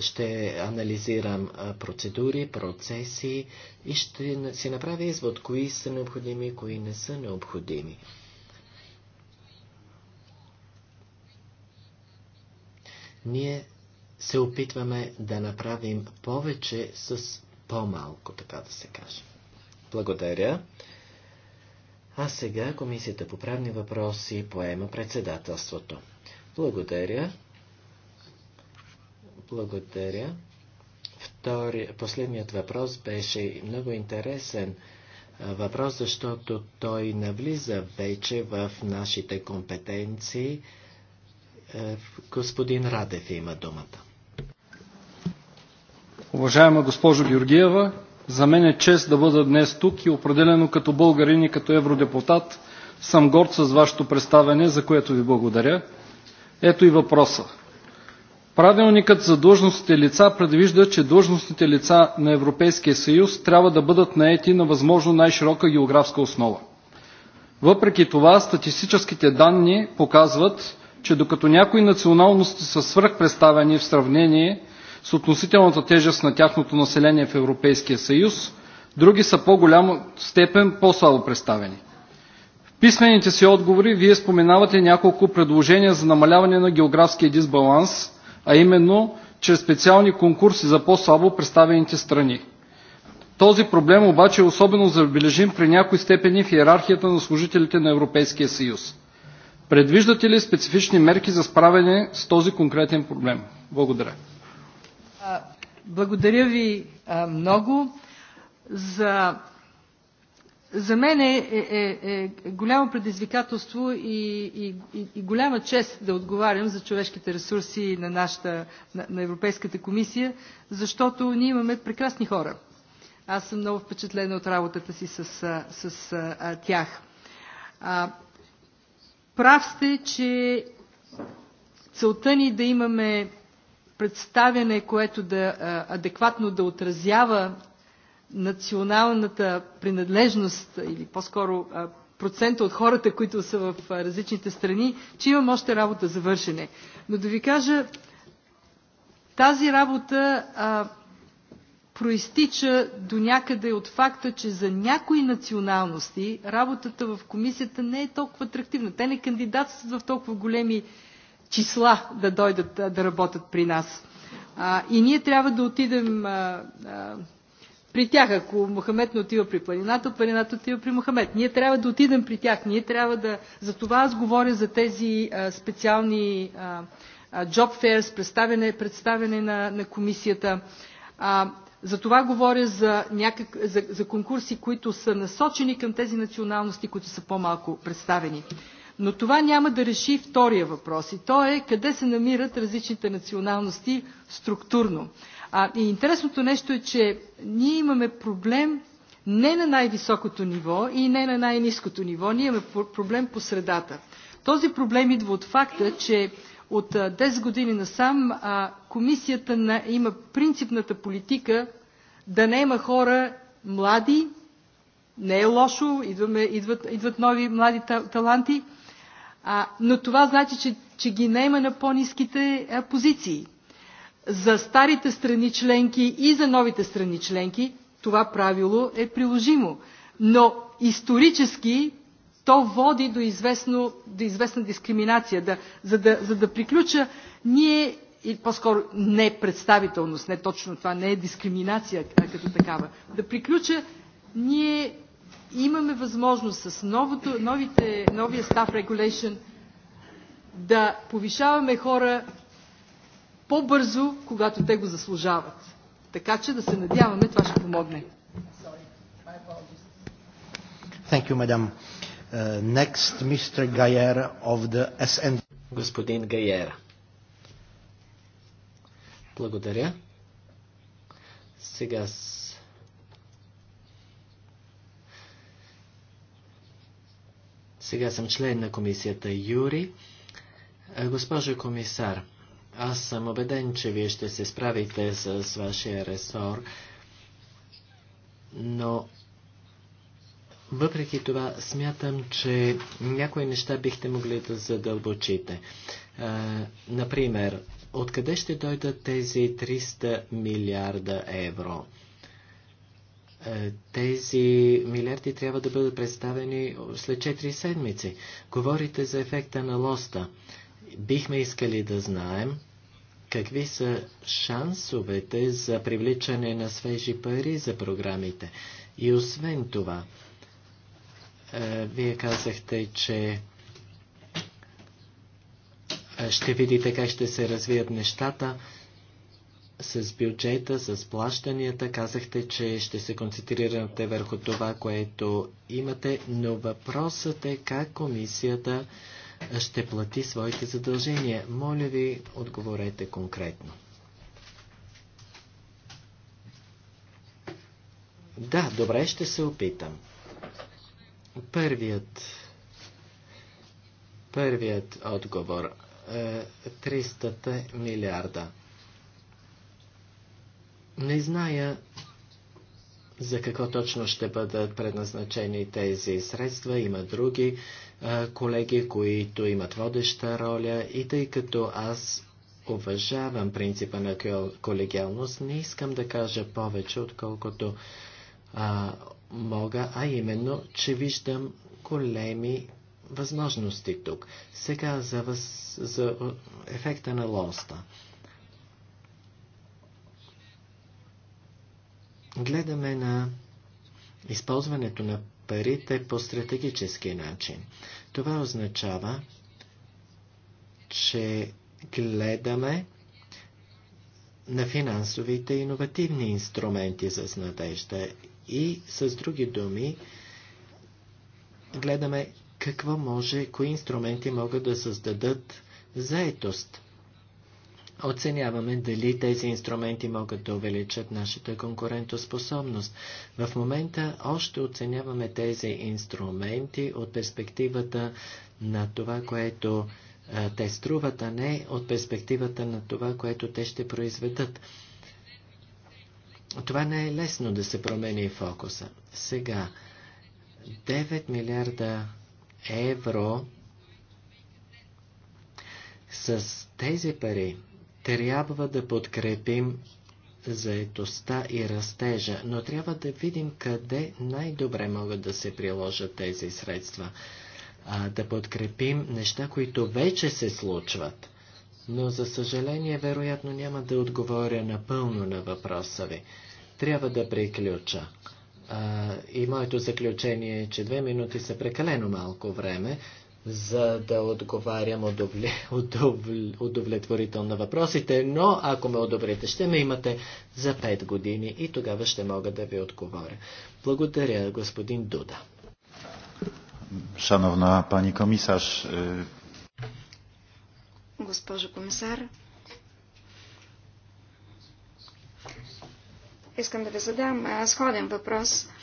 ще анализирам процедури, процеси и ще си направя извод, кои са необходими, кои не са необходими. Ние се опитваме да направим повече с по-малко, така да се каже. Благодаря. А сега Комисията по правни въпроси поема председателството. Благодаря. Благодаря. Втори, последният въпрос беше много интересен въпрос, защото той навлиза вече в нашите компетенции. Е, господин Радев има думата. Уважаема госпожо Георгиева, за мен е чест да бъда днес тук и определено като българин и като евродепутат съм горд с вашето представяне, за което ви благодаря. Ето и въпроса. Правилникът за длъжностните лица предвижда, че длъжностните лица на Европейския съюз трябва да бъдат наети на възможно най-широка географска основа. Въпреки това, статистическите данни показват, че докато някои националности са свръхпредставени в сравнение с относителната тежест на тяхното население в Европейския съюз, други са по-голяма степен по-слабо представени. В писмените си отговори Вие споменавате няколко предложения за намаляване на географския дисбаланс, а именно чрез специални конкурси за по-слабо представените страни. Този проблем обаче е особено забележим при някои степени в иерархията на служителите на Европейския съюз. Предвиждате ли специфични мерки за справяне с този конкретен проблем? Благодаря. Благодаря ви много. За, за мен е, е, е, е голямо предизвикателство и, и, и голяма чест да отговарям за човешките ресурси на, нашата, на, на Европейската комисия, защото ние имаме прекрасни хора. Аз съм много впечатлена от работата си с, с, с а, тях. А, прав сте, че целта ни е да имаме представяне, което да е, адекватно да отразява националната принадлежност или по-скоро е, процента от хората, които са в е, различните страни, че имам още работа за вършене. Но да ви кажа, тази работа а, проистича до някъде от факта, че за някои националности работата в комисията не е толкова атрактивна. Те не кандидатстват в толкова големи числа да дойдат да работят при нас. А, и ние трябва да отидем а, а, при тях. Ако Мохамед не отива при планината, планината отива при Мохамед. Ние трябва да отидем при тях. Ние трябва да... За това аз говоря за тези а, специални а, а, job fairs, представяне, представяне на, на комисията. А, за това говоря за, някак, за, за конкурси, които са насочени към тези националности, които са по-малко представени. Но това няма да реши втория въпрос и то е къде се намират различните националности структурно. А, и интересното нещо е, че ние имаме проблем не на най-високото ниво и не на най-низкото ниво, ние имаме проблем по средата. Този проблем идва от факта, че от 10 години насам а, комисията на, има принципната политика да не има хора млади, не е лошо, идваме, идват, идват нови млади таланти, а, но това значи, че, че ги нема на по-низките позиции. За старите страни членки и за новите страни членки това правило е приложимо. Но исторически то води до, известно, до известна дискриминация. Да, за, да, за да приключа, ние, и по-скоро не представителност, не точно това, не е дискриминация а като такава. Да приключа, ние имаме възможност с новото, новите, новия staff regulation да повишаваме хора по-бързо, когато те го заслужават. Така че да се надяваме, това ще помогне. Thank you, madam. Uh, next, Mr. Gayer of the SND. Господин Гайер. Благодаря. Сега Сега съм член на комисията Юри. Е, госпожо комисар, аз съм убеден, че вие ще се справите с вашия ресор, но въпреки това смятам, че някои неща бихте могли да задълбочите. А, е, например, откъде ще дойдат тези 300 милиарда евро? Е, тези милиарди трябва да бъдат представени след 4 седмици. Говорите за ефекта на лоста. Бихме искали да знаем какви са шансовете за привличане на свежи пари за програмите. И освен това, е, вие казахте, че е, ще видите как ще се развият нещата с бюджета, с плащанията. Казахте, че ще се концентрирате върху това, което имате, но въпросът е как комисията ще плати своите задължения. Моля ви, отговорете конкретно. Да, добре, ще се опитам. Първият, първият отговор. 300 е, милиарда. Не зная за какво точно ще бъдат предназначени тези средства. Има други а, колеги, които имат водеща роля и тъй като аз уважавам принципа на колегиалност, не искам да кажа повече, отколкото а, мога, а именно, че виждам големи възможности тук. Сега за, въз... за ефекта на лоста. гледаме на използването на парите по стратегически начин. Това означава, че гледаме на финансовите иновативни инструменти за надежда и с други думи гледаме какво може, кои инструменти могат да създадат заетост оценяваме дали тези инструменти могат да увеличат нашата конкурентоспособност. В момента още оценяваме тези инструменти от перспективата на това, което а, те струват, а не от перспективата на това, което те ще произведат. Това не е лесно да се промени фокуса. Сега, 9 милиарда евро с тези пари трябва да подкрепим заетостта и растежа, но трябва да видим къде най-добре могат да се приложат тези средства. А, да подкрепим неща, които вече се случват. Но, за съжаление, вероятно няма да отговоря напълно на въпроса ви. Трябва да приключа. А, и моето заключение е, че две минути са прекалено малко време за да отговарям удовле, удовле, удовлетворително на въпросите, но ако ме одобрите, ще ме имате за 5 години и тогава ще мога да ви отговоря. Благодаря, господин Дуда. Шановна пани комисаж. Е... Госпожо комисар, искам да ви задам сходен въпрос –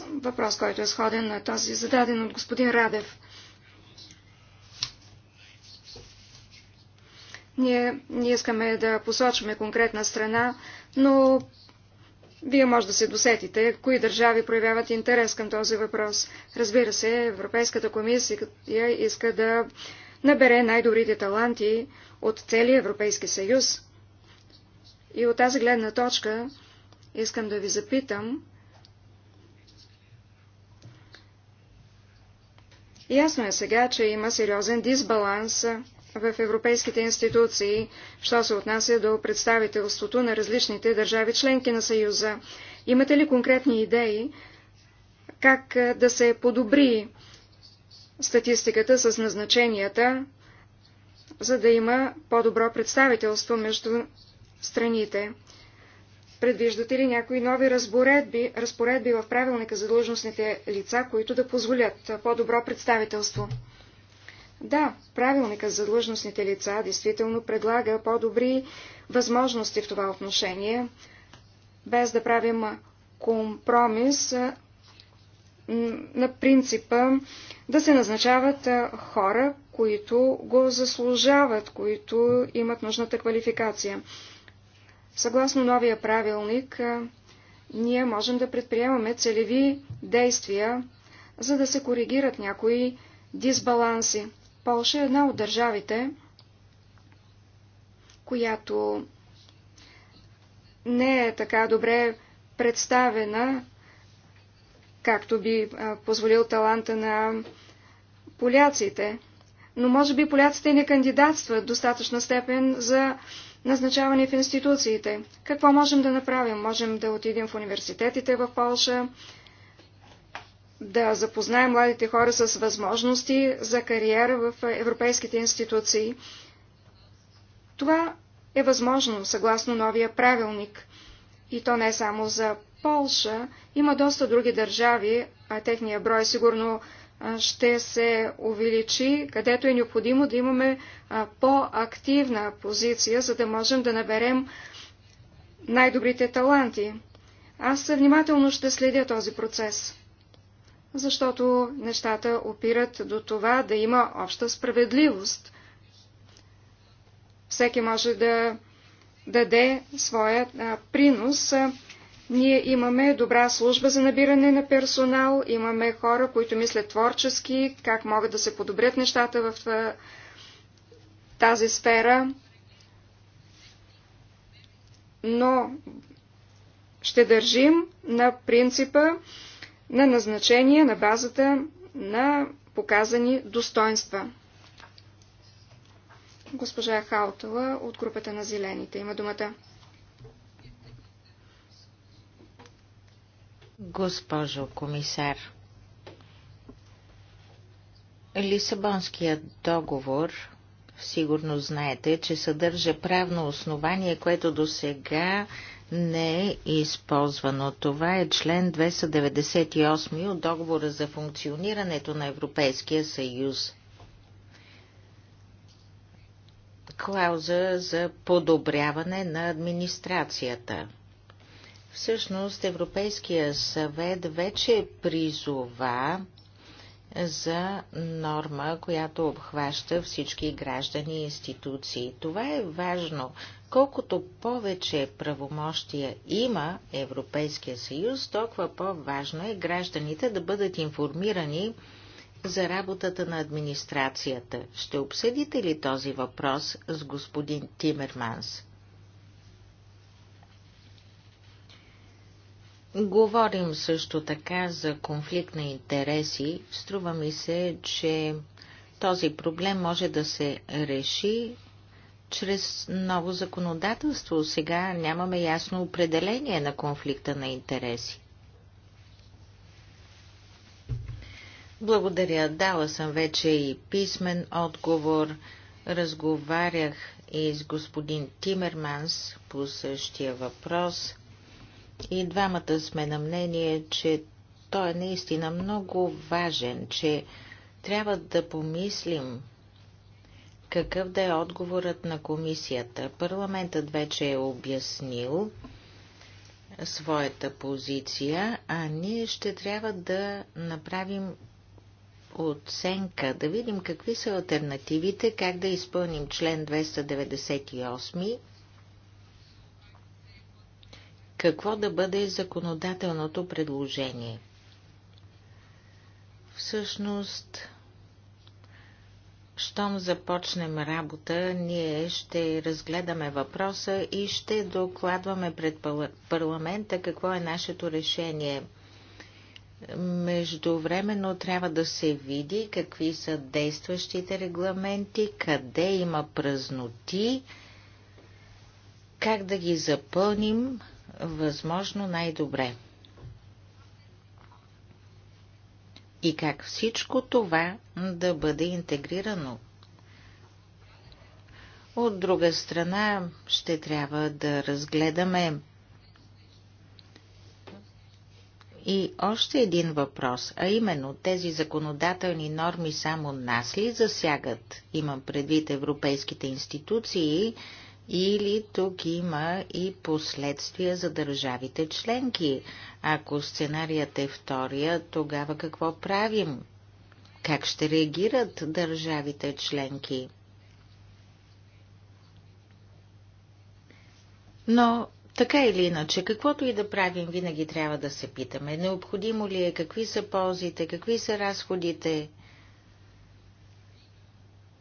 въпрос, който е сходен на този зададен от господин Радев. Ние, ние искаме да посочваме конкретна страна, но вие може да се досетите, кои държави проявяват интерес към този въпрос. Разбира се, Европейската комисия иска да набере най-добрите таланти от целия Европейски съюз. И от тази гледна точка искам да ви запитам, Ясно е сега, че има сериозен дисбаланс в европейските институции, що се отнася до представителството на различните държави членки на Съюза. Имате ли конкретни идеи как да се подобри статистиката с назначенията, за да има по-добро представителство между страните? Предвиждате ли някои нови разпоредби, разпоредби в правилника за длъжностните лица, които да позволят по-добро представителство? Да, правилника за длъжностните лица действително предлага по-добри възможности в това отношение, без да правим компромис на принципа да се назначават хора, които го заслужават, които имат нужната квалификация. Съгласно новия правилник, ние можем да предприемаме целеви действия, за да се коригират някои дисбаланси. Полша е една от държавите, която не е така добре представена, както би позволил таланта на поляците. Но може би поляците не кандидатстват в достатъчна степен за назначавани в институциите. Какво можем да направим? Можем да отидем в университетите в Польша, да запознаем младите хора с възможности за кариера в европейските институции. Това е възможно съгласно новия правилник. И то не само за Полша. Има доста други държави, а техния брой сигурно ще се увеличи, където е необходимо да имаме по-активна позиция, за да можем да наберем най-добрите таланти. Аз внимателно ще следя този процес, защото нещата опират до това да има обща справедливост. Всеки може да даде своя принос ние имаме добра служба за набиране на персонал, имаме хора, които мислят творчески, как могат да се подобрят нещата в тази сфера. Но ще държим на принципа на назначение на базата на показани достоинства. Госпожа Хаутала от групата на Зелените има думата. Госпожо комисар, Лисабонският договор, сигурно знаете, че съдържа правно основание, което до сега не е използвано. Това е член 298 от договора за функционирането на Европейския съюз. Клауза за подобряване на администрацията – Всъщност Европейския съвет вече призова за норма, която обхваща всички граждани и институции. Това е важно. Колкото повече правомощия има Европейския съюз, толкова по-важно е гражданите да бъдат информирани за работата на администрацията. Ще обсъдите ли този въпрос с господин Тимерманс? Говорим също така за конфликт на интереси. Струва ми се, че този проблем може да се реши чрез ново законодателство. Сега нямаме ясно определение на конфликта на интереси. Благодаря. Дала съм вече и писмен отговор. Разговарях и с господин Тимерманс по същия въпрос – и двамата сме на мнение, че той е наистина много важен, че трябва да помислим какъв да е отговорът на комисията. Парламентът вече е обяснил своята позиция, а ние ще трябва да направим оценка, да видим какви са альтернативите, как да изпълним член 298 какво да бъде законодателното предложение. Всъщност, щом започнем работа, ние ще разгледаме въпроса и ще докладваме пред парламента какво е нашето решение. Междувременно трябва да се види какви са действащите регламенти, къде има празноти, как да ги запълним, възможно най-добре. И как всичко това да бъде интегрирано. От друга страна, ще трябва да разгледаме и още един въпрос, а именно тези законодателни норми само нас ли засягат? Имам предвид европейските институции или тук има и последствия за държавите членки. Ако сценарият е втория, тогава какво правим? Как ще реагират държавите членки? Но така или иначе, каквото и да правим, винаги трябва да се питаме. Необходимо ли е, какви са ползите, какви са разходите?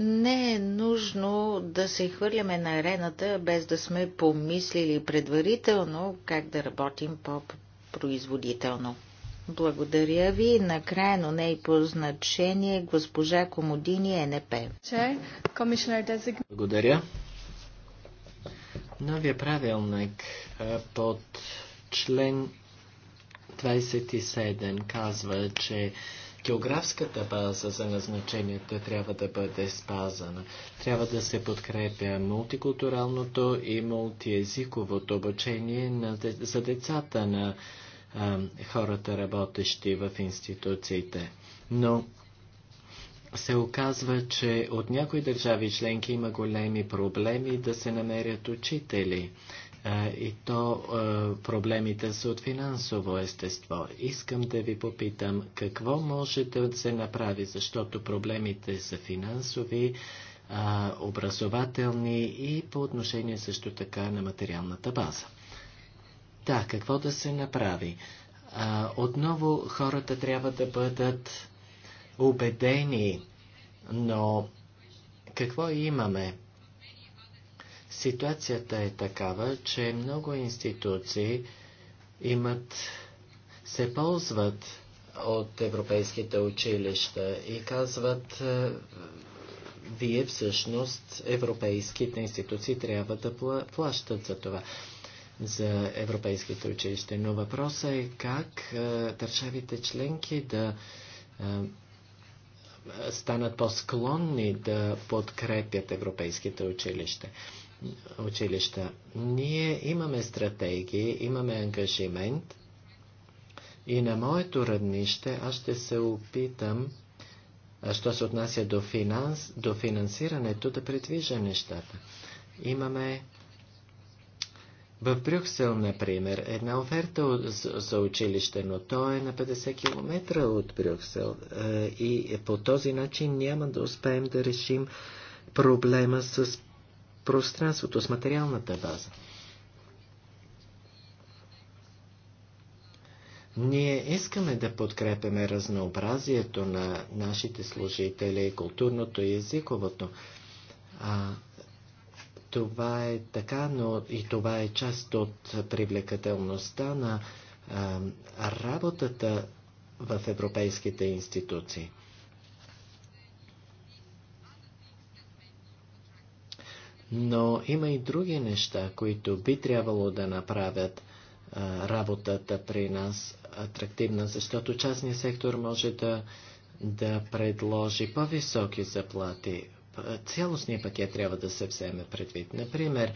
Не е нужно да се хвърляме на арената, без да сме помислили предварително как да работим по-производително. Благодаря ви. Накрая, но не и е по значение, госпожа Комодини, НП. Благодаря. Новия правилник под член 27 казва, че географската база за назначенията трябва да бъде спазана. Трябва да се подкрепя мултикултуралното и мултиезиковото обучение на, за децата на а, хората, работещи в институциите. Но се оказва, че от някои държави членки има големи проблеми да се намерят учители. Е, и то е, проблемите са от финансово естество. Искам да ви попитам какво може да се направи, защото проблемите са финансови, е, образователни и по отношение също така на материалната база. Да, какво да се направи? Отново хората трябва да бъдат убедени, но какво имаме? Ситуацията е такава, че много институции имат, се ползват от европейските училища и казват, е, вие всъщност европейските институции трябва да плащат за това за европейските училища. Но въпросът е как е, държавите членки да е, станат по-склонни да подкрепят европейските училища училища. Ние имаме стратегии, имаме ангажимент и на моето равнище аз ще се опитам, що се отнася до, финанс, до финансирането, да предвижа нещата. Имаме в Брюксел, например, една оферта за училище, но то е на 50 км от Брюксел. Е, и по този начин няма да успеем да решим проблема с пространството, с материалната база. Ние искаме да подкрепяме разнообразието на нашите служители, културното и езиковото. А, това е така, но и това е част от привлекателността на а, работата в европейските институции. но има и други неща, които би трябвало да направят работата при нас атрактивна, защото частният сектор може да, да предложи по-високи заплати. Цялостният пакет трябва да се вземе предвид. Например,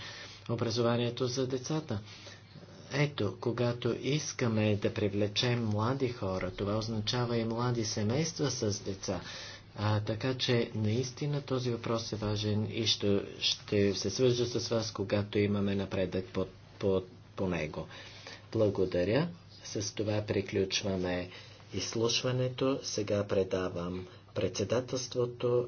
образованието за децата. Ето, когато искаме да привлечем млади хора, това означава и млади семейства с деца. А, така че наистина този въпрос е важен и ще, ще се свържа с вас, когато имаме напредък по, по, по него. Благодаря. С това приключваме изслушването. Сега предавам председателството